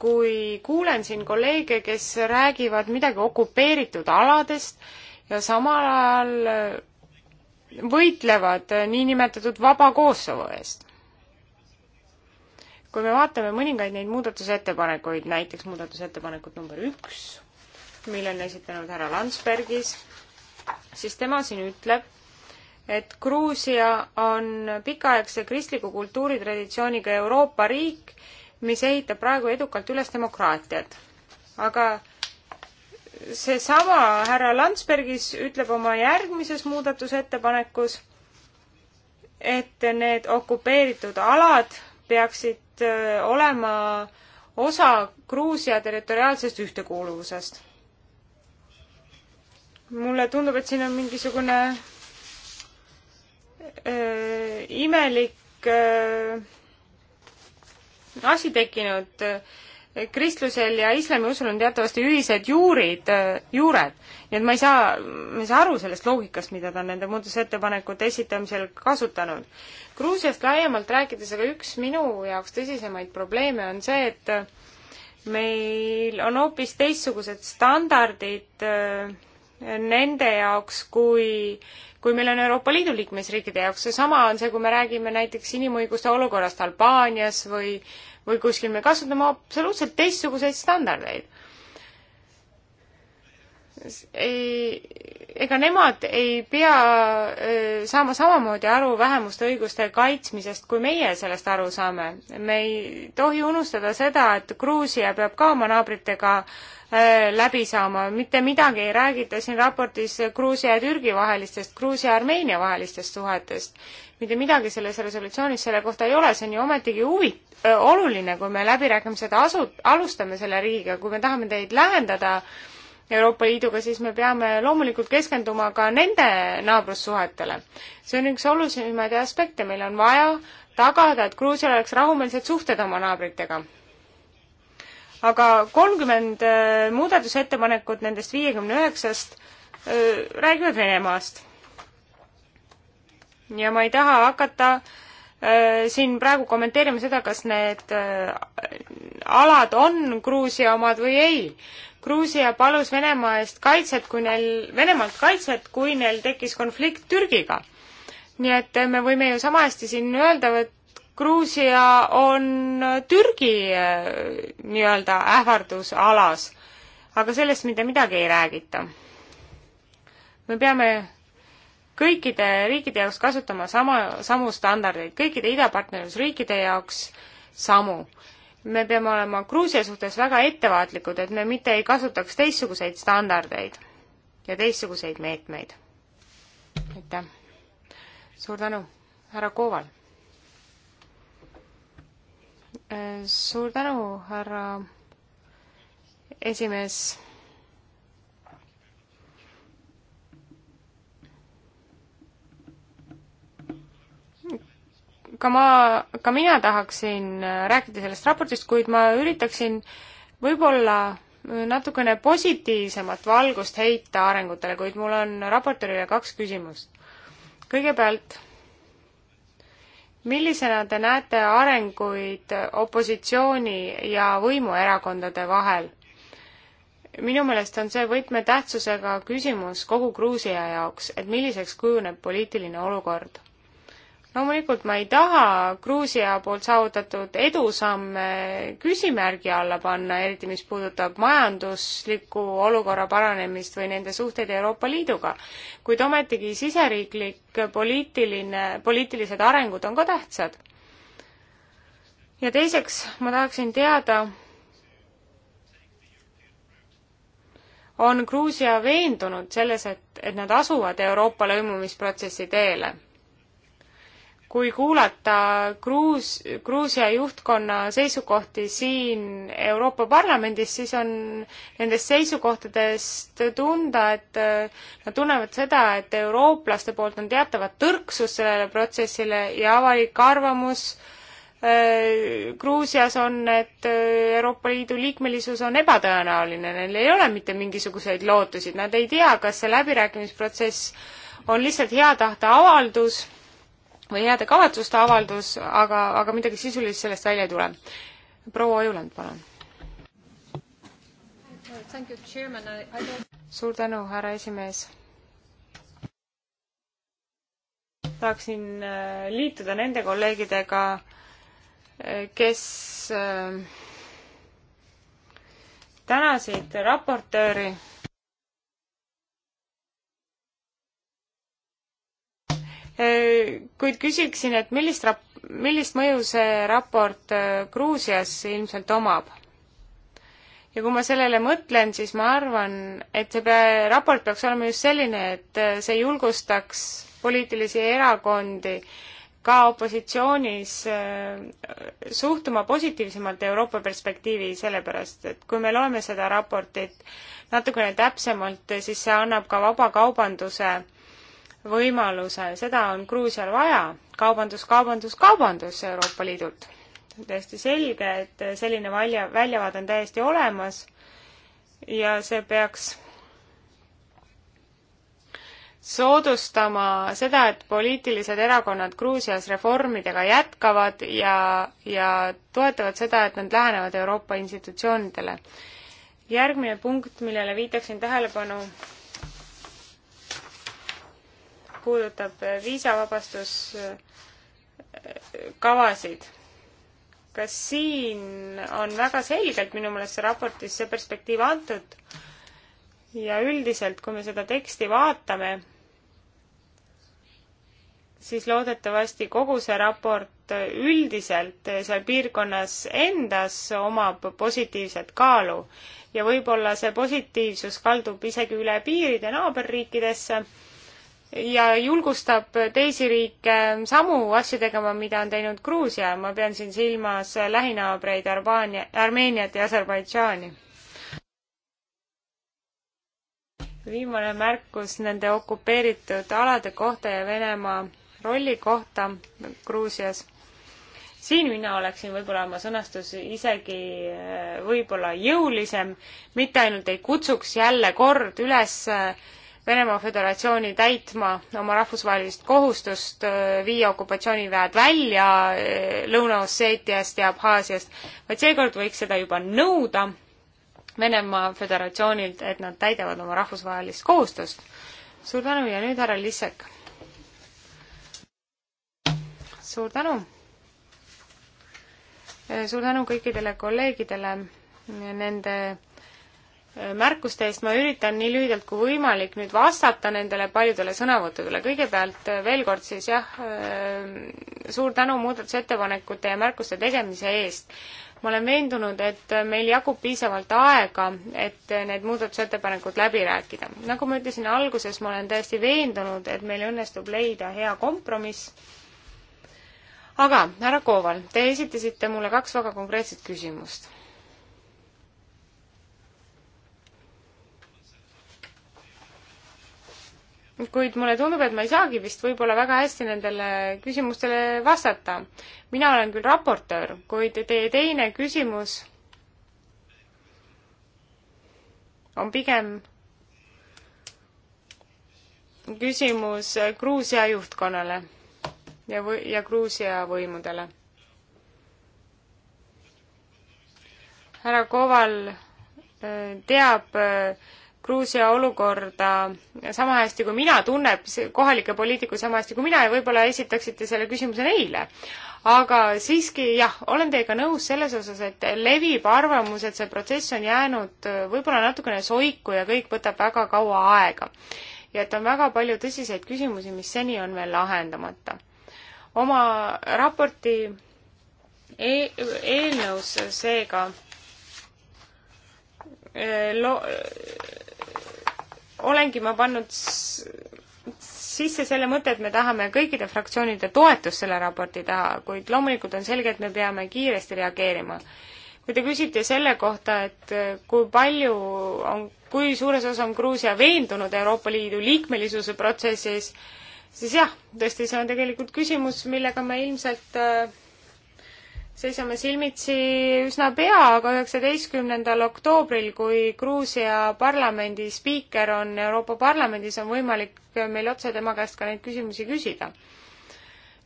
kui kuulen siin kolleege, kes räägivad midagi okupeeritud aladest ja samal ajal võitlevad niinimetatud vaba Kosovo eest. kui me vaatame mõningaid neid muudatusettepanekuid, näiteks muudatusettepanekut number üks mille on esitanud härra Landsbergis, siis tema siin ütleb, et Gruusia on pikaaegse kristliku kultuuritraditsiooniga Euroopa riik, mis ehitab praegu edukalt üles demokraatiat. aga seesama härra Landsbergis ütleb oma järgmises muudatusettepanekus, et need okupeeritud alad peaksid äh, olema osa Gruusia territoriaalsest ühtekuuluvusest mulle tundub, et siin on mingisugune äh, imelik äh, asi tekkinud. kristlusel ja islamiusul on teatavasti ühised juurid äh,, juured. nii et ma ei saa, ma ei saa aru sellest loogikast, mida ta on nende muudatusettepanekute esitamisel kasutanud. Gruusiast laiemalt rääkides, aga üks minu jaoks tõsisemaid probleeme on see, et meil on hoopis teistsugused standardid äh, nende jaoks, kui, kui meil on Euroopa Liidu liikmesriikide jaoks. seesama on see, kui me räägime näiteks inimõiguste olukorrast Albaanias või, või kuskil, me kasutame absoluutselt teistsuguseid standardeid. ei, ega nemad ei pea saama samamoodi aru vähemuste õiguste kaitsmisest, kui meie sellest aru saame. me ei tohi unustada seda, et Gruusia peab ka oma naabritega äh, Äh, läbi saama, mitte midagi ei räägita siin raportis Gruusia ja Türgi vahelistest, Gruusia ja Armeenia vahelistest suhetest. mitte midagi selles resolutsioonis selle kohta ei ole, see on ju ometigi huvi-, äh, oluline, kui me läbirääkimised asu-, alustame selle riigiga, kui me tahame teid lähendada Euroopa Liiduga, siis me peame loomulikult keskenduma ka nende naabrussuhetele. see on üks olulisemaid aspekte, meil on vaja tagada, et Gruusial oleks rahumeelsed suhted oma naabritega aga kolmkümmend äh, muudatusettepanekut nendest viiekümne üheksast äh, räägivad Venemaast. ja ma ei taha hakata äh, siin praegu kommenteerima seda, kas need alad on Gruusia omad või ei. Gruusia palus Venemaa eest kaitset, kui neil, Venemaalt kaitset, kui neil tekkis konflikt Türgiga. nii et me võime ju sama hästi siin öelda, et Gruusia on Türgi äh, nii-öelda ähvardusalas, aga sellest mitte midagi ei räägita. me peame kõikide riikide jaoks kasutama sama, samu standardeid, kõikide idapartnerlusriikide jaoks samu. me peame olema Gruusia suhtes väga ettevaatlikud, et me mitte ei kasutaks teistsuguseid standardeid ja teistsuguseid meetmeid. aitäh! suur tänu, härra Kooval! Äh, suur tänu, härra esimees. ka ma, ka mina tahaksin äh, rääkida sellest raportist, kuid ma üritaksin võib-olla natukene positiivsemat valgust heita arengutele, kuid mul on raportöörile kaks küsimust. kõigepealt millisena te näete arenguid opositsiooni ja võimuerakondade vahel? minu meelest on see võtmetähtsusega küsimus kogu Gruusia jaoks, et milliseks kujuneb poliitiline olukord loomulikult ma ei taha Gruusia poolt saavutatud edusamme küsimärgi alla panna, eriti mis puudutab majandusliku olukorra paranemist või nende suhteid Euroopa Liiduga. kuid ometigi siseriiklik poliitiline, poliitilised arengud on ka tähtsad. ja teiseks ma tahaksin teada, on Gruusia veendunud selles, et, et nad asuvad Euroopa lõimumisprotsessi teele kui kuulata Gruus, Gruusia juhtkonna seisukohti siin Euroopa Parlamendis, siis on nendest seisukohtadest tunda, et äh, nad tunnevad seda, et eurooplaste poolt on teatavat tõrksust sellele protsessile ja avalik arvamus äh, Gruusias on, et äh, Euroopa Liidu liikmelisus on ebatõenäoline, neil ei ole mitte mingisuguseid lootusi, nad ei tea, kas see läbirääkimisprotsess on lihtsalt hea tahte avaldus või heade kavatsuste avaldus, aga, aga midagi sisulist sellest välja ei tule. proua Ojuland, palun. suur tänu, härra esimees. tahaksin äh, liituda nende kolleegidega, äh, kes äh, tänasid raportööri kuid küsiksin, et millist rap-, millist mõju see raport äh, Gruusias ilmselt omab? ja kui ma sellele mõtlen, siis ma arvan, et see pea-, raport peaks olema just selline, et äh, see julgustaks poliitilisi erakondi ka opositsioonis äh, suhtuma positiivsemalt Euroopa perspektiivi, sellepärast et kui me loeme seda raportit natukene täpsemalt, siis see annab ka vabakaubanduse äh, võimaluse, seda on Gruusial vaja. kaubandus, kaubandus, kaubandus Euroopa Liidult. täiesti selge, et selline välja, väljavaade on täiesti olemas ja see peaks soodustama seda, et poliitilised erakonnad Gruusias reformidega jätkavad ja, ja toetavad seda, et nad lähenevad Euroopa institutsioonidele. järgmine punkt, millele viitaksin tähelepanu, puudutab viisavabastuskavasid. kas siin on väga selgelt minu meelest see raportis see perspektiiv antud ja üldiselt, kui me seda teksti vaatame, siis loodetavasti kogu see raport üldiselt seal piirkonnas endas omab positiivset kaalu ja võib-olla see positiivsus kaldub isegi üle piiride naaberriikidesse ja julgustab teisi riike samu asju tegema, mida on teinud Gruusia, ma pean siin silmas lähinaabreid Arbaania, Armeeniat ja Aserbaidžaani. viimane märkus nende okupeeritud alade kohta ja Venemaa rolli kohta Gruusias. siin mina oleksin võib-olla oma sõnastus isegi eh, võib-olla jõulisem, mitte ainult ei kutsuks jälle kord üles äh, Venemaa Föderatsiooni täitma oma rahvusvahelist kohustust äh, viia okupatsiooniväed välja äh, Lõuna-Osseetiast ja Abhaasiast, vaid seekord võiks seda juba nõuda Venemaa Föderatsioonilt, et nad täidavad oma rahvusvahelist kohustust. suur tänu ja nüüd härra Lissek. suur tänu. Äh, suur tänu kõikidele kolleegidele nende märkuste eest, ma üritan nii lühidalt kui võimalik nüüd vastata nendele paljudele sõnavõttudele. kõigepealt äh, veel kord siis jah, äh, suur tänu muudatusettepanekute ja märkuste tegemise eest. ma olen veendunud, et meil jagub piisavalt aega, et need muudatusettepanekud läbi rääkida. nagu ma ütlesin alguses, ma olen täiesti veendunud, et meil õnnestub leida hea kompromiss. aga härra Kooval, te esitasite mulle kaks väga konkreetset küsimust kuid mulle tundub, et ma ei saagi vist võib-olla väga hästi nendele küsimustele vastata. mina olen küll raportöör, kuid teie teine küsimus on pigem küsimus Gruusia juhtkonnale ja või-, ja Gruusia võimudele. härra Koval äh, teab äh, Gruusia olukorda sama hästi kui mina, tunneb kohalikke poliitikuid sama hästi kui mina ja võib-olla esitaksite selle küsimuse neile. aga siiski jah, olen teiega nõus selles osas, et levib arvamus, et see protsess on jäänud võib-olla natukene soiku ja kõik võtab väga kaua aega. ja et on väga palju tõsiseid küsimusi, mis seni on veel lahendamata. oma raporti e eelnõus seega Äh, lo-, äh, olengi ma pannud sisse selle mõtte, et me tahame kõikide fraktsioonide toetust selle raporti taha, kuid loomulikult on selge, et me peame kiiresti reageerima. kui te küsite selle kohta, et äh, kui palju on, kui suures osas on Gruusia veendunud Euroopa Liidu liikmelisuse protsessis, siis jah, tõesti, see on tegelikult küsimus, millega me ilmselt äh, seisame silmitsi üsna pea, aga üheksateistkümnendal oktoobril, kui Gruusia parlamendi spiiker on Euroopa Parlamendis, on võimalik meil otse tema käest ka neid küsimusi küsida.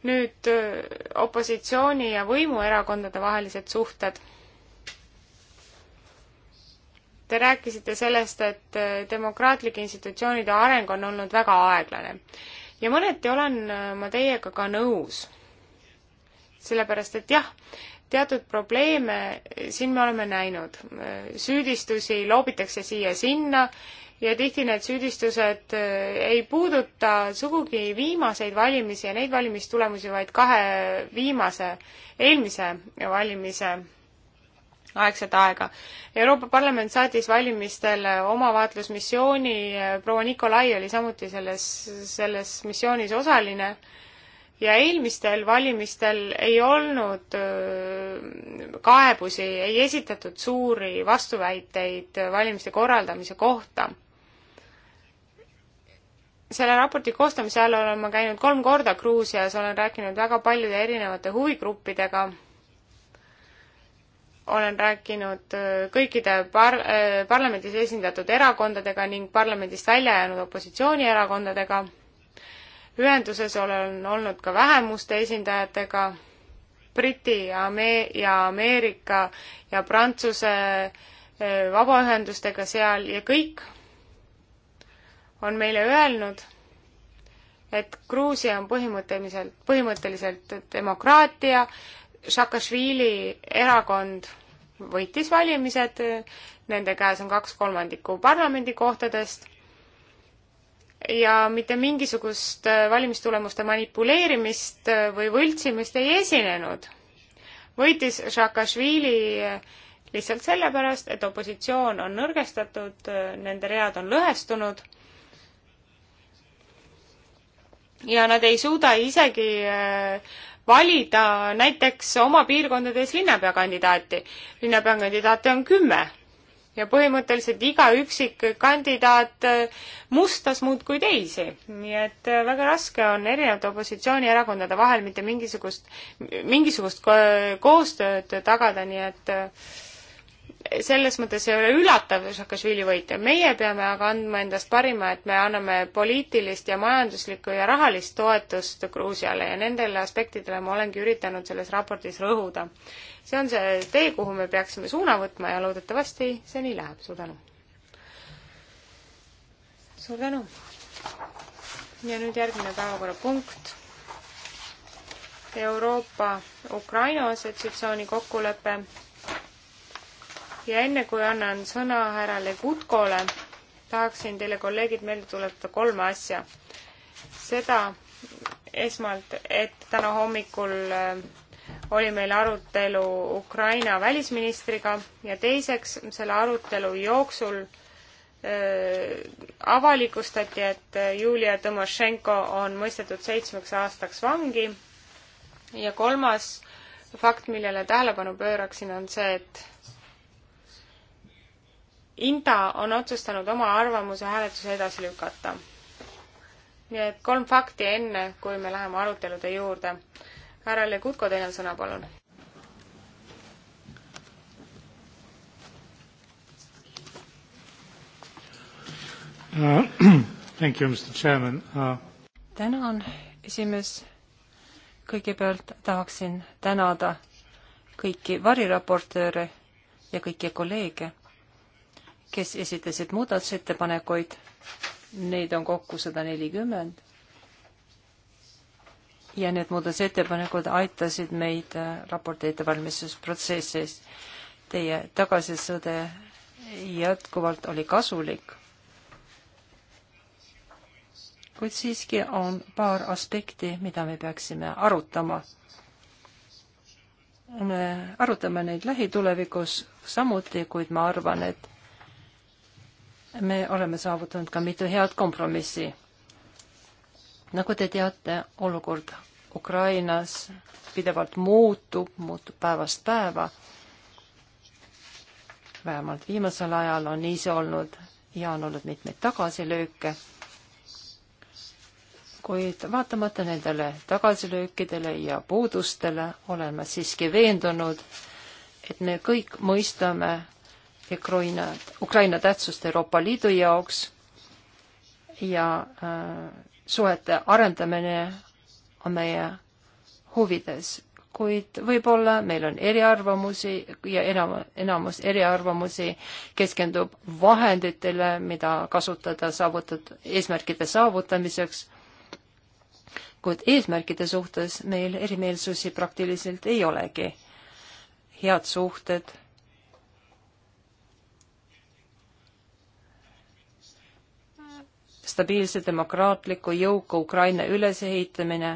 nüüd äh, opositsiooni ja võimuerakondade vahelised suhted. Te rääkisite sellest, et äh, demokraatlike institutsioonide areng on olnud väga aeglane ja mõneti olen äh, ma teiega ka nõus sellepärast et jah, teatud probleeme siin me oleme näinud. süüdistusi loobitakse siia-sinna ja tihti need süüdistused eh, ei puuduta sugugi viimaseid valimisi ja neid valimistulemusi, vaid kahe viimase, eelmise valimise aegset aega. Euroopa Parlament saatis valimistele oma vaatlusmissiooni, proua Nikolai oli samuti selles, selles missioonis osaline ja eelmistel valimistel ei olnud kaebusi, ei esitatud suuri vastuväiteid valimiste korraldamise kohta. selle raporti koostamise ajal olen ma käinud kolm korda Gruusias, olen rääkinud väga paljude erinevate huvigruppidega, olen rääkinud kõikide par-, parlamendis esindatud erakondadega ning parlamendist välja jäänud opositsioonierakondadega ühenduses, olen olnud ka vähemuste esindajatega, Briti ja Ame-, ja Ameerika ja Prantsuse eh, vabaühendustega seal ja kõik on meile öelnud, et Gruusia on põhimõtteliselt, põhimõtteliselt demokraatia, Saakašvili erakond võitis valimised, nende käes on kaks kolmandikku parlamendikohtadest ja mitte mingisugust äh, valimistulemuste manipuleerimist äh, või võltsimist ei esinenud. võitis Saakašvili äh, lihtsalt sellepärast, et opositsioon on nõrgestatud, nende read on lõhestunud ja nad ei suuda isegi valida näiteks oma piirkondades linnapeakandidaati. linnapeakandidaate on kümme ja põhimõtteliselt iga üksik kandidaat äh, mustas muudkui teisi. nii et äh, väga raske on erinevate opositsioonierakondade vahel mitte mingisugust, mingisugust koostööd tagada, nii et äh, selles mõttes ei ole üllatav Saakašvili võitja, meie peame aga andma endast parima, et me anname poliitilist ja majanduslikku ja rahalist toetust Gruusiale ja nendele aspektidele ma olengi üritanud selles raportis rõhuda. see on see tee, kuhu me peaksime suuna võtma ja loodetavasti see nii läheb, suur tänu! suur tänu! ja nüüd järgmine päevakorrapunkt. Euroopa-Ukraina assotsiatsiooni kokkulepe ja enne kui annan sõna härra Legutkole, tahaksin teile, kolleegid, meelde tuletada kolme asja. seda esmalt, et täna hommikul äh, oli meil arutelu Ukraina välisministriga ja teiseks selle arutelu jooksul äh, avalikustati, et äh, Julia Tõmošenko on mõistetud seitsmeks aastaks vangi ja kolmas fakt, millele tähelepanu pööraksin, on see, et Inta on otsustanud oma arvamuse hääletuse edasi lükata. nii et kolm fakti enne, kui me läheme arutelude juurde. härra Legutko, teil on sõna, palun. Uh, (clears throat) thank you, Mr. Chairman. Uh... Tänan, esimees. Kõigepealt tahaksin tänada kõiki variraportööre ja kõiki kolleege kes esitasid muudatusettepanekuid. Neid on kokku 140. Ja need muudatusettepanekud aitasid meid äh, raporti ettevalmistusprotsessis. Teie tagasisõde jätkuvalt oli kasulik. Kuid siiski on paar aspekti, mida me peaksime arutama me arutame neid lähitulevikus samuti, kuid ma arvan, et me oleme saavutanud ka mitu head kompromissi. nagu te teate, olukord Ukrainas pidevalt muutub, muutub päevast päeva. vähemalt viimasel ajal on nii see olnud ja on olnud mitmeid tagasilööke. kuid vaatamata nendele tagasilöökidele ja puudustele olen ma siiski veendunud, et me kõik mõistame Ukraina, Ukraina tähtsust Euroopa Liidu jaoks ja äh, suhete arendamine on meie huvides, kuid võib-olla meil on eriarvamusi ja enam, enamus eriarvamusi keskendub vahenditele, mida kasutada saavutatud eesmärkide saavutamiseks, kuid eesmärkide suhtes meil erimeelsusi praktiliselt ei olegi. head suhted stabiilse demokraatliku jõuka Ukraina ülesehitamine,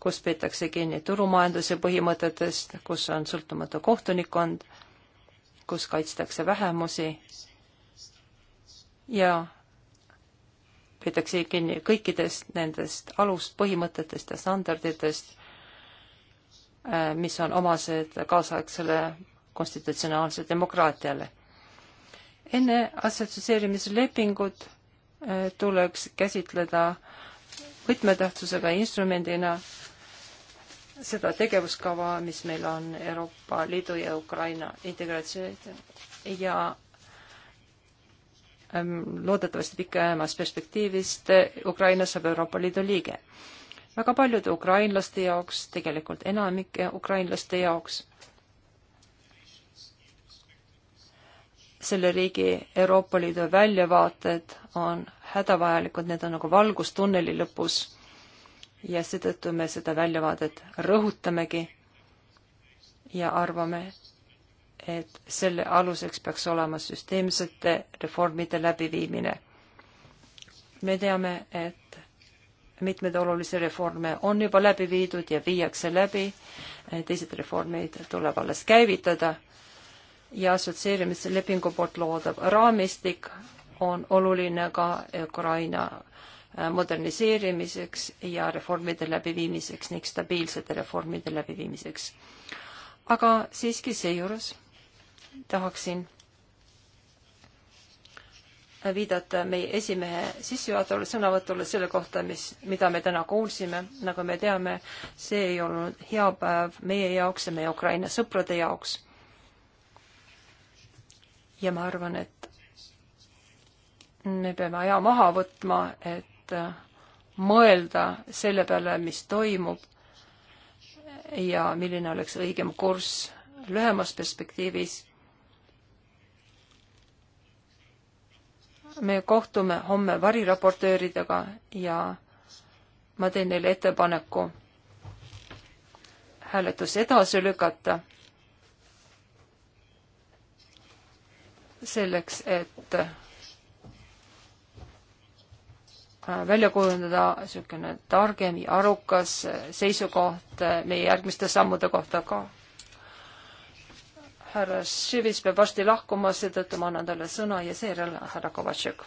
kus peetakse kinni turumajanduse põhimõtetest, kus on sõltumatu kohtunikkond, kus kaitstakse vähemusi ja peetakse kinni kõikidest nendest aluspõhimõtetest ja standarditest, äh, mis on omased kaasaegsele konstitutsionaalsele demokraatiale. enne assotsieerimislepingut tuleks käsitleda võtmetähtsusega instrumendina seda tegevuskava, mis meil on Euroopa Liidu ja Ukraina integratsioonid ja ähm, loodetavasti pikemas perspektiivist Ukraina saab Euroopa Liidu liige. väga paljude ukrainlaste jaoks, tegelikult enamike ukrainlaste jaoks selle riigi Euroopa Liidu väljavaated on hädavajalikud, need on nagu valgustunneli lõpus ja seetõttu me seda väljavaadet rõhutamegi ja arvame, et selle aluseks peaks olema süsteemsete reformide läbiviimine. me teame, et mitmeid olulisi reforme on juba läbi viidud ja viiakse läbi, teised reformid tuleb alles käivitada ja assotsieerimislepingu poolt loodav raamistik on oluline ka Ukraina äh, moderniseerimiseks ja reformide läbiviimiseks ning stabiilsete reformide läbiviimiseks. aga siiski seejuures tahaksin viidata meie esimehe sissejuhatavale sõnavõtule selle kohta, mis, mida me täna kuulsime. nagu me teame, see ei olnud hea päev meie jaoks ja meie Ukraina sõprade jaoks ja ma arvan, et me peame aja maha võtma, et äh, mõelda selle peale, mis toimub ja milline oleks õigem kurss lühemas perspektiivis. me kohtume homme variraportööridega ja ma teen neile ettepaneku hääletus edasi lükata selleks, et äh, välja kujundada niisugune targem ja arukas äh, seisukoht äh, meie järgmiste sammude kohta ka. härra Šivis peab varsti lahkuma, seetõttu ma annan talle sõna ja seejärel härra Kovatšek.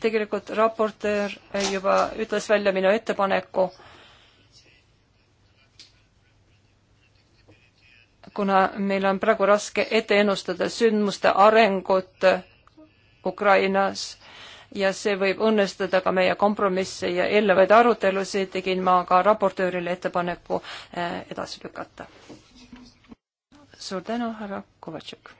tegelikult raportöör juba ütles välja minu ettepaneku kuna meil on praegu raske ette ennustada sündmuste arengut Ukrainas ja see võib õnnestuda ka meie kompromisse ja eelnevaid arutelusid, tegin ma ka raportöörile ettepaneku eh, edasi lükata. suur tänu, härra Kovatšuk.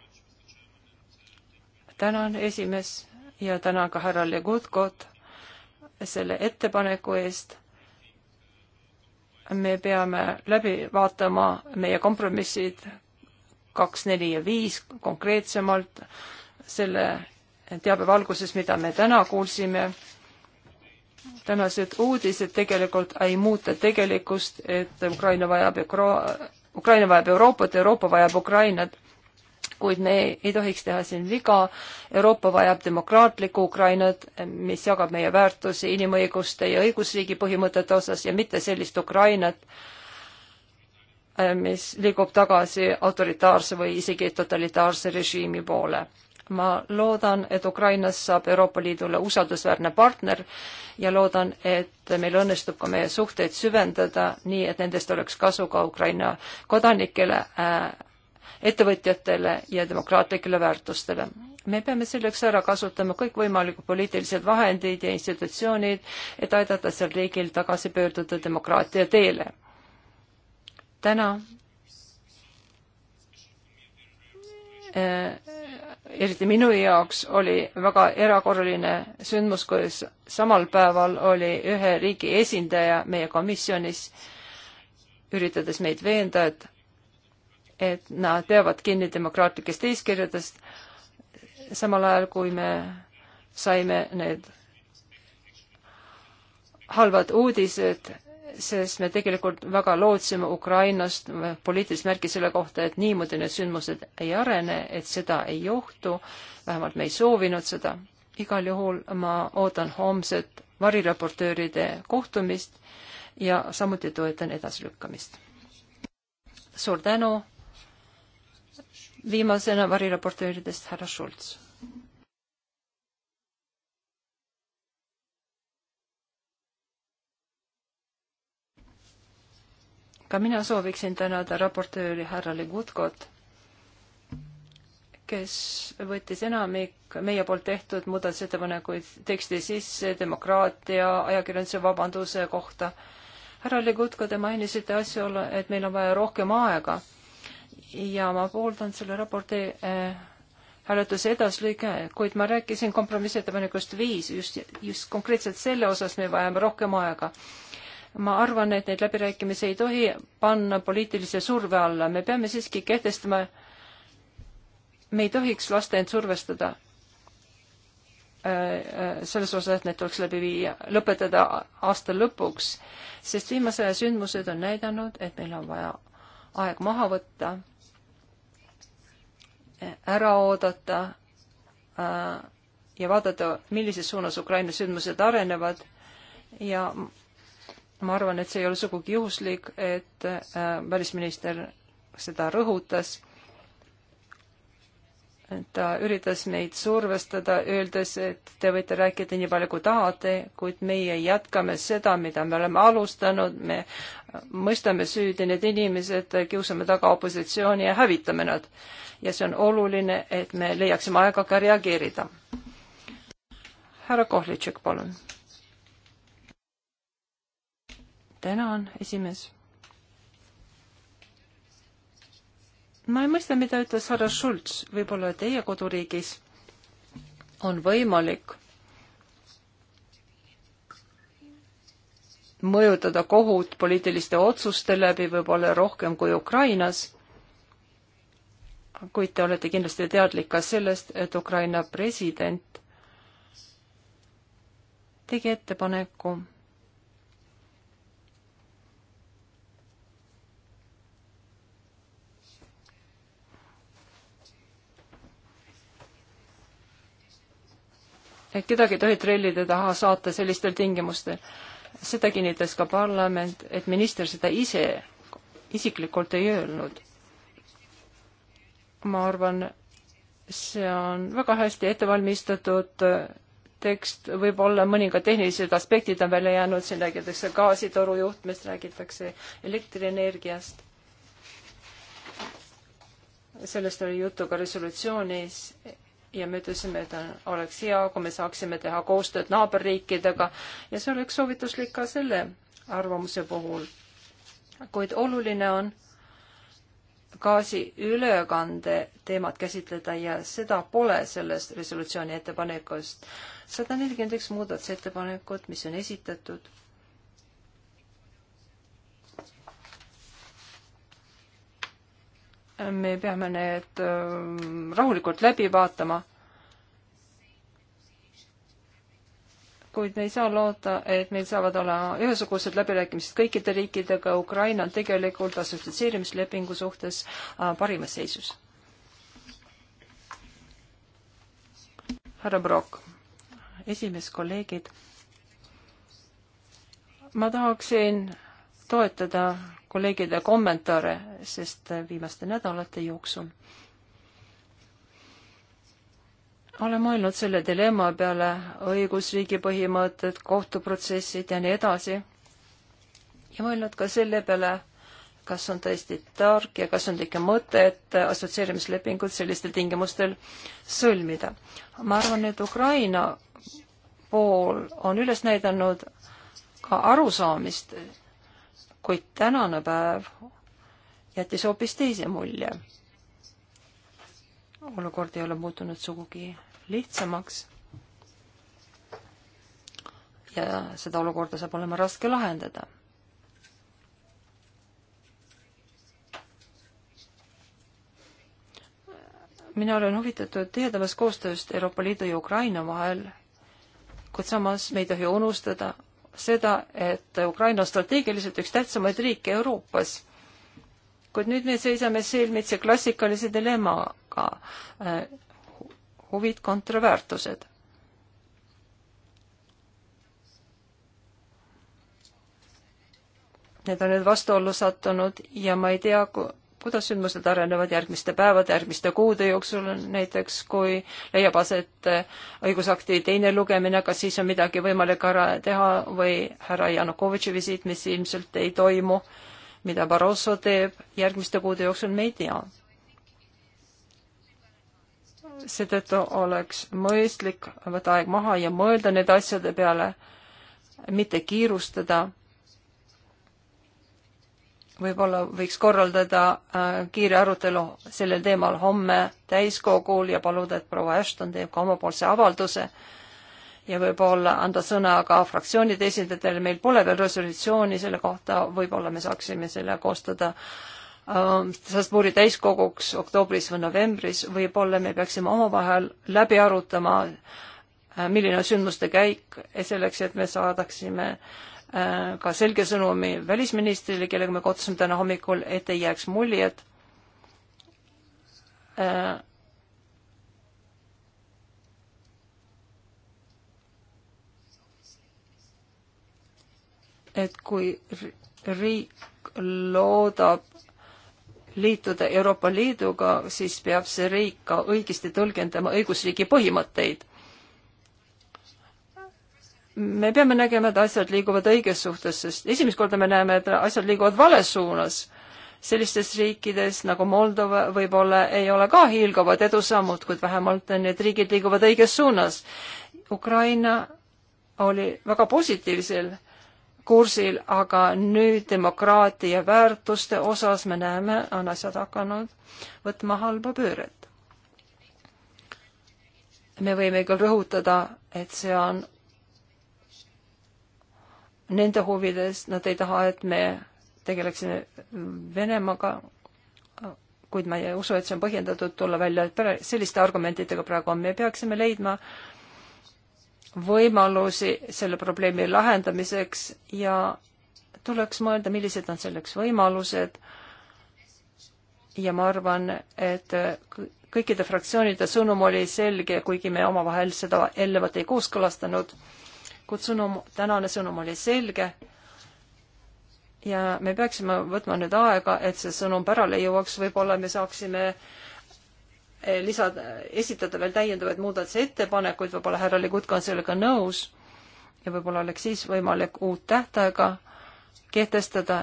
tänan, esimees, ja tänan ka härra Legutkot selle ettepaneku eest me peame läbi vaatama meie kompromissid kaks, neli ja viis konkreetsemalt selle teabe valguses, mida me täna kuulsime. tänased uudised tegelikult ei muuta tegelikkust, et Ukraina vajab Ukraina vajab Euroopat, Euroopa vajab Ukrainat kuid me ei tohiks teha siin viga. Euroopa vajab demokraatlikku Ukrainat, mis jagab meie väärtusi inimõiguste ja õigusriigi põhimõtete osas ja mitte sellist Ukrainat, mis liigub tagasi autoritaarse või isegi totalitaarse režiimi poole ma loodan, et Ukrainast saab Euroopa Liidule usaldusväärne partner ja loodan, et meil õnnestub ka meie suhteid süvendada, nii et nendest oleks kasu ka Ukraina kodanikele äh,, ettevõtjatele ja demokraatlikele väärtustele. me peame selleks ära kasutama kõikvõimalikud poliitilised vahendid ja institutsioonid, et aidata sel riigil tagasi pöörduda demokraatia teele. täna äh, eriti minu jaoks oli väga erakorraline sündmus, kus samal päeval oli ühe riigi esindaja meie komisjonis, üritades meid veenda, et et nad peavad kinni demokraatlikest eeskirjadest, samal ajal kui me saime need halvad uudised, sest me tegelikult väga lootsime Ukrainast poliitilist märki selle kohta, et niimoodi need sündmused ei arene, et seda ei juhtu, vähemalt me ei soovinud seda. igal juhul ma ootan homset variraportööride kohtumist ja samuti toetan edasilükkamist. suur tänu viimasena variraportööridest härra Schulz. ka mina sooviksin tänada raportööri härra Legutkot, kes võttis enamik meie poolt tehtud muudatusettepanekuid teksti sisse demokraatia, ajakirjanduse vabanduse kohta. härra Legutko, te mainisite asjaolu, et meil on vaja rohkem aega ja ma pooldan selle raporti eh, hääletuse edaslõige, kuid ma rääkisin kompromissettepanekust viis, just, just konkreetselt selle osas me vajame rohkem aega. ma arvan, et neid läbirääkimisi ei tohi panna poliitilise surve alla, me peame siiski kehtestama, me ei tohiks lasta end survestada eh, eh, selles osas, et need tuleks läbi viia, lõpetada aasta lõpuks, sest viimase aja sündmused on näidanud, et meil on vaja aeg maha võtta ära oodata äh, ja vaadata, millises suunas Ukraina sündmused arenevad ja ma arvan, et see ei ole sugugi juhuslik, et äh, välisminister seda rõhutas ta üritas meid survestada, öeldes, et te võite rääkida nii palju, kui tahate, kuid meie jätkame seda, mida me oleme alustanud, me mõistame süüdi need inimesed, kiusame taga opositsiooni ja hävitame nad. ja see on oluline, et me leiaksime aega ka reageerida. härra Kohlitšek, palun. tänan, esimees ma ei mõista, mida ütles härra Schulz, võib-olla teie koduriigis on võimalik mõjutada kohut poliitiliste otsuste läbi võib-olla rohkem kui Ukrainas, kuid te olete kindlasti teadlik ka sellest, et Ukraina president tegi ettepaneku et kedagi ei tohi trellide taha saata sellistel tingimustel. seda kinnitas ka parlament, et minister seda ise isiklikult ei öelnud. ma arvan, see on väga hästi ette valmistatud tekst, võib-olla mõningad tehnilised aspektid on välja jäänud, siin räägitakse gaasitoru juhtmest, räägitakse elektrienergiast sellest oli juttu ka resolutsioonis ja me ütlesime, et oleks hea, kui me saaksime teha koostööd naaberriikidega ja see oleks soovituslik ka selle arvamuse puhul. kuid oluline on gaasi ülekande teemat käsitleda ja seda pole selles resolutsiooni ettepanekust. sada nelikümmend üks muudatusettepanekut, mis on esitatud me peame need ähm, rahulikult läbi vaatama. kuid me ei saa loota, et meil saavad olema ühesugused läbirääkimised kõikide riikidega, Ukraina on tegelikult assotsieerimislepingu suhtes äh, parimas seisus. härra Brock, esimees, kolleegid, ma tahaksin toetada kolleegide kommentaare, sest viimaste nädalate jooksul olen mõelnud selle dilemma peale, õigusriigi põhimõtted, kohtuprotsessid ja nii edasi. ja mõelnud ka selle peale, kas on tõesti tark ja kas on ikka mõtet assotsieerimislepingut sellistel tingimustel sõlmida. ma arvan, et Ukraina pool on üles näidanud ka arusaamist kuid tänane päev jättis hoopis teise mulje. olukord ei ole muutunud sugugi lihtsamaks. ja seda olukorda saab olema raske lahendada. mina olen huvitatud tihedamast koostööst Euroopa Liidu ja Ukraina vahel, kuid samas me ei tohi unustada, seda, et Ukraina on strateegiliselt üks tähtsamaid riike Euroopas. kuid nüüd me seisame silmitsi klassikalise dilemmaga äh, huvid kontra väärtused. Need on nüüd vastuollu sattunud ja ma ei tea, kuidas sündmused arenevad järgmiste päevade, järgmiste kuude jooksul, näiteks kui leiab aset äh, õigusakti teine lugemine, kas siis on midagi võimalik ära teha või härra Janukovitši visiit, mis ilmselt ei toimu, mida Barroso teeb järgmiste kuude jooksul, me ei tea. seetõttu oleks mõistlik võtta aeg maha ja mõelda nende asjade peale, mitte kiirustada võib-olla võiks korraldada äh, kiire arutelu sellel teemal homme täiskogul ja paluda, et proua Ashton teeb ka omapoolse avalduse ja võib-olla anda sõna ka fraktsioonide esindajatele, meil pole veel resolutsiooni selle kohta, võib-olla me saaksime selle koostada ähm, Strasbourgi täiskoguks oktoobris või novembris, võib-olla me peaksime omavahel läbi arutama, äh, milline on sündmuste käik, selleks et me saadaksime Äh, ka selge sõnumi välisministrile, kellega me kohtusime täna hommikul, et ei jääks muljet, äh, et kui riik loodab liituda Euroopa Liiduga, siis peab see riik ka õigesti tõlgendama õigusriigi põhimõtteid me peame nägema, et asjad liiguvad õiges suhtes, sest esimest korda me näeme, et asjad liiguvad vales suunas. sellistes riikides nagu Moldova võib-olla ei ole ka hiilgavad edusammud, kuid vähemalt need riigid liiguvad õiges suunas. Ukraina oli väga positiivsel kursil, aga nüüd demokraatia väärtuste osas me näeme, on asjad hakanud võtma halba pööret. me võime küll rõhutada, et see on nende huvides, nad ei taha, et me tegeleksime Venemaaga, kuid ma ei usu, et see on põhjendatud tulla välja selliste argumentidega praegu on, me peaksime leidma võimalusi selle probleemi lahendamiseks ja tuleks mõelda, millised on selleks võimalused. ja ma arvan, et kõikide fraktsioonide sõnum oli selge, kuigi me omavahel seda eelnevalt ei kooskõlastanud kuid sõnum, tänane sõnum oli selge. ja me peaksime võtma nüüd aega, et see sõnum pärale jõuaks, võib-olla me saaksime eh, lisada, esitada veel täiendavaid muudatusettepanekuid, võib-olla härra Ligutka on sellega nõus ja võib-olla oleks siis võimalik uut tähtaega kehtestada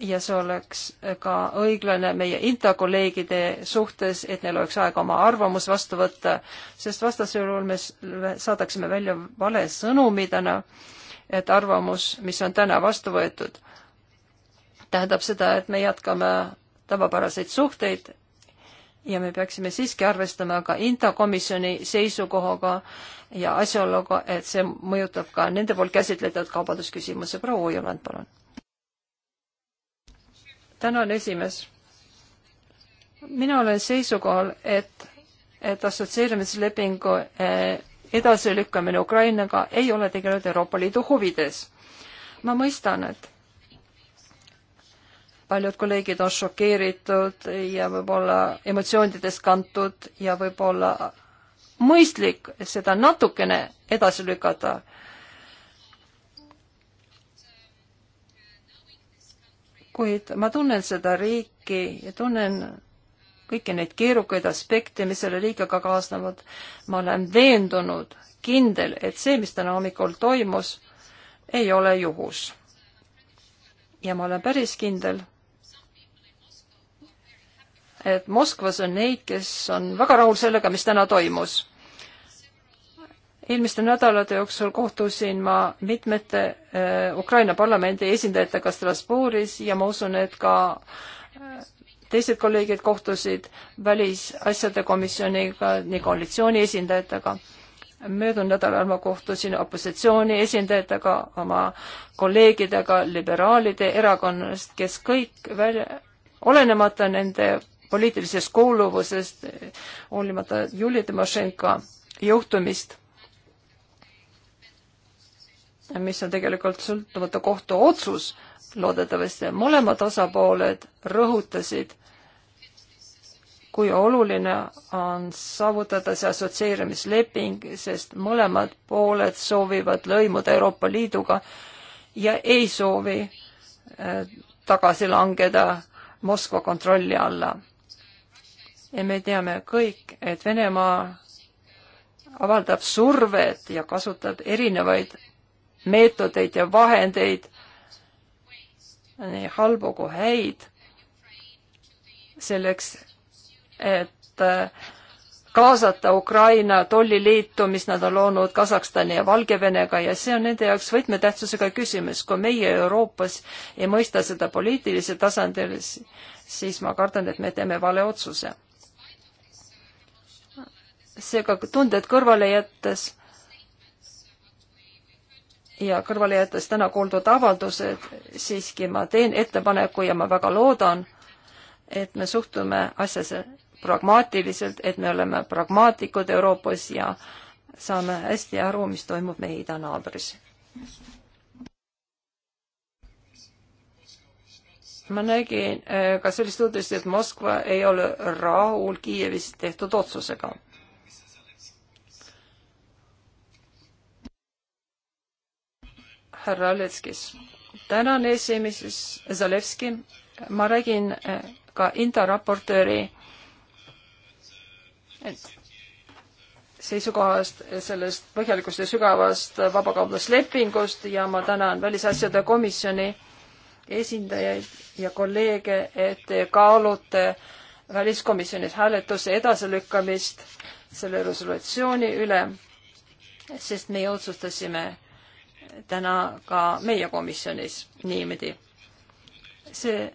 ja see oleks ka õiglane meie INTA kolleegide suhtes, et neil oleks aega oma arvamus vastu võtta, sest vastasel juhul me saadaksime välja vale sõnumi täna, et arvamus, mis on täna vastu võetud, tähendab seda, et me jätkame tavapäraseid suhteid ja me peaksime siiski arvestama ka INTA komisjoni seisukohaga ja asjaoluga, et see mõjutab ka nende poolt käsitletud kaubandusküsimuse. proua Ojuland, palun tänan, esimees. mina olen seisukohal, et, et assotsieerimislepingu eh, edasilükkamine Ukrainaga ei ole tegelikult Euroopa Liidu huvides. ma mõistan, et paljud kolleegid on šokeeritud ja võib-olla emotsioonidest kantud ja võib-olla mõistlik seda natukene edasi lükata, kuid ma tunnen seda riiki ja tunnen kõiki neid keerukaid aspekte, mis selle riigiga kaasnevad. ma olen veendunud, kindel, et see, mis täna hommikul toimus, ei ole juhus. ja ma olen päris kindel, et Moskvas on neid, kes on väga rahul sellega, mis täna toimus eelmiste nädalate jooksul kohtusin ma mitmete eh, Ukraina parlamendi esindajatega Strasbourgis ja ma usun, et ka eh, teised kolleegid kohtusid välisasjade komisjoniga, nii koalitsiooni esindajatega. möödunud nädalal ma kohtusin opositsiooni esindajatega, oma kolleegidega liberaalide erakonnast, kes kõik välja, olenemata nende poliitilisest kuuluvusest, hoolimata Julia Timošenko juhtumist mis on tegelikult sõltumatu kohtuotsus loodetavasti. mõlemad osapooled rõhutasid, kui oluline on saavutada see assotsieerimisleping, sest mõlemad pooled soovivad lõimuda Euroopa Liiduga ja ei soovi äh, tagasi langeda Moskva kontrolli alla. ja me teame kõik, et Venemaa avaldab survet ja kasutab erinevaid meetodeid ja vahendeid, nii halbu kui häid, selleks, et äh, kaasata Ukraina tolliliitu, mis nad on loonud Kasahstani ja Valgevenega ja see on nende jaoks võtmetähtsusega küsimus. kui meie Euroopas ei mõista seda poliitilisel tasandil, siis ma kardan, et me teeme vale otsuse. seega tunded kõrvale jättes ja kõrvale jättes täna kuuldud avaldused, siiski ma teen ettepaneku ja ma väga loodan, et me suhtume asjasse pragmaatiliselt, et me oleme pragmaatikud Euroopas ja saame hästi aru, mis toimub meie idanaabris. ma nägin äh, ka sellist uudist, et Moskva ei ole rahul Kiievis tehtud otsusega härra Letskis. tänan esimeses Zalevski, ma räägin eh, ka Inta raportööri seisukohast, sellest põhjalikust ja sügavast vabakaubanduslepingust ja ma tänan Välisasjade Komisjoni esindajaid ja kolleege, et te kaalute väliskomisjonis hääletuse edasilükkamist selle resolutsiooni üle, sest meie otsustasime täna ka meie komisjonis niimoodi. see,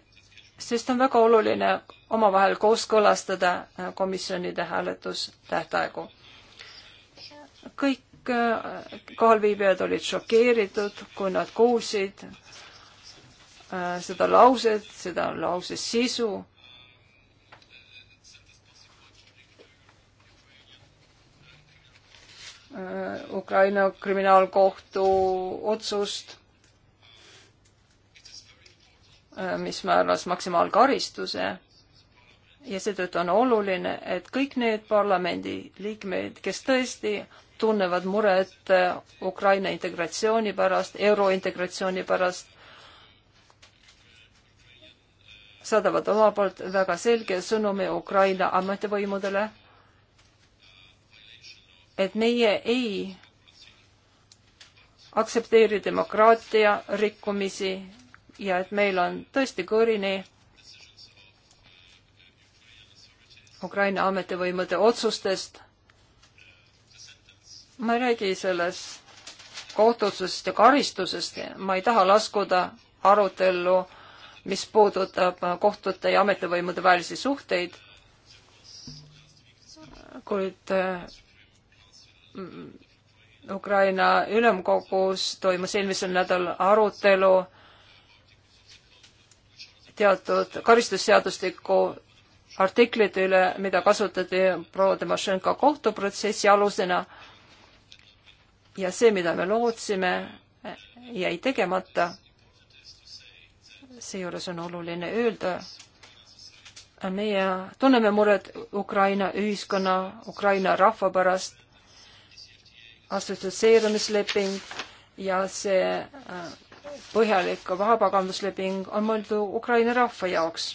sest on väga oluline omavahel kooskõlastada äh, komisjonide hääletustähtaegu. kõik äh, kohalviibijad olid šokeeritud, kui nad kuulsid äh, seda lauset, seda lause sisu Äh, Ukraina kriminaalkohtu otsust, äh, mis määras maksimaalkaristuse ja seetõttu on oluline, et kõik need parlamendi liikmed, kes tõesti tunnevad muret äh, Ukraina integratsiooni pärast, eurointegratsiooni pärast, saadavad omapoolt väga selge sõnumi Ukraina ametivõimudele et meie ei aktsepteeri demokraatia rikkumisi ja et meil on tõesti kõrini Ukraina ametivõimude otsustest. ma ei räägi sellest kohtuotsusest ja karistusest, ma ei taha laskuda arutellu, mis puudutab kohtute ja ametivõimude vahelisi suhteid, kuid Ukraina ülemkogus toimus eelmisel nädalal arutelu teatud karistusseadustiku artiklite üle, mida kasutati proua Timošenko kohtuprotsessi alusena. ja see, mida me lootsime, jäi tegemata. seejuures on oluline öelda, meie tunneme muret Ukraina ühiskonna, Ukraina rahva pärast assotsieerumisleping ja see äh, põhjalik vabakaubandusleping on mõeldud Ukraina rahva jaoks.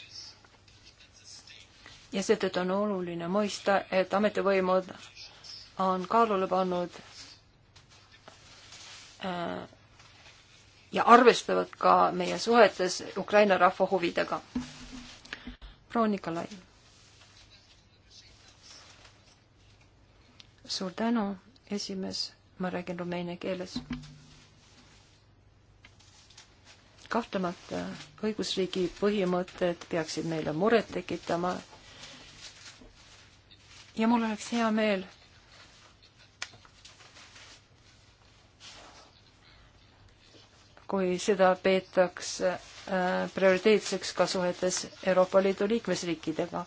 ja seetõttu on oluline mõista, et ametivõimud on kaalule pannud äh, ja arvestavad ka meie suhetes Ukraina rahva huvidega. proua Nikolai. suur tänu esimees, ma räägin rumeenia keeles. kahtlemata õigusriigi põhimõtted peaksid meile muret tekitama. ja mul oleks hea meel, kui seda peetakse äh, prioriteetseks ka suhetes Euroopa Liidu liikmesriikidega,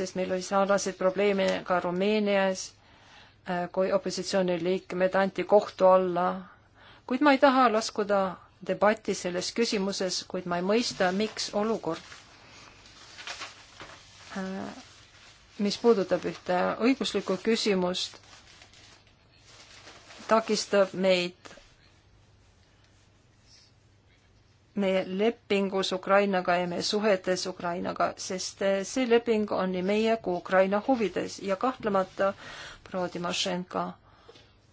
sest meil oli sarnaseid probleeme ka Rumeenias Äh, kui opositsiooniliikmed anti kohtu alla, kuid ma ei taha laskuda debatti selles küsimuses, kuid ma ei mõista, miks olukord, äh, mis puudutab ühte õiguslikku küsimust, takistab meid meie lepingus Ukrainaga ja meie suhetes Ukrainaga, sest äh, see leping on nii meie kui Ukraina huvides ja kahtlemata äh, proua Timošenko.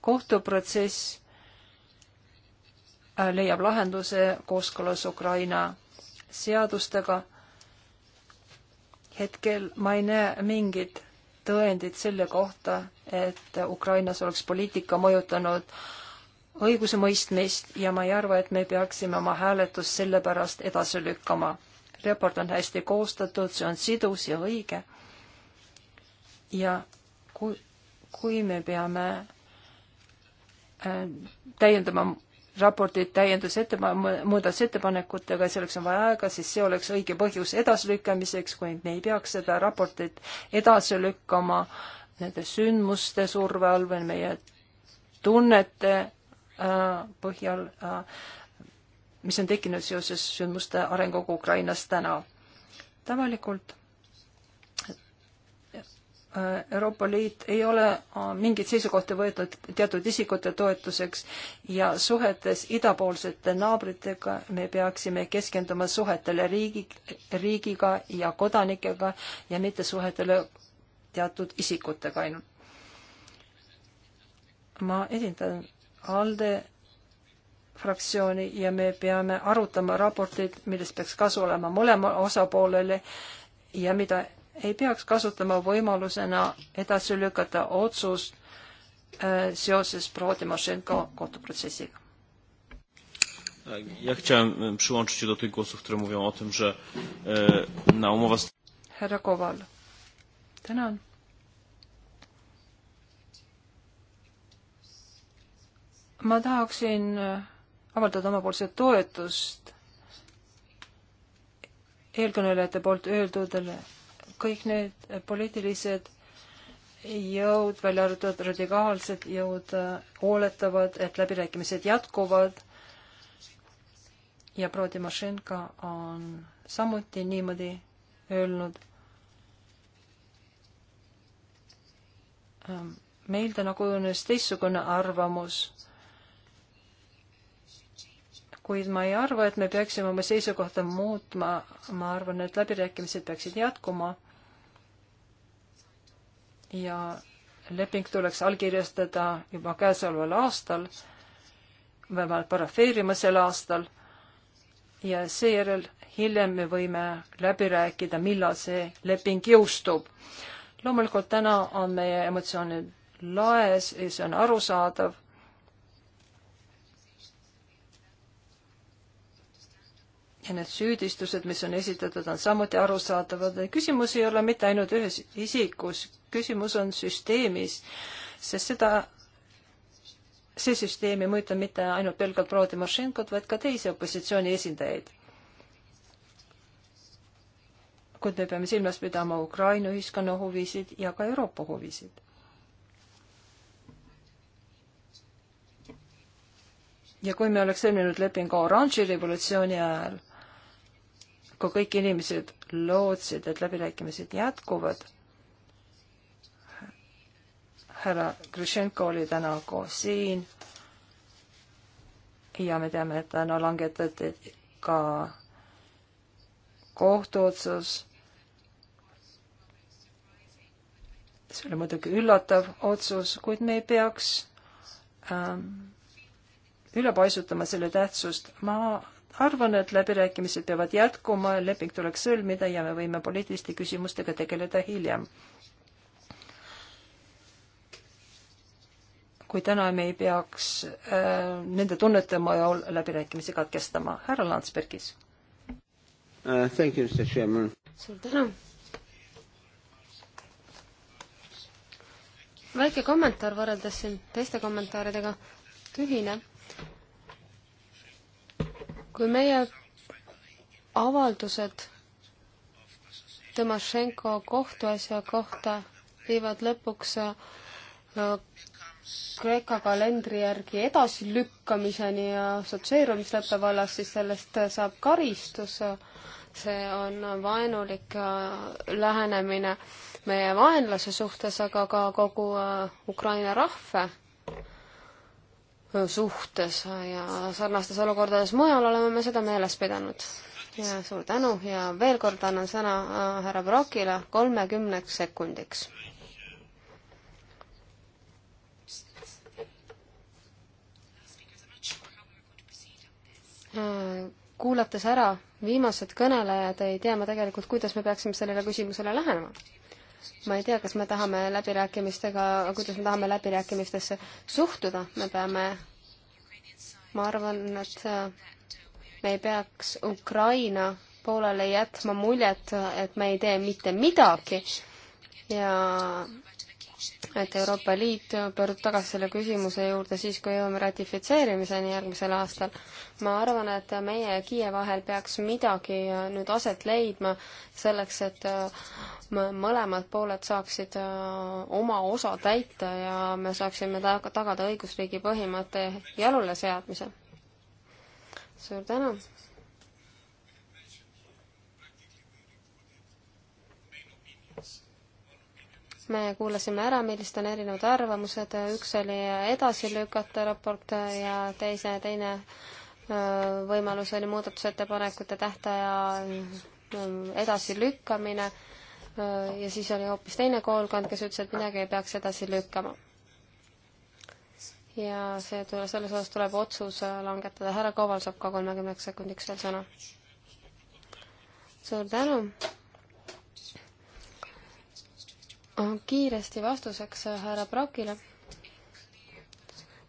kohtuprotsess äh, leiab lahenduse kooskõlas Ukraina seadustega. hetkel ma ei näe mingit tõendit selle kohta, et Ukrainas oleks poliitika mõjutanud õigusemõistmist ja ma ei arva, et me peaksime oma hääletust sellepärast edasi lükkama. raport on hästi koostatud, see on sidus ja õige. ja kui kui me peame äh, täiendama raportit täiendusettepanekutega ja selleks on vaja aega, siis see oleks õige põhjus edasilükkamiseks, kuid me ei peaks seda raportit edasi lükkama nende sündmuste surve all või meie tunnete äh, põhjal äh,, mis on tekkinud seoses sündmuste arenguga Ukrainas täna. tavalikult Euroopa Liit ei ole äh, mingeid seisukohti võetud teatud isikute toetuseks ja suhetes idapoolsete naabritega me peaksime keskenduma suhetele riigi, riigiga ja kodanikega ja mitte suhetele teatud isikutega ainult. ma esindan ALDE fraktsiooni ja me peame arutama raporteid, millest peaks kasu olema mõlema osapoolele ja mida ei peaks kasutama võimalusena edasi lükata otsust äh, seoses proua Timošenko kohtuprotsessiga. Ja chciałem przyłączyć się do tych głosów, które mówią o tym, że e, na umowa... Herra Kowal. Tänan. ma tahaksin e, avaldada omapoolset toetust eelkõnelejate poolt öeldudele kõik need poliitilised jõud, välja arvatud radikaalsed jõud, hooletavad, äh, et läbirääkimised jätkuvad ja proua Timošenka on samuti niimoodi öelnud. Ähm, meil täna kujunes teistsugune arvamus, kuid ma ei arva, et me peaksime oma seisukohta muutma, ma arvan, et läbirääkimised peaksid jätkuma ja leping tuleks allkirjastada juba käesoleval aastal, vähemalt parafeerima sel aastal ja seejärel hiljem me võime läbi rääkida, millal see leping jõustub. loomulikult täna on meie emotsioonid laes ja see on arusaadav ja need süüdistused, mis on esitatud, on samuti arusaadavad. küsimus ei ole mitte ainult ühes isikus, küsimus on süsteemis, sest seda, see süsteem ei mõjuta mitte ainult pelgalt proua Timošenkot, vaid ka teisi opositsiooni esindajaid. kuid me peame silmas pidama Ukraina ühiskonna huvisid ja ka Euroopa huvisid ja kui me oleks sõlminud lepingu oranži revolutsiooni ajal, kui kõik inimesed lootsid, et läbirääkimised jätkuvad, härra Grushenko oli täna koos siin ja me teame, et täna langetati ka kohtuotsus. see oli muidugi üllatav otsus, kuid me ei peaks ähm, üle paisutama selle tähtsust. ma arvan, et läbirääkimised peavad jätkuma, leping tuleks sõlmida ja me võime poliitiliste küsimustega tegeleda hiljem. kui täna me ei peaks äh, nende tunnete mõjul läbirääkimisi katkestama. härra Landsbergis uh,. suur tänu. väike kommentaar võrreldes siin teiste kommentaaridega. ühine kui meie avaldused Tõmašenko kohtuasja kohta viivad lõpuks äh, Kreeka kalendri järgi edasilükkamiseni ja assotsieerumisleppe vallas, siis sellest saab karistus. see on vaenulik äh, lähenemine meie vaenlase suhtes, aga ka kogu äh, Ukraina rahva suhtes ja sarnastes olukordades mujal oleme me seda meeles pidanud. ja suur tänu ja veel kord annan sõna äh, härra Brokile kolmekümneks sekundiks. Äh, kuulates ära viimased kõnelejad, ei tea ma tegelikult, kuidas me peaksime sellele küsimusele lähenema ma ei tea, kas me tahame läbirääkimistega, kuidas me tahame läbirääkimistesse suhtuda, me peame, ma arvan, et äh, me ei peaks Ukraina poolele jätma muljet, et me ei tee mitte midagi ja et Euroopa Liit pöördub tagasi selle küsimuse juurde siis, kui jõuame ratifitseerimiseni järgmisel aastal. ma arvan, et meie ja Kiie vahel peaks midagi nüüd aset leidma selleks, et äh, mõlemad pooled saaksid äh, oma osa täita ja me saaksime taga, tagada õigusriigi põhimõtte jaluleseadmise. suur tänu! me kuulasime ära, millised on erinevad arvamused, üks oli edasi lükata raport ja teise, teine võimalus oli muudatusettepanekute tähtaja edasilükkamine ja siis oli hoopis teine koolkond, kes ütles, et midagi ei peaks edasi lükkama. ja see, selles osas tuleb otsus äh, langetada, härra Koval saab ka kolmekümneks sekundiks veel sõna. suur tänu! kiiresti vastuseks äh, härra Brokile.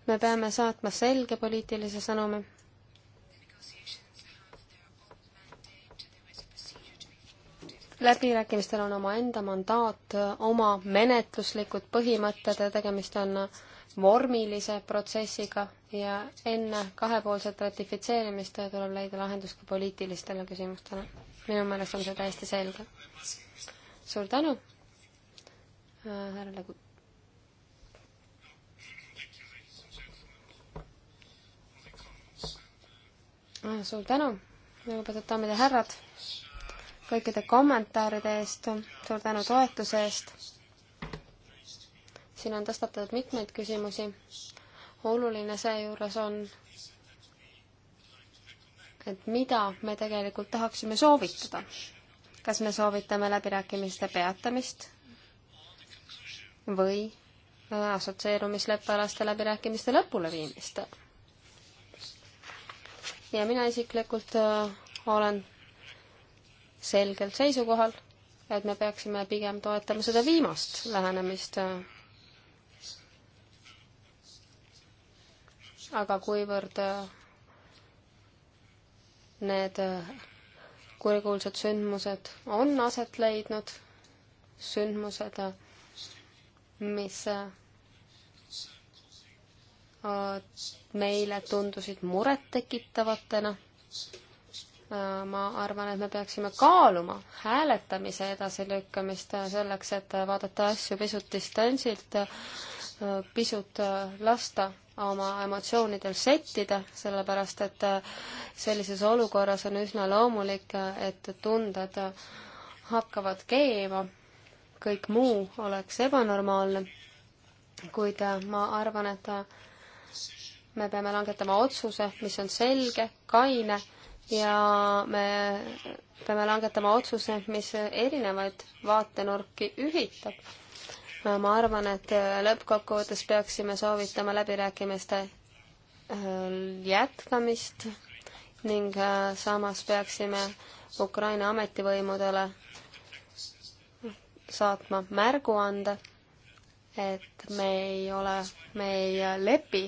me peame saatma selge poliitilise sõnumi läbirääkimistel on omaenda mandaat, oma menetluslikud põhimõtted ja tegemist on vormilise protsessiga ja enne kahepoolset ratifitseerimist tuleb leida lahendus ka poliitilistele küsimustele. minu meelest on see täiesti selge. suur tänu! härra Legu-. Nagu- ah, suur tänu, lugupeetud daamid ja härrad, kõikide kommentaaride eest, suur tänu toetuse eest. siin on tõstatatud mitmeid küsimusi. oluline seejuures on, et mida me tegelikult tahaksime soovitada. kas me soovitame läbirääkimiste peatamist või assotsieerumisleppealaste läbirääkimiste lõpuleviimist. ja mina isiklikult äh, olen selgelt seisukohal, et me peaksime pigem toetama seda viimast lähenemist. aga kuivõrd äh, need äh, kurikuulsad sündmused on aset leidnud, sündmused mis äh, meile tundusid murettekitavatena. Äh, ma arvan, et me peaksime kaaluma hääletamise edasilükkamist äh, selleks, et vaadata asju pisut distantsilt, pisut lasta oma emotsioonidel settida, sellepärast et sellises olukorras on üsna loomulik, et tunded hakkavad keema kõik muu oleks ebanormaalne, kuid äh, ma arvan, et äh, me peame langetama otsuse, mis on selge, kaine ja me peame langetama otsuse, mis erinevaid vaatenurki ühitab. Äh, ma arvan, et lõppkokkuvõttes peaksime soovitama läbirääkimiste jätkamist ning samas peaksime Ukraina ametivõimudele saatma märguande, et me ei ole, me ei lepi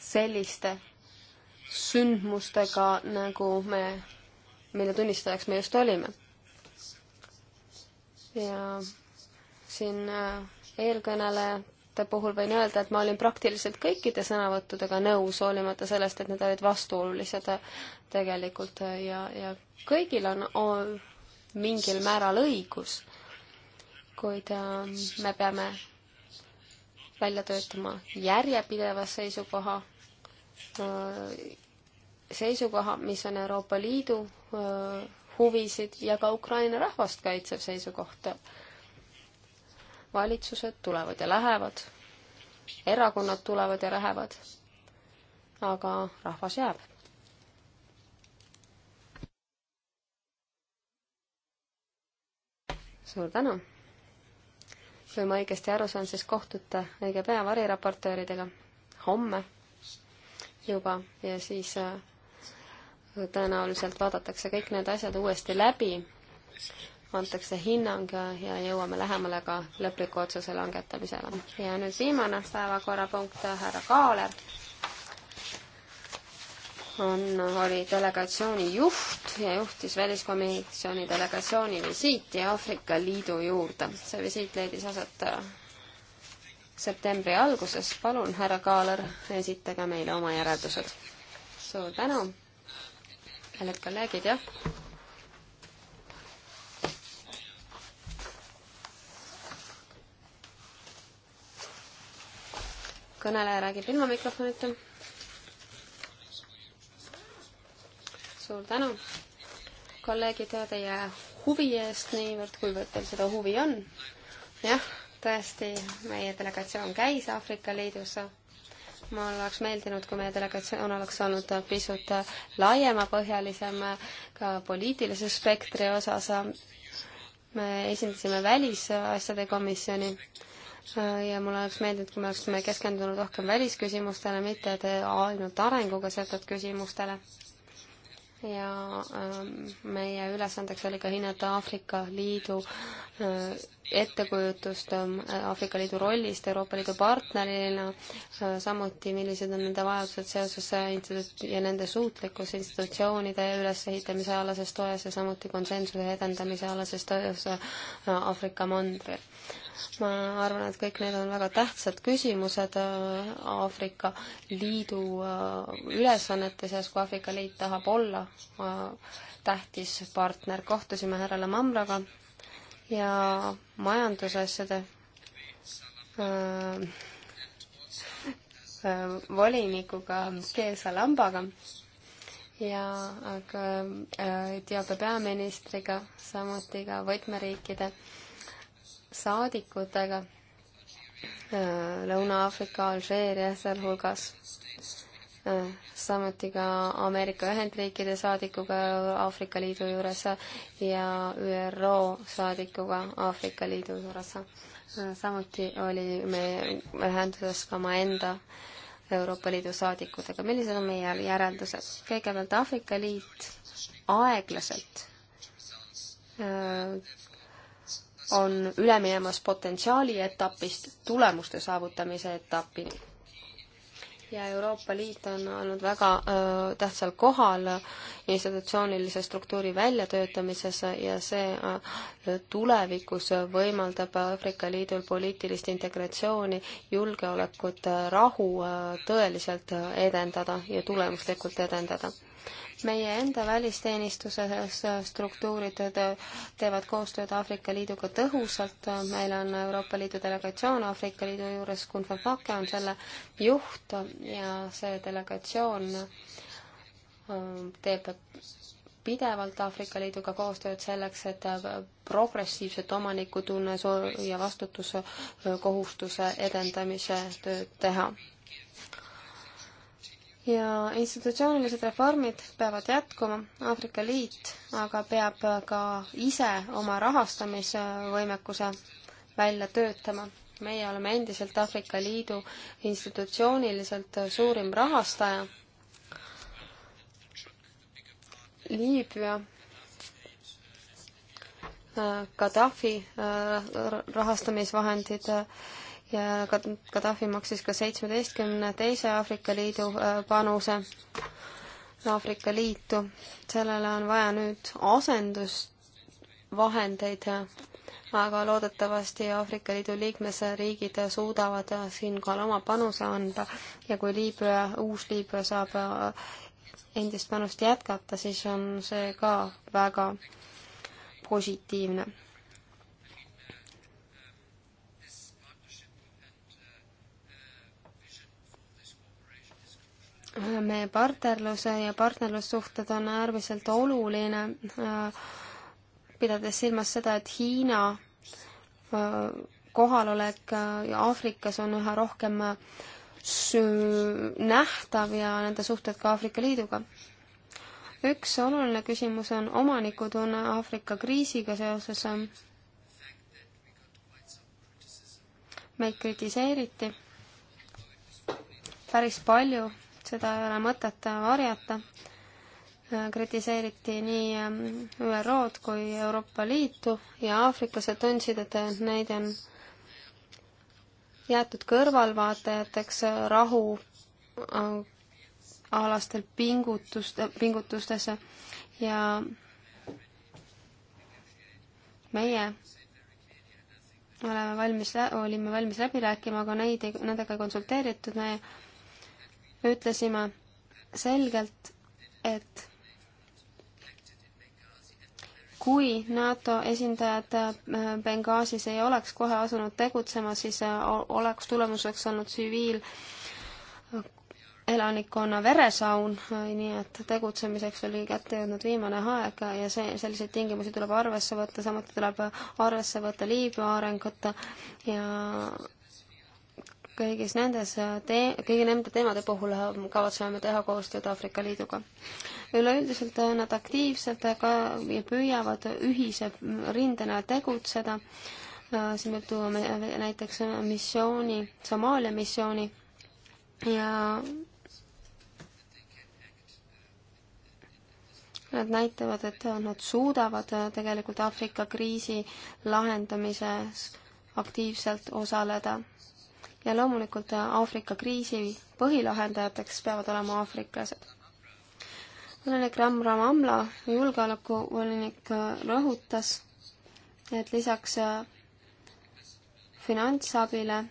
selliste sündmustega, nagu me, mille tunnistajaks me just olime. ja siin äh, eelkõnelejate puhul võin öelda, et ma olin praktiliselt kõikide sõnavõttudega nõus, hoolimata sellest, et need olid vastuolulised äh, tegelikult äh, ja, ja kõigil on, on mingil määral õigus kuid ähm, me peame välja töötama järjepideva seisukoha, äh, seisukoha, mis on Euroopa Liidu äh, huvisid ja ka Ukraina rahvast kaitsev seisukoht. valitsused tulevad ja lähevad, erakonnad tulevad ja lähevad, aga rahvas jääb. suur tänu! kui ma õigesti aru saan, siis kohtute õige pea variraportööridega homme juba ja siis äh, tõenäoliselt vaadatakse kõik need asjad uuesti läbi, antakse hinnang ja jõuame lähemale ka lõpliku otsuse langetamisele. ja nüüd viimane päevakorrapunkt, härra Kaaler on, oli delegatsiooni juht ja juhtis väliskomisjoni delegatsiooni visiiti Aafrika Liidu juurde. see visiit leidis aset äh, septembri alguses. palun, härra Kaaler, esitage meile oma järeldused. suur tänu, kallid kolleegid, jah. kõneleja räägib ilma mikrofonita suur tänu, kolleegid, teie huvi eest, niivõrd kuivõrd teil seda huvi on. jah, tõesti, meie delegatsioon käis Aafrika Liidus. mul oleks meeldinud, kui meie delegatsioon oleks olnud pisut laiemapõhjalisem ka poliitilise spektri osas. me esindasime välisasjade komisjoni ja mulle oleks meeldinud, kui me oleksime keskendunud rohkem välisküsimustele, mitte ainult arenguga seotud küsimustele ja ähm, meie ülesandeks oli ka hinnata Aafrika Liidu äh, ettekujutust ähm, Aafrika Liidu rollist Euroopa Liidu partnerina, äh, samuti millised on nende vajadused seoses instituut- ja nende suutlikkus institutsioonide ülesehitamise alases toes ja samuti konsensuse edendamise alases toes äh, Aafrika mandril ma arvan, et kõik need on väga tähtsad küsimused äh, Aafrika Liidu äh, ülesannete seas, kui Aafrika Liit tahab olla äh, tähtis partner. kohtusime härra Lamamraga ja majandusasjade volinikuga Keesa Lambaga ja aga Etioopia peaministriga, samuti ka võtmeriikide äh, saadikutega äh, Lõuna-Aafrika, Alžeeria sealhulgas, äh, samuti ka Ameerika Ühendriikide saadikuga Aafrika Liidu juures ja ÜRO saadikuga Aafrika Liidu juures. Äh, samuti oli meie ühenduses ka omaenda Euroopa Liidu saadikutega. millised on meie järeldused? kõigepealt Aafrika Liit aeglaselt on üle minemas potentsiaali etapist tulemuste saavutamise etapini. ja Euroopa Liit on olnud väga öö, äh, tähtsal kohal institutsioonilise struktuuri väljatöötamises ja see äh, tulevikus võimaldab Aafrika Liidul poliitilist integratsiooni, julgeolekut, äh, rahu äh, tõeliselt edendada ja tulemuslikult edendada meie enda välisteenistuses struktuurid teevad koostööd Aafrika Liiduga tõhusalt, meil on Euroopa Liidu delegatsioon Aafrika Liidu juures, Kunfafake on selle juht ja see delegatsioon Ähm, teeb pidevalt Aafrika Liiduga koostööd selleks, et äh, progressiivset omanikutunne ja vastutuse kohustuse edendamise tööd teha. ja institutsioonilised reformid peavad jätkuma, Aafrika Liit aga peab ka ise oma rahastamisvõimekuse välja töötama. meie oleme endiselt Aafrika Liidu institutsiooniliselt suurim rahastaja Liibüa äh, Gaddafi äh, rahastamisvahendid äh, ja Gaddafi maksis ka seitsmeteistkümne teise Aafrika Liidu panuse Aafrika Liitu. sellele on vaja nüüd asendusvahendeid, aga loodetavasti Aafrika Liidu liikmesriigid suudavad siinkohal oma panuse anda ja kui Liibüa, uus Liibüa saab endist panust jätkata, siis on see ka väga positiivne. meie partnerluse ja partnerlussuhted on äärmiselt oluline, äh, pidades silmas seda, et Hiina äh, kohalolek äh, Aafrikas on üha rohkem nähtav ja nende suhted ka Aafrika Liiduga. üks oluline küsimus on omanikutunne Aafrika kriisiga seoses. meid kritiseeriti päris palju, seda ei ole mõtet varjata kritiseeriti nii ähm, ÜRO-d kui Euroopa Liitu ja aafriklased tundsid, et neid on jäetud kõrvalvaatajateks rahu äh, alastel pingutust, pingutustes ja meie oleme valmis, olime valmis läbi rääkima, aga neid ei, nendega ei konsulteeritud, me ütlesime selgelt, et kui NATO esindajad äh, Benghazis ei oleks kohe asunud tegutsema, siis äh, oleks tulemuseks olnud tsiviil äh, elanikkonna veresaun, nii et tegutsemiseks oli kätte jõudnud viimane aeg ja see, selliseid tingimusi tuleb arvesse võtta, samuti tuleb arvesse võtta Liibüa arengut ja kõigis nendes äh, tee-, kõigi nende teemade puhul äh, kavatseme teha koostööd Aafrika Liiduga. üleüldiselt äh, nad aktiivselt ka püüavad ühise rindena tegutseda, siin võib tuua näiteks missiooni, Somaalia missiooni ja Nad näitavad, et nad suudavad tegelikult Aafrika kriisi lahendamises aktiivselt osaleda ja loomulikult äh, Aafrika kriisi põhilahendajateks peavad olema aafriklased. volinik Ram Ramamla, julgeolekuvolinik, äh, rõhutas, et lisaks äh, finantsabile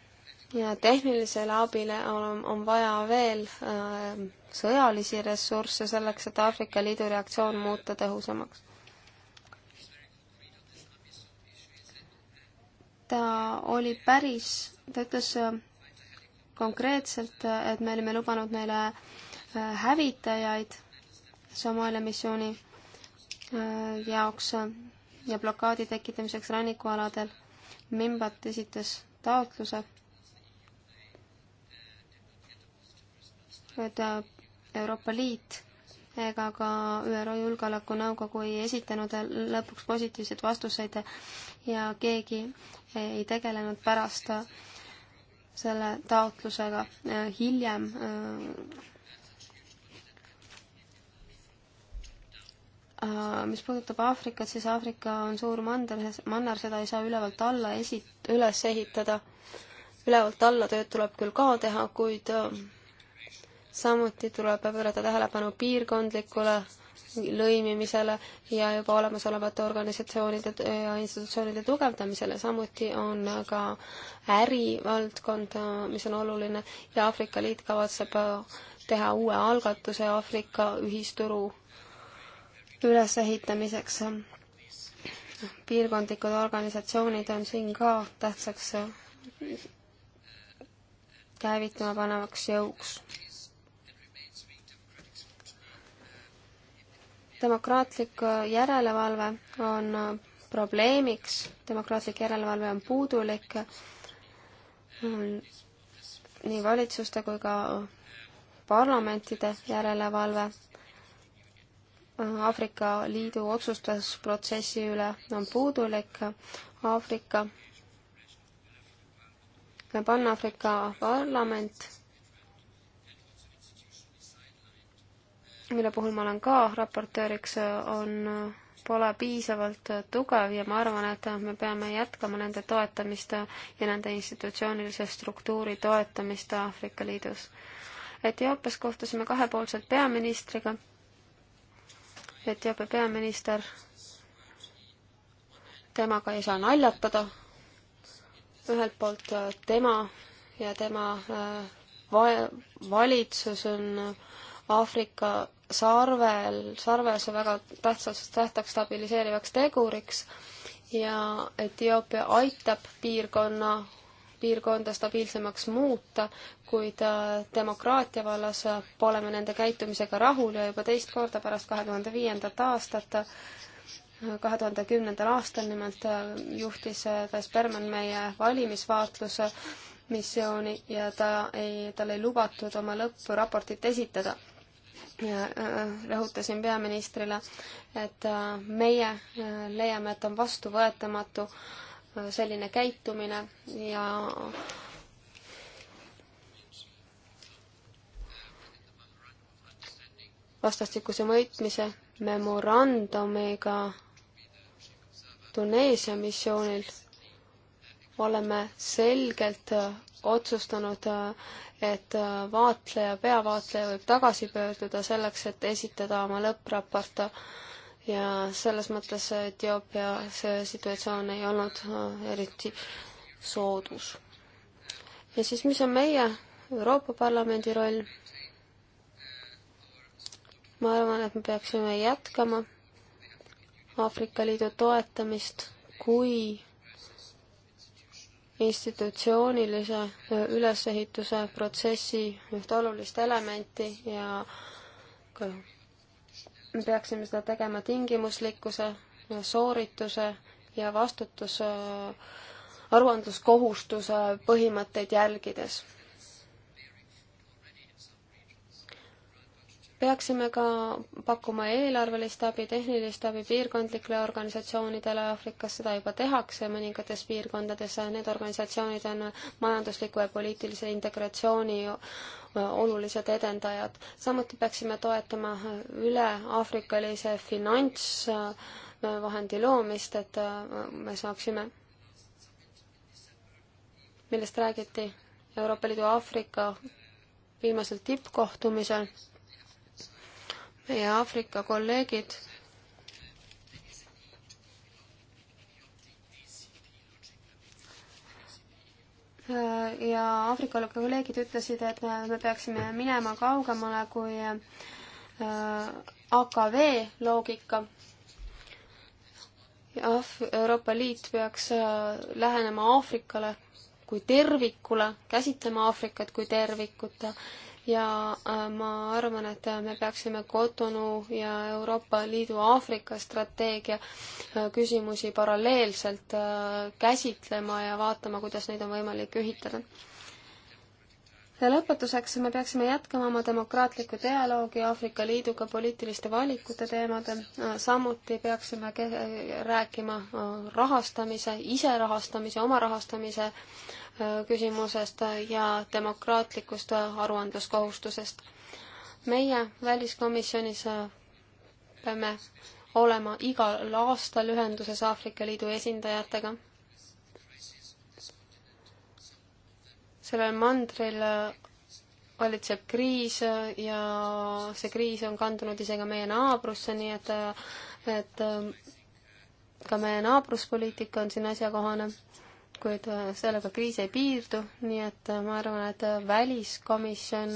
ja tehnilisele abile on, on vaja veel äh, sõjalisi ressursse selleks, et Aafrika Liidu reaktsioon muuta tõhusamaks. ta oli päris ta ütles äh, konkreetselt, äh, et me olime lubanud neile äh, hävitajaid Somaalia missiooni jaoks ja blokaadi tekitamiseks rannikualadel. Mimbat esitas taotluse, et Euroopa Liit ega ka ÜRO Julgeolekunõukogu ei esitanud lõpuks positiivseid vastuseid ja keegi ei tegelenud pärast äh, selle taotlusega hiljem äh, äh, mis puudutab Aafrikat, siis Aafrika on suur mandar, mannar, seda ei saa ülevalt alla esi-, üles ehitada. ülevalt alla tööd tuleb küll ka teha, kuid äh, samuti tuleb pöörata tähelepanu piirkondlikule lõimimisele ja juba olemasolevate organisatsioonide ja äh, institutsioonide tugevdamisele, samuti on ka ärivaldkond, äh, mis on oluline ja Aafrika Liit kavatseb äh, teha uue algatuse Aafrika ühisturu ülesehitamiseks. piirkondlikud organisatsioonid on siin ka tähtsaks käivituma panevaks jõuks demokraatlik äh, järelevalve on äh, probleemiks, demokraatlik järelevalve on puudulik äh, nii valitsuste kui ka parlamentide järelevalve Aafrika Liidu otsustusprotsessi üle on puudulik. Aafrika, Pan-Aafrika parlament mille puhul ma olen ka raportööriks, on, pole piisavalt tugev ja ma arvan, et me peame jätkama nende toetamist ja nende institutsioonilise struktuuri toetamist Aafrika Liidus. Etioopias kohtusime kahepoolselt peaministriga. Etioopia peaminister, temaga ei saa naljatada. ühelt poolt äh, tema ja tema äh, va valitsus on Aafrika sarvel, sarves väga tähtsaks, tähtsaks stabiliseerivaks teguriks ja Etioopia aitab piirkonna, piirkonda stabiilsemaks muuta, kuid äh, demokraatia vallas pole äh, me nende käitumisega rahul ja juba teist korda pärast kahe tuhande viiendat aastat äh, kahe tuhande kümnendal aastal nimelt juhtis Vesperman meie valimisvaatluse missiooni ja ta ei, tal ei lubatud oma lõppraportit esitada ja äh, rõhutasin peaministrile, et äh, meie äh, leiame, et on vastuvõetamatu selline käitumine ja vastastikuse mõõtmise memorandumiga Tuneesia missioonil oleme selgelt otsustanud, et vaatleja, peavaatleja võib tagasi pöörduda selleks, et esitada oma lõppraport ja selles mõttes Etioopia see situatsioon ei olnud äh, eriti soodus. ja siis, mis on meie Euroopa Parlamendi roll? ma arvan, et me peaksime jätkama Aafrika Liidu toetamist, kui institutsioonilise ülesehituse protsessi üht olulist elementi ja me peaksime seda tegema tingimuslikkuse, soorituse ja vastutuse äh, aruandluskohustuse põhimõtteid jälgides peaksime ka pakkuma eelarvelist abi, tehnilist abi piirkondlikele organisatsioonidele Aafrikas, seda juba tehakse mõningates piirkondades, need organisatsioonid on majandusliku ja poliitilise integratsiooni olulised edendajad. samuti peaksime toetama üle-aafrikalise finantsvahendi loomist, et me saaksime, millest räägiti Euroopa Liidu Aafrika viimasel tippkohtumisel meie Aafrika kolleegid ja Aafrika kolleegid ütlesid, et me peaksime minema kaugemale kui äh, AKV loogika. Euroopa Liit peaks äh, lähenema Aafrikale kui tervikule, käsitlema Aafrikat kui tervikut ja äh, ma arvan, et äh, me peaksime Cotonou ja Euroopa Liidu Aafrika strateegia äh, küsimusi paralleelselt käsitlema ja vaatama, kuidas neid on võimalik ühitada. ja lõpetuseks me peaksime jätkama oma demokraatlikku dialoogi Aafrika Liiduga poliitiliste valikute teemadel, samuti peaksime rääkima rahastamise, iserahastamise, oma rahastamise küsimusest ja demokraatlikust aruandluskohustusest. meie väliskomisjonis peame olema igal aastal ühenduses Aafrika Liidu esindajatega. sellel mandril valitseb kriis ja see kriis on kandunud isegi meie naabrusse, nii et, et ka meie naabruspoliitika on siin asjakohane kuid äh, sellega kriis ei piirdu, nii et äh, ma arvan, et äh, väliskomisjon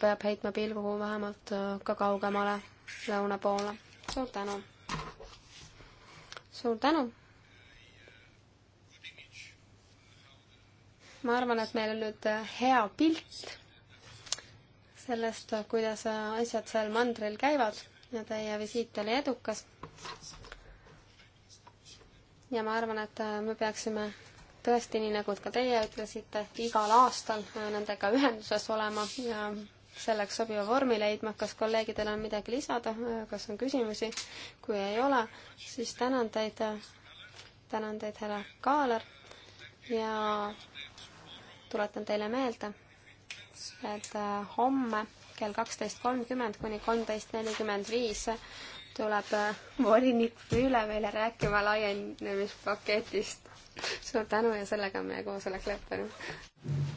peab heitma pilgu vähemalt ka kaugemale lõuna poole. suur tänu! suur tänu! ma arvan, et meil on nüüd hea pilt sellest, kuidas asjad seal mandril käivad ja teie visiit oli edukas ja ma arvan, et äh, me peaksime tõesti, nii nagu ka teie ütlesite, igal aastal äh, nendega ühenduses olema ja selleks sobiva vormi leidma. kas kolleegidel on midagi lisada, äh, kas on küsimusi? kui ei ole, siis tänan teid, tänan teid, härra Kaaler ja tuletan teile meelde, et homme kell kaksteist kolmkümmend kuni kolmteist nelikümmend viis tuleb äh, volinik Füüle meile rääkima laienemispaketist. suur tänu ja sellega on meie koosolek lõppenud.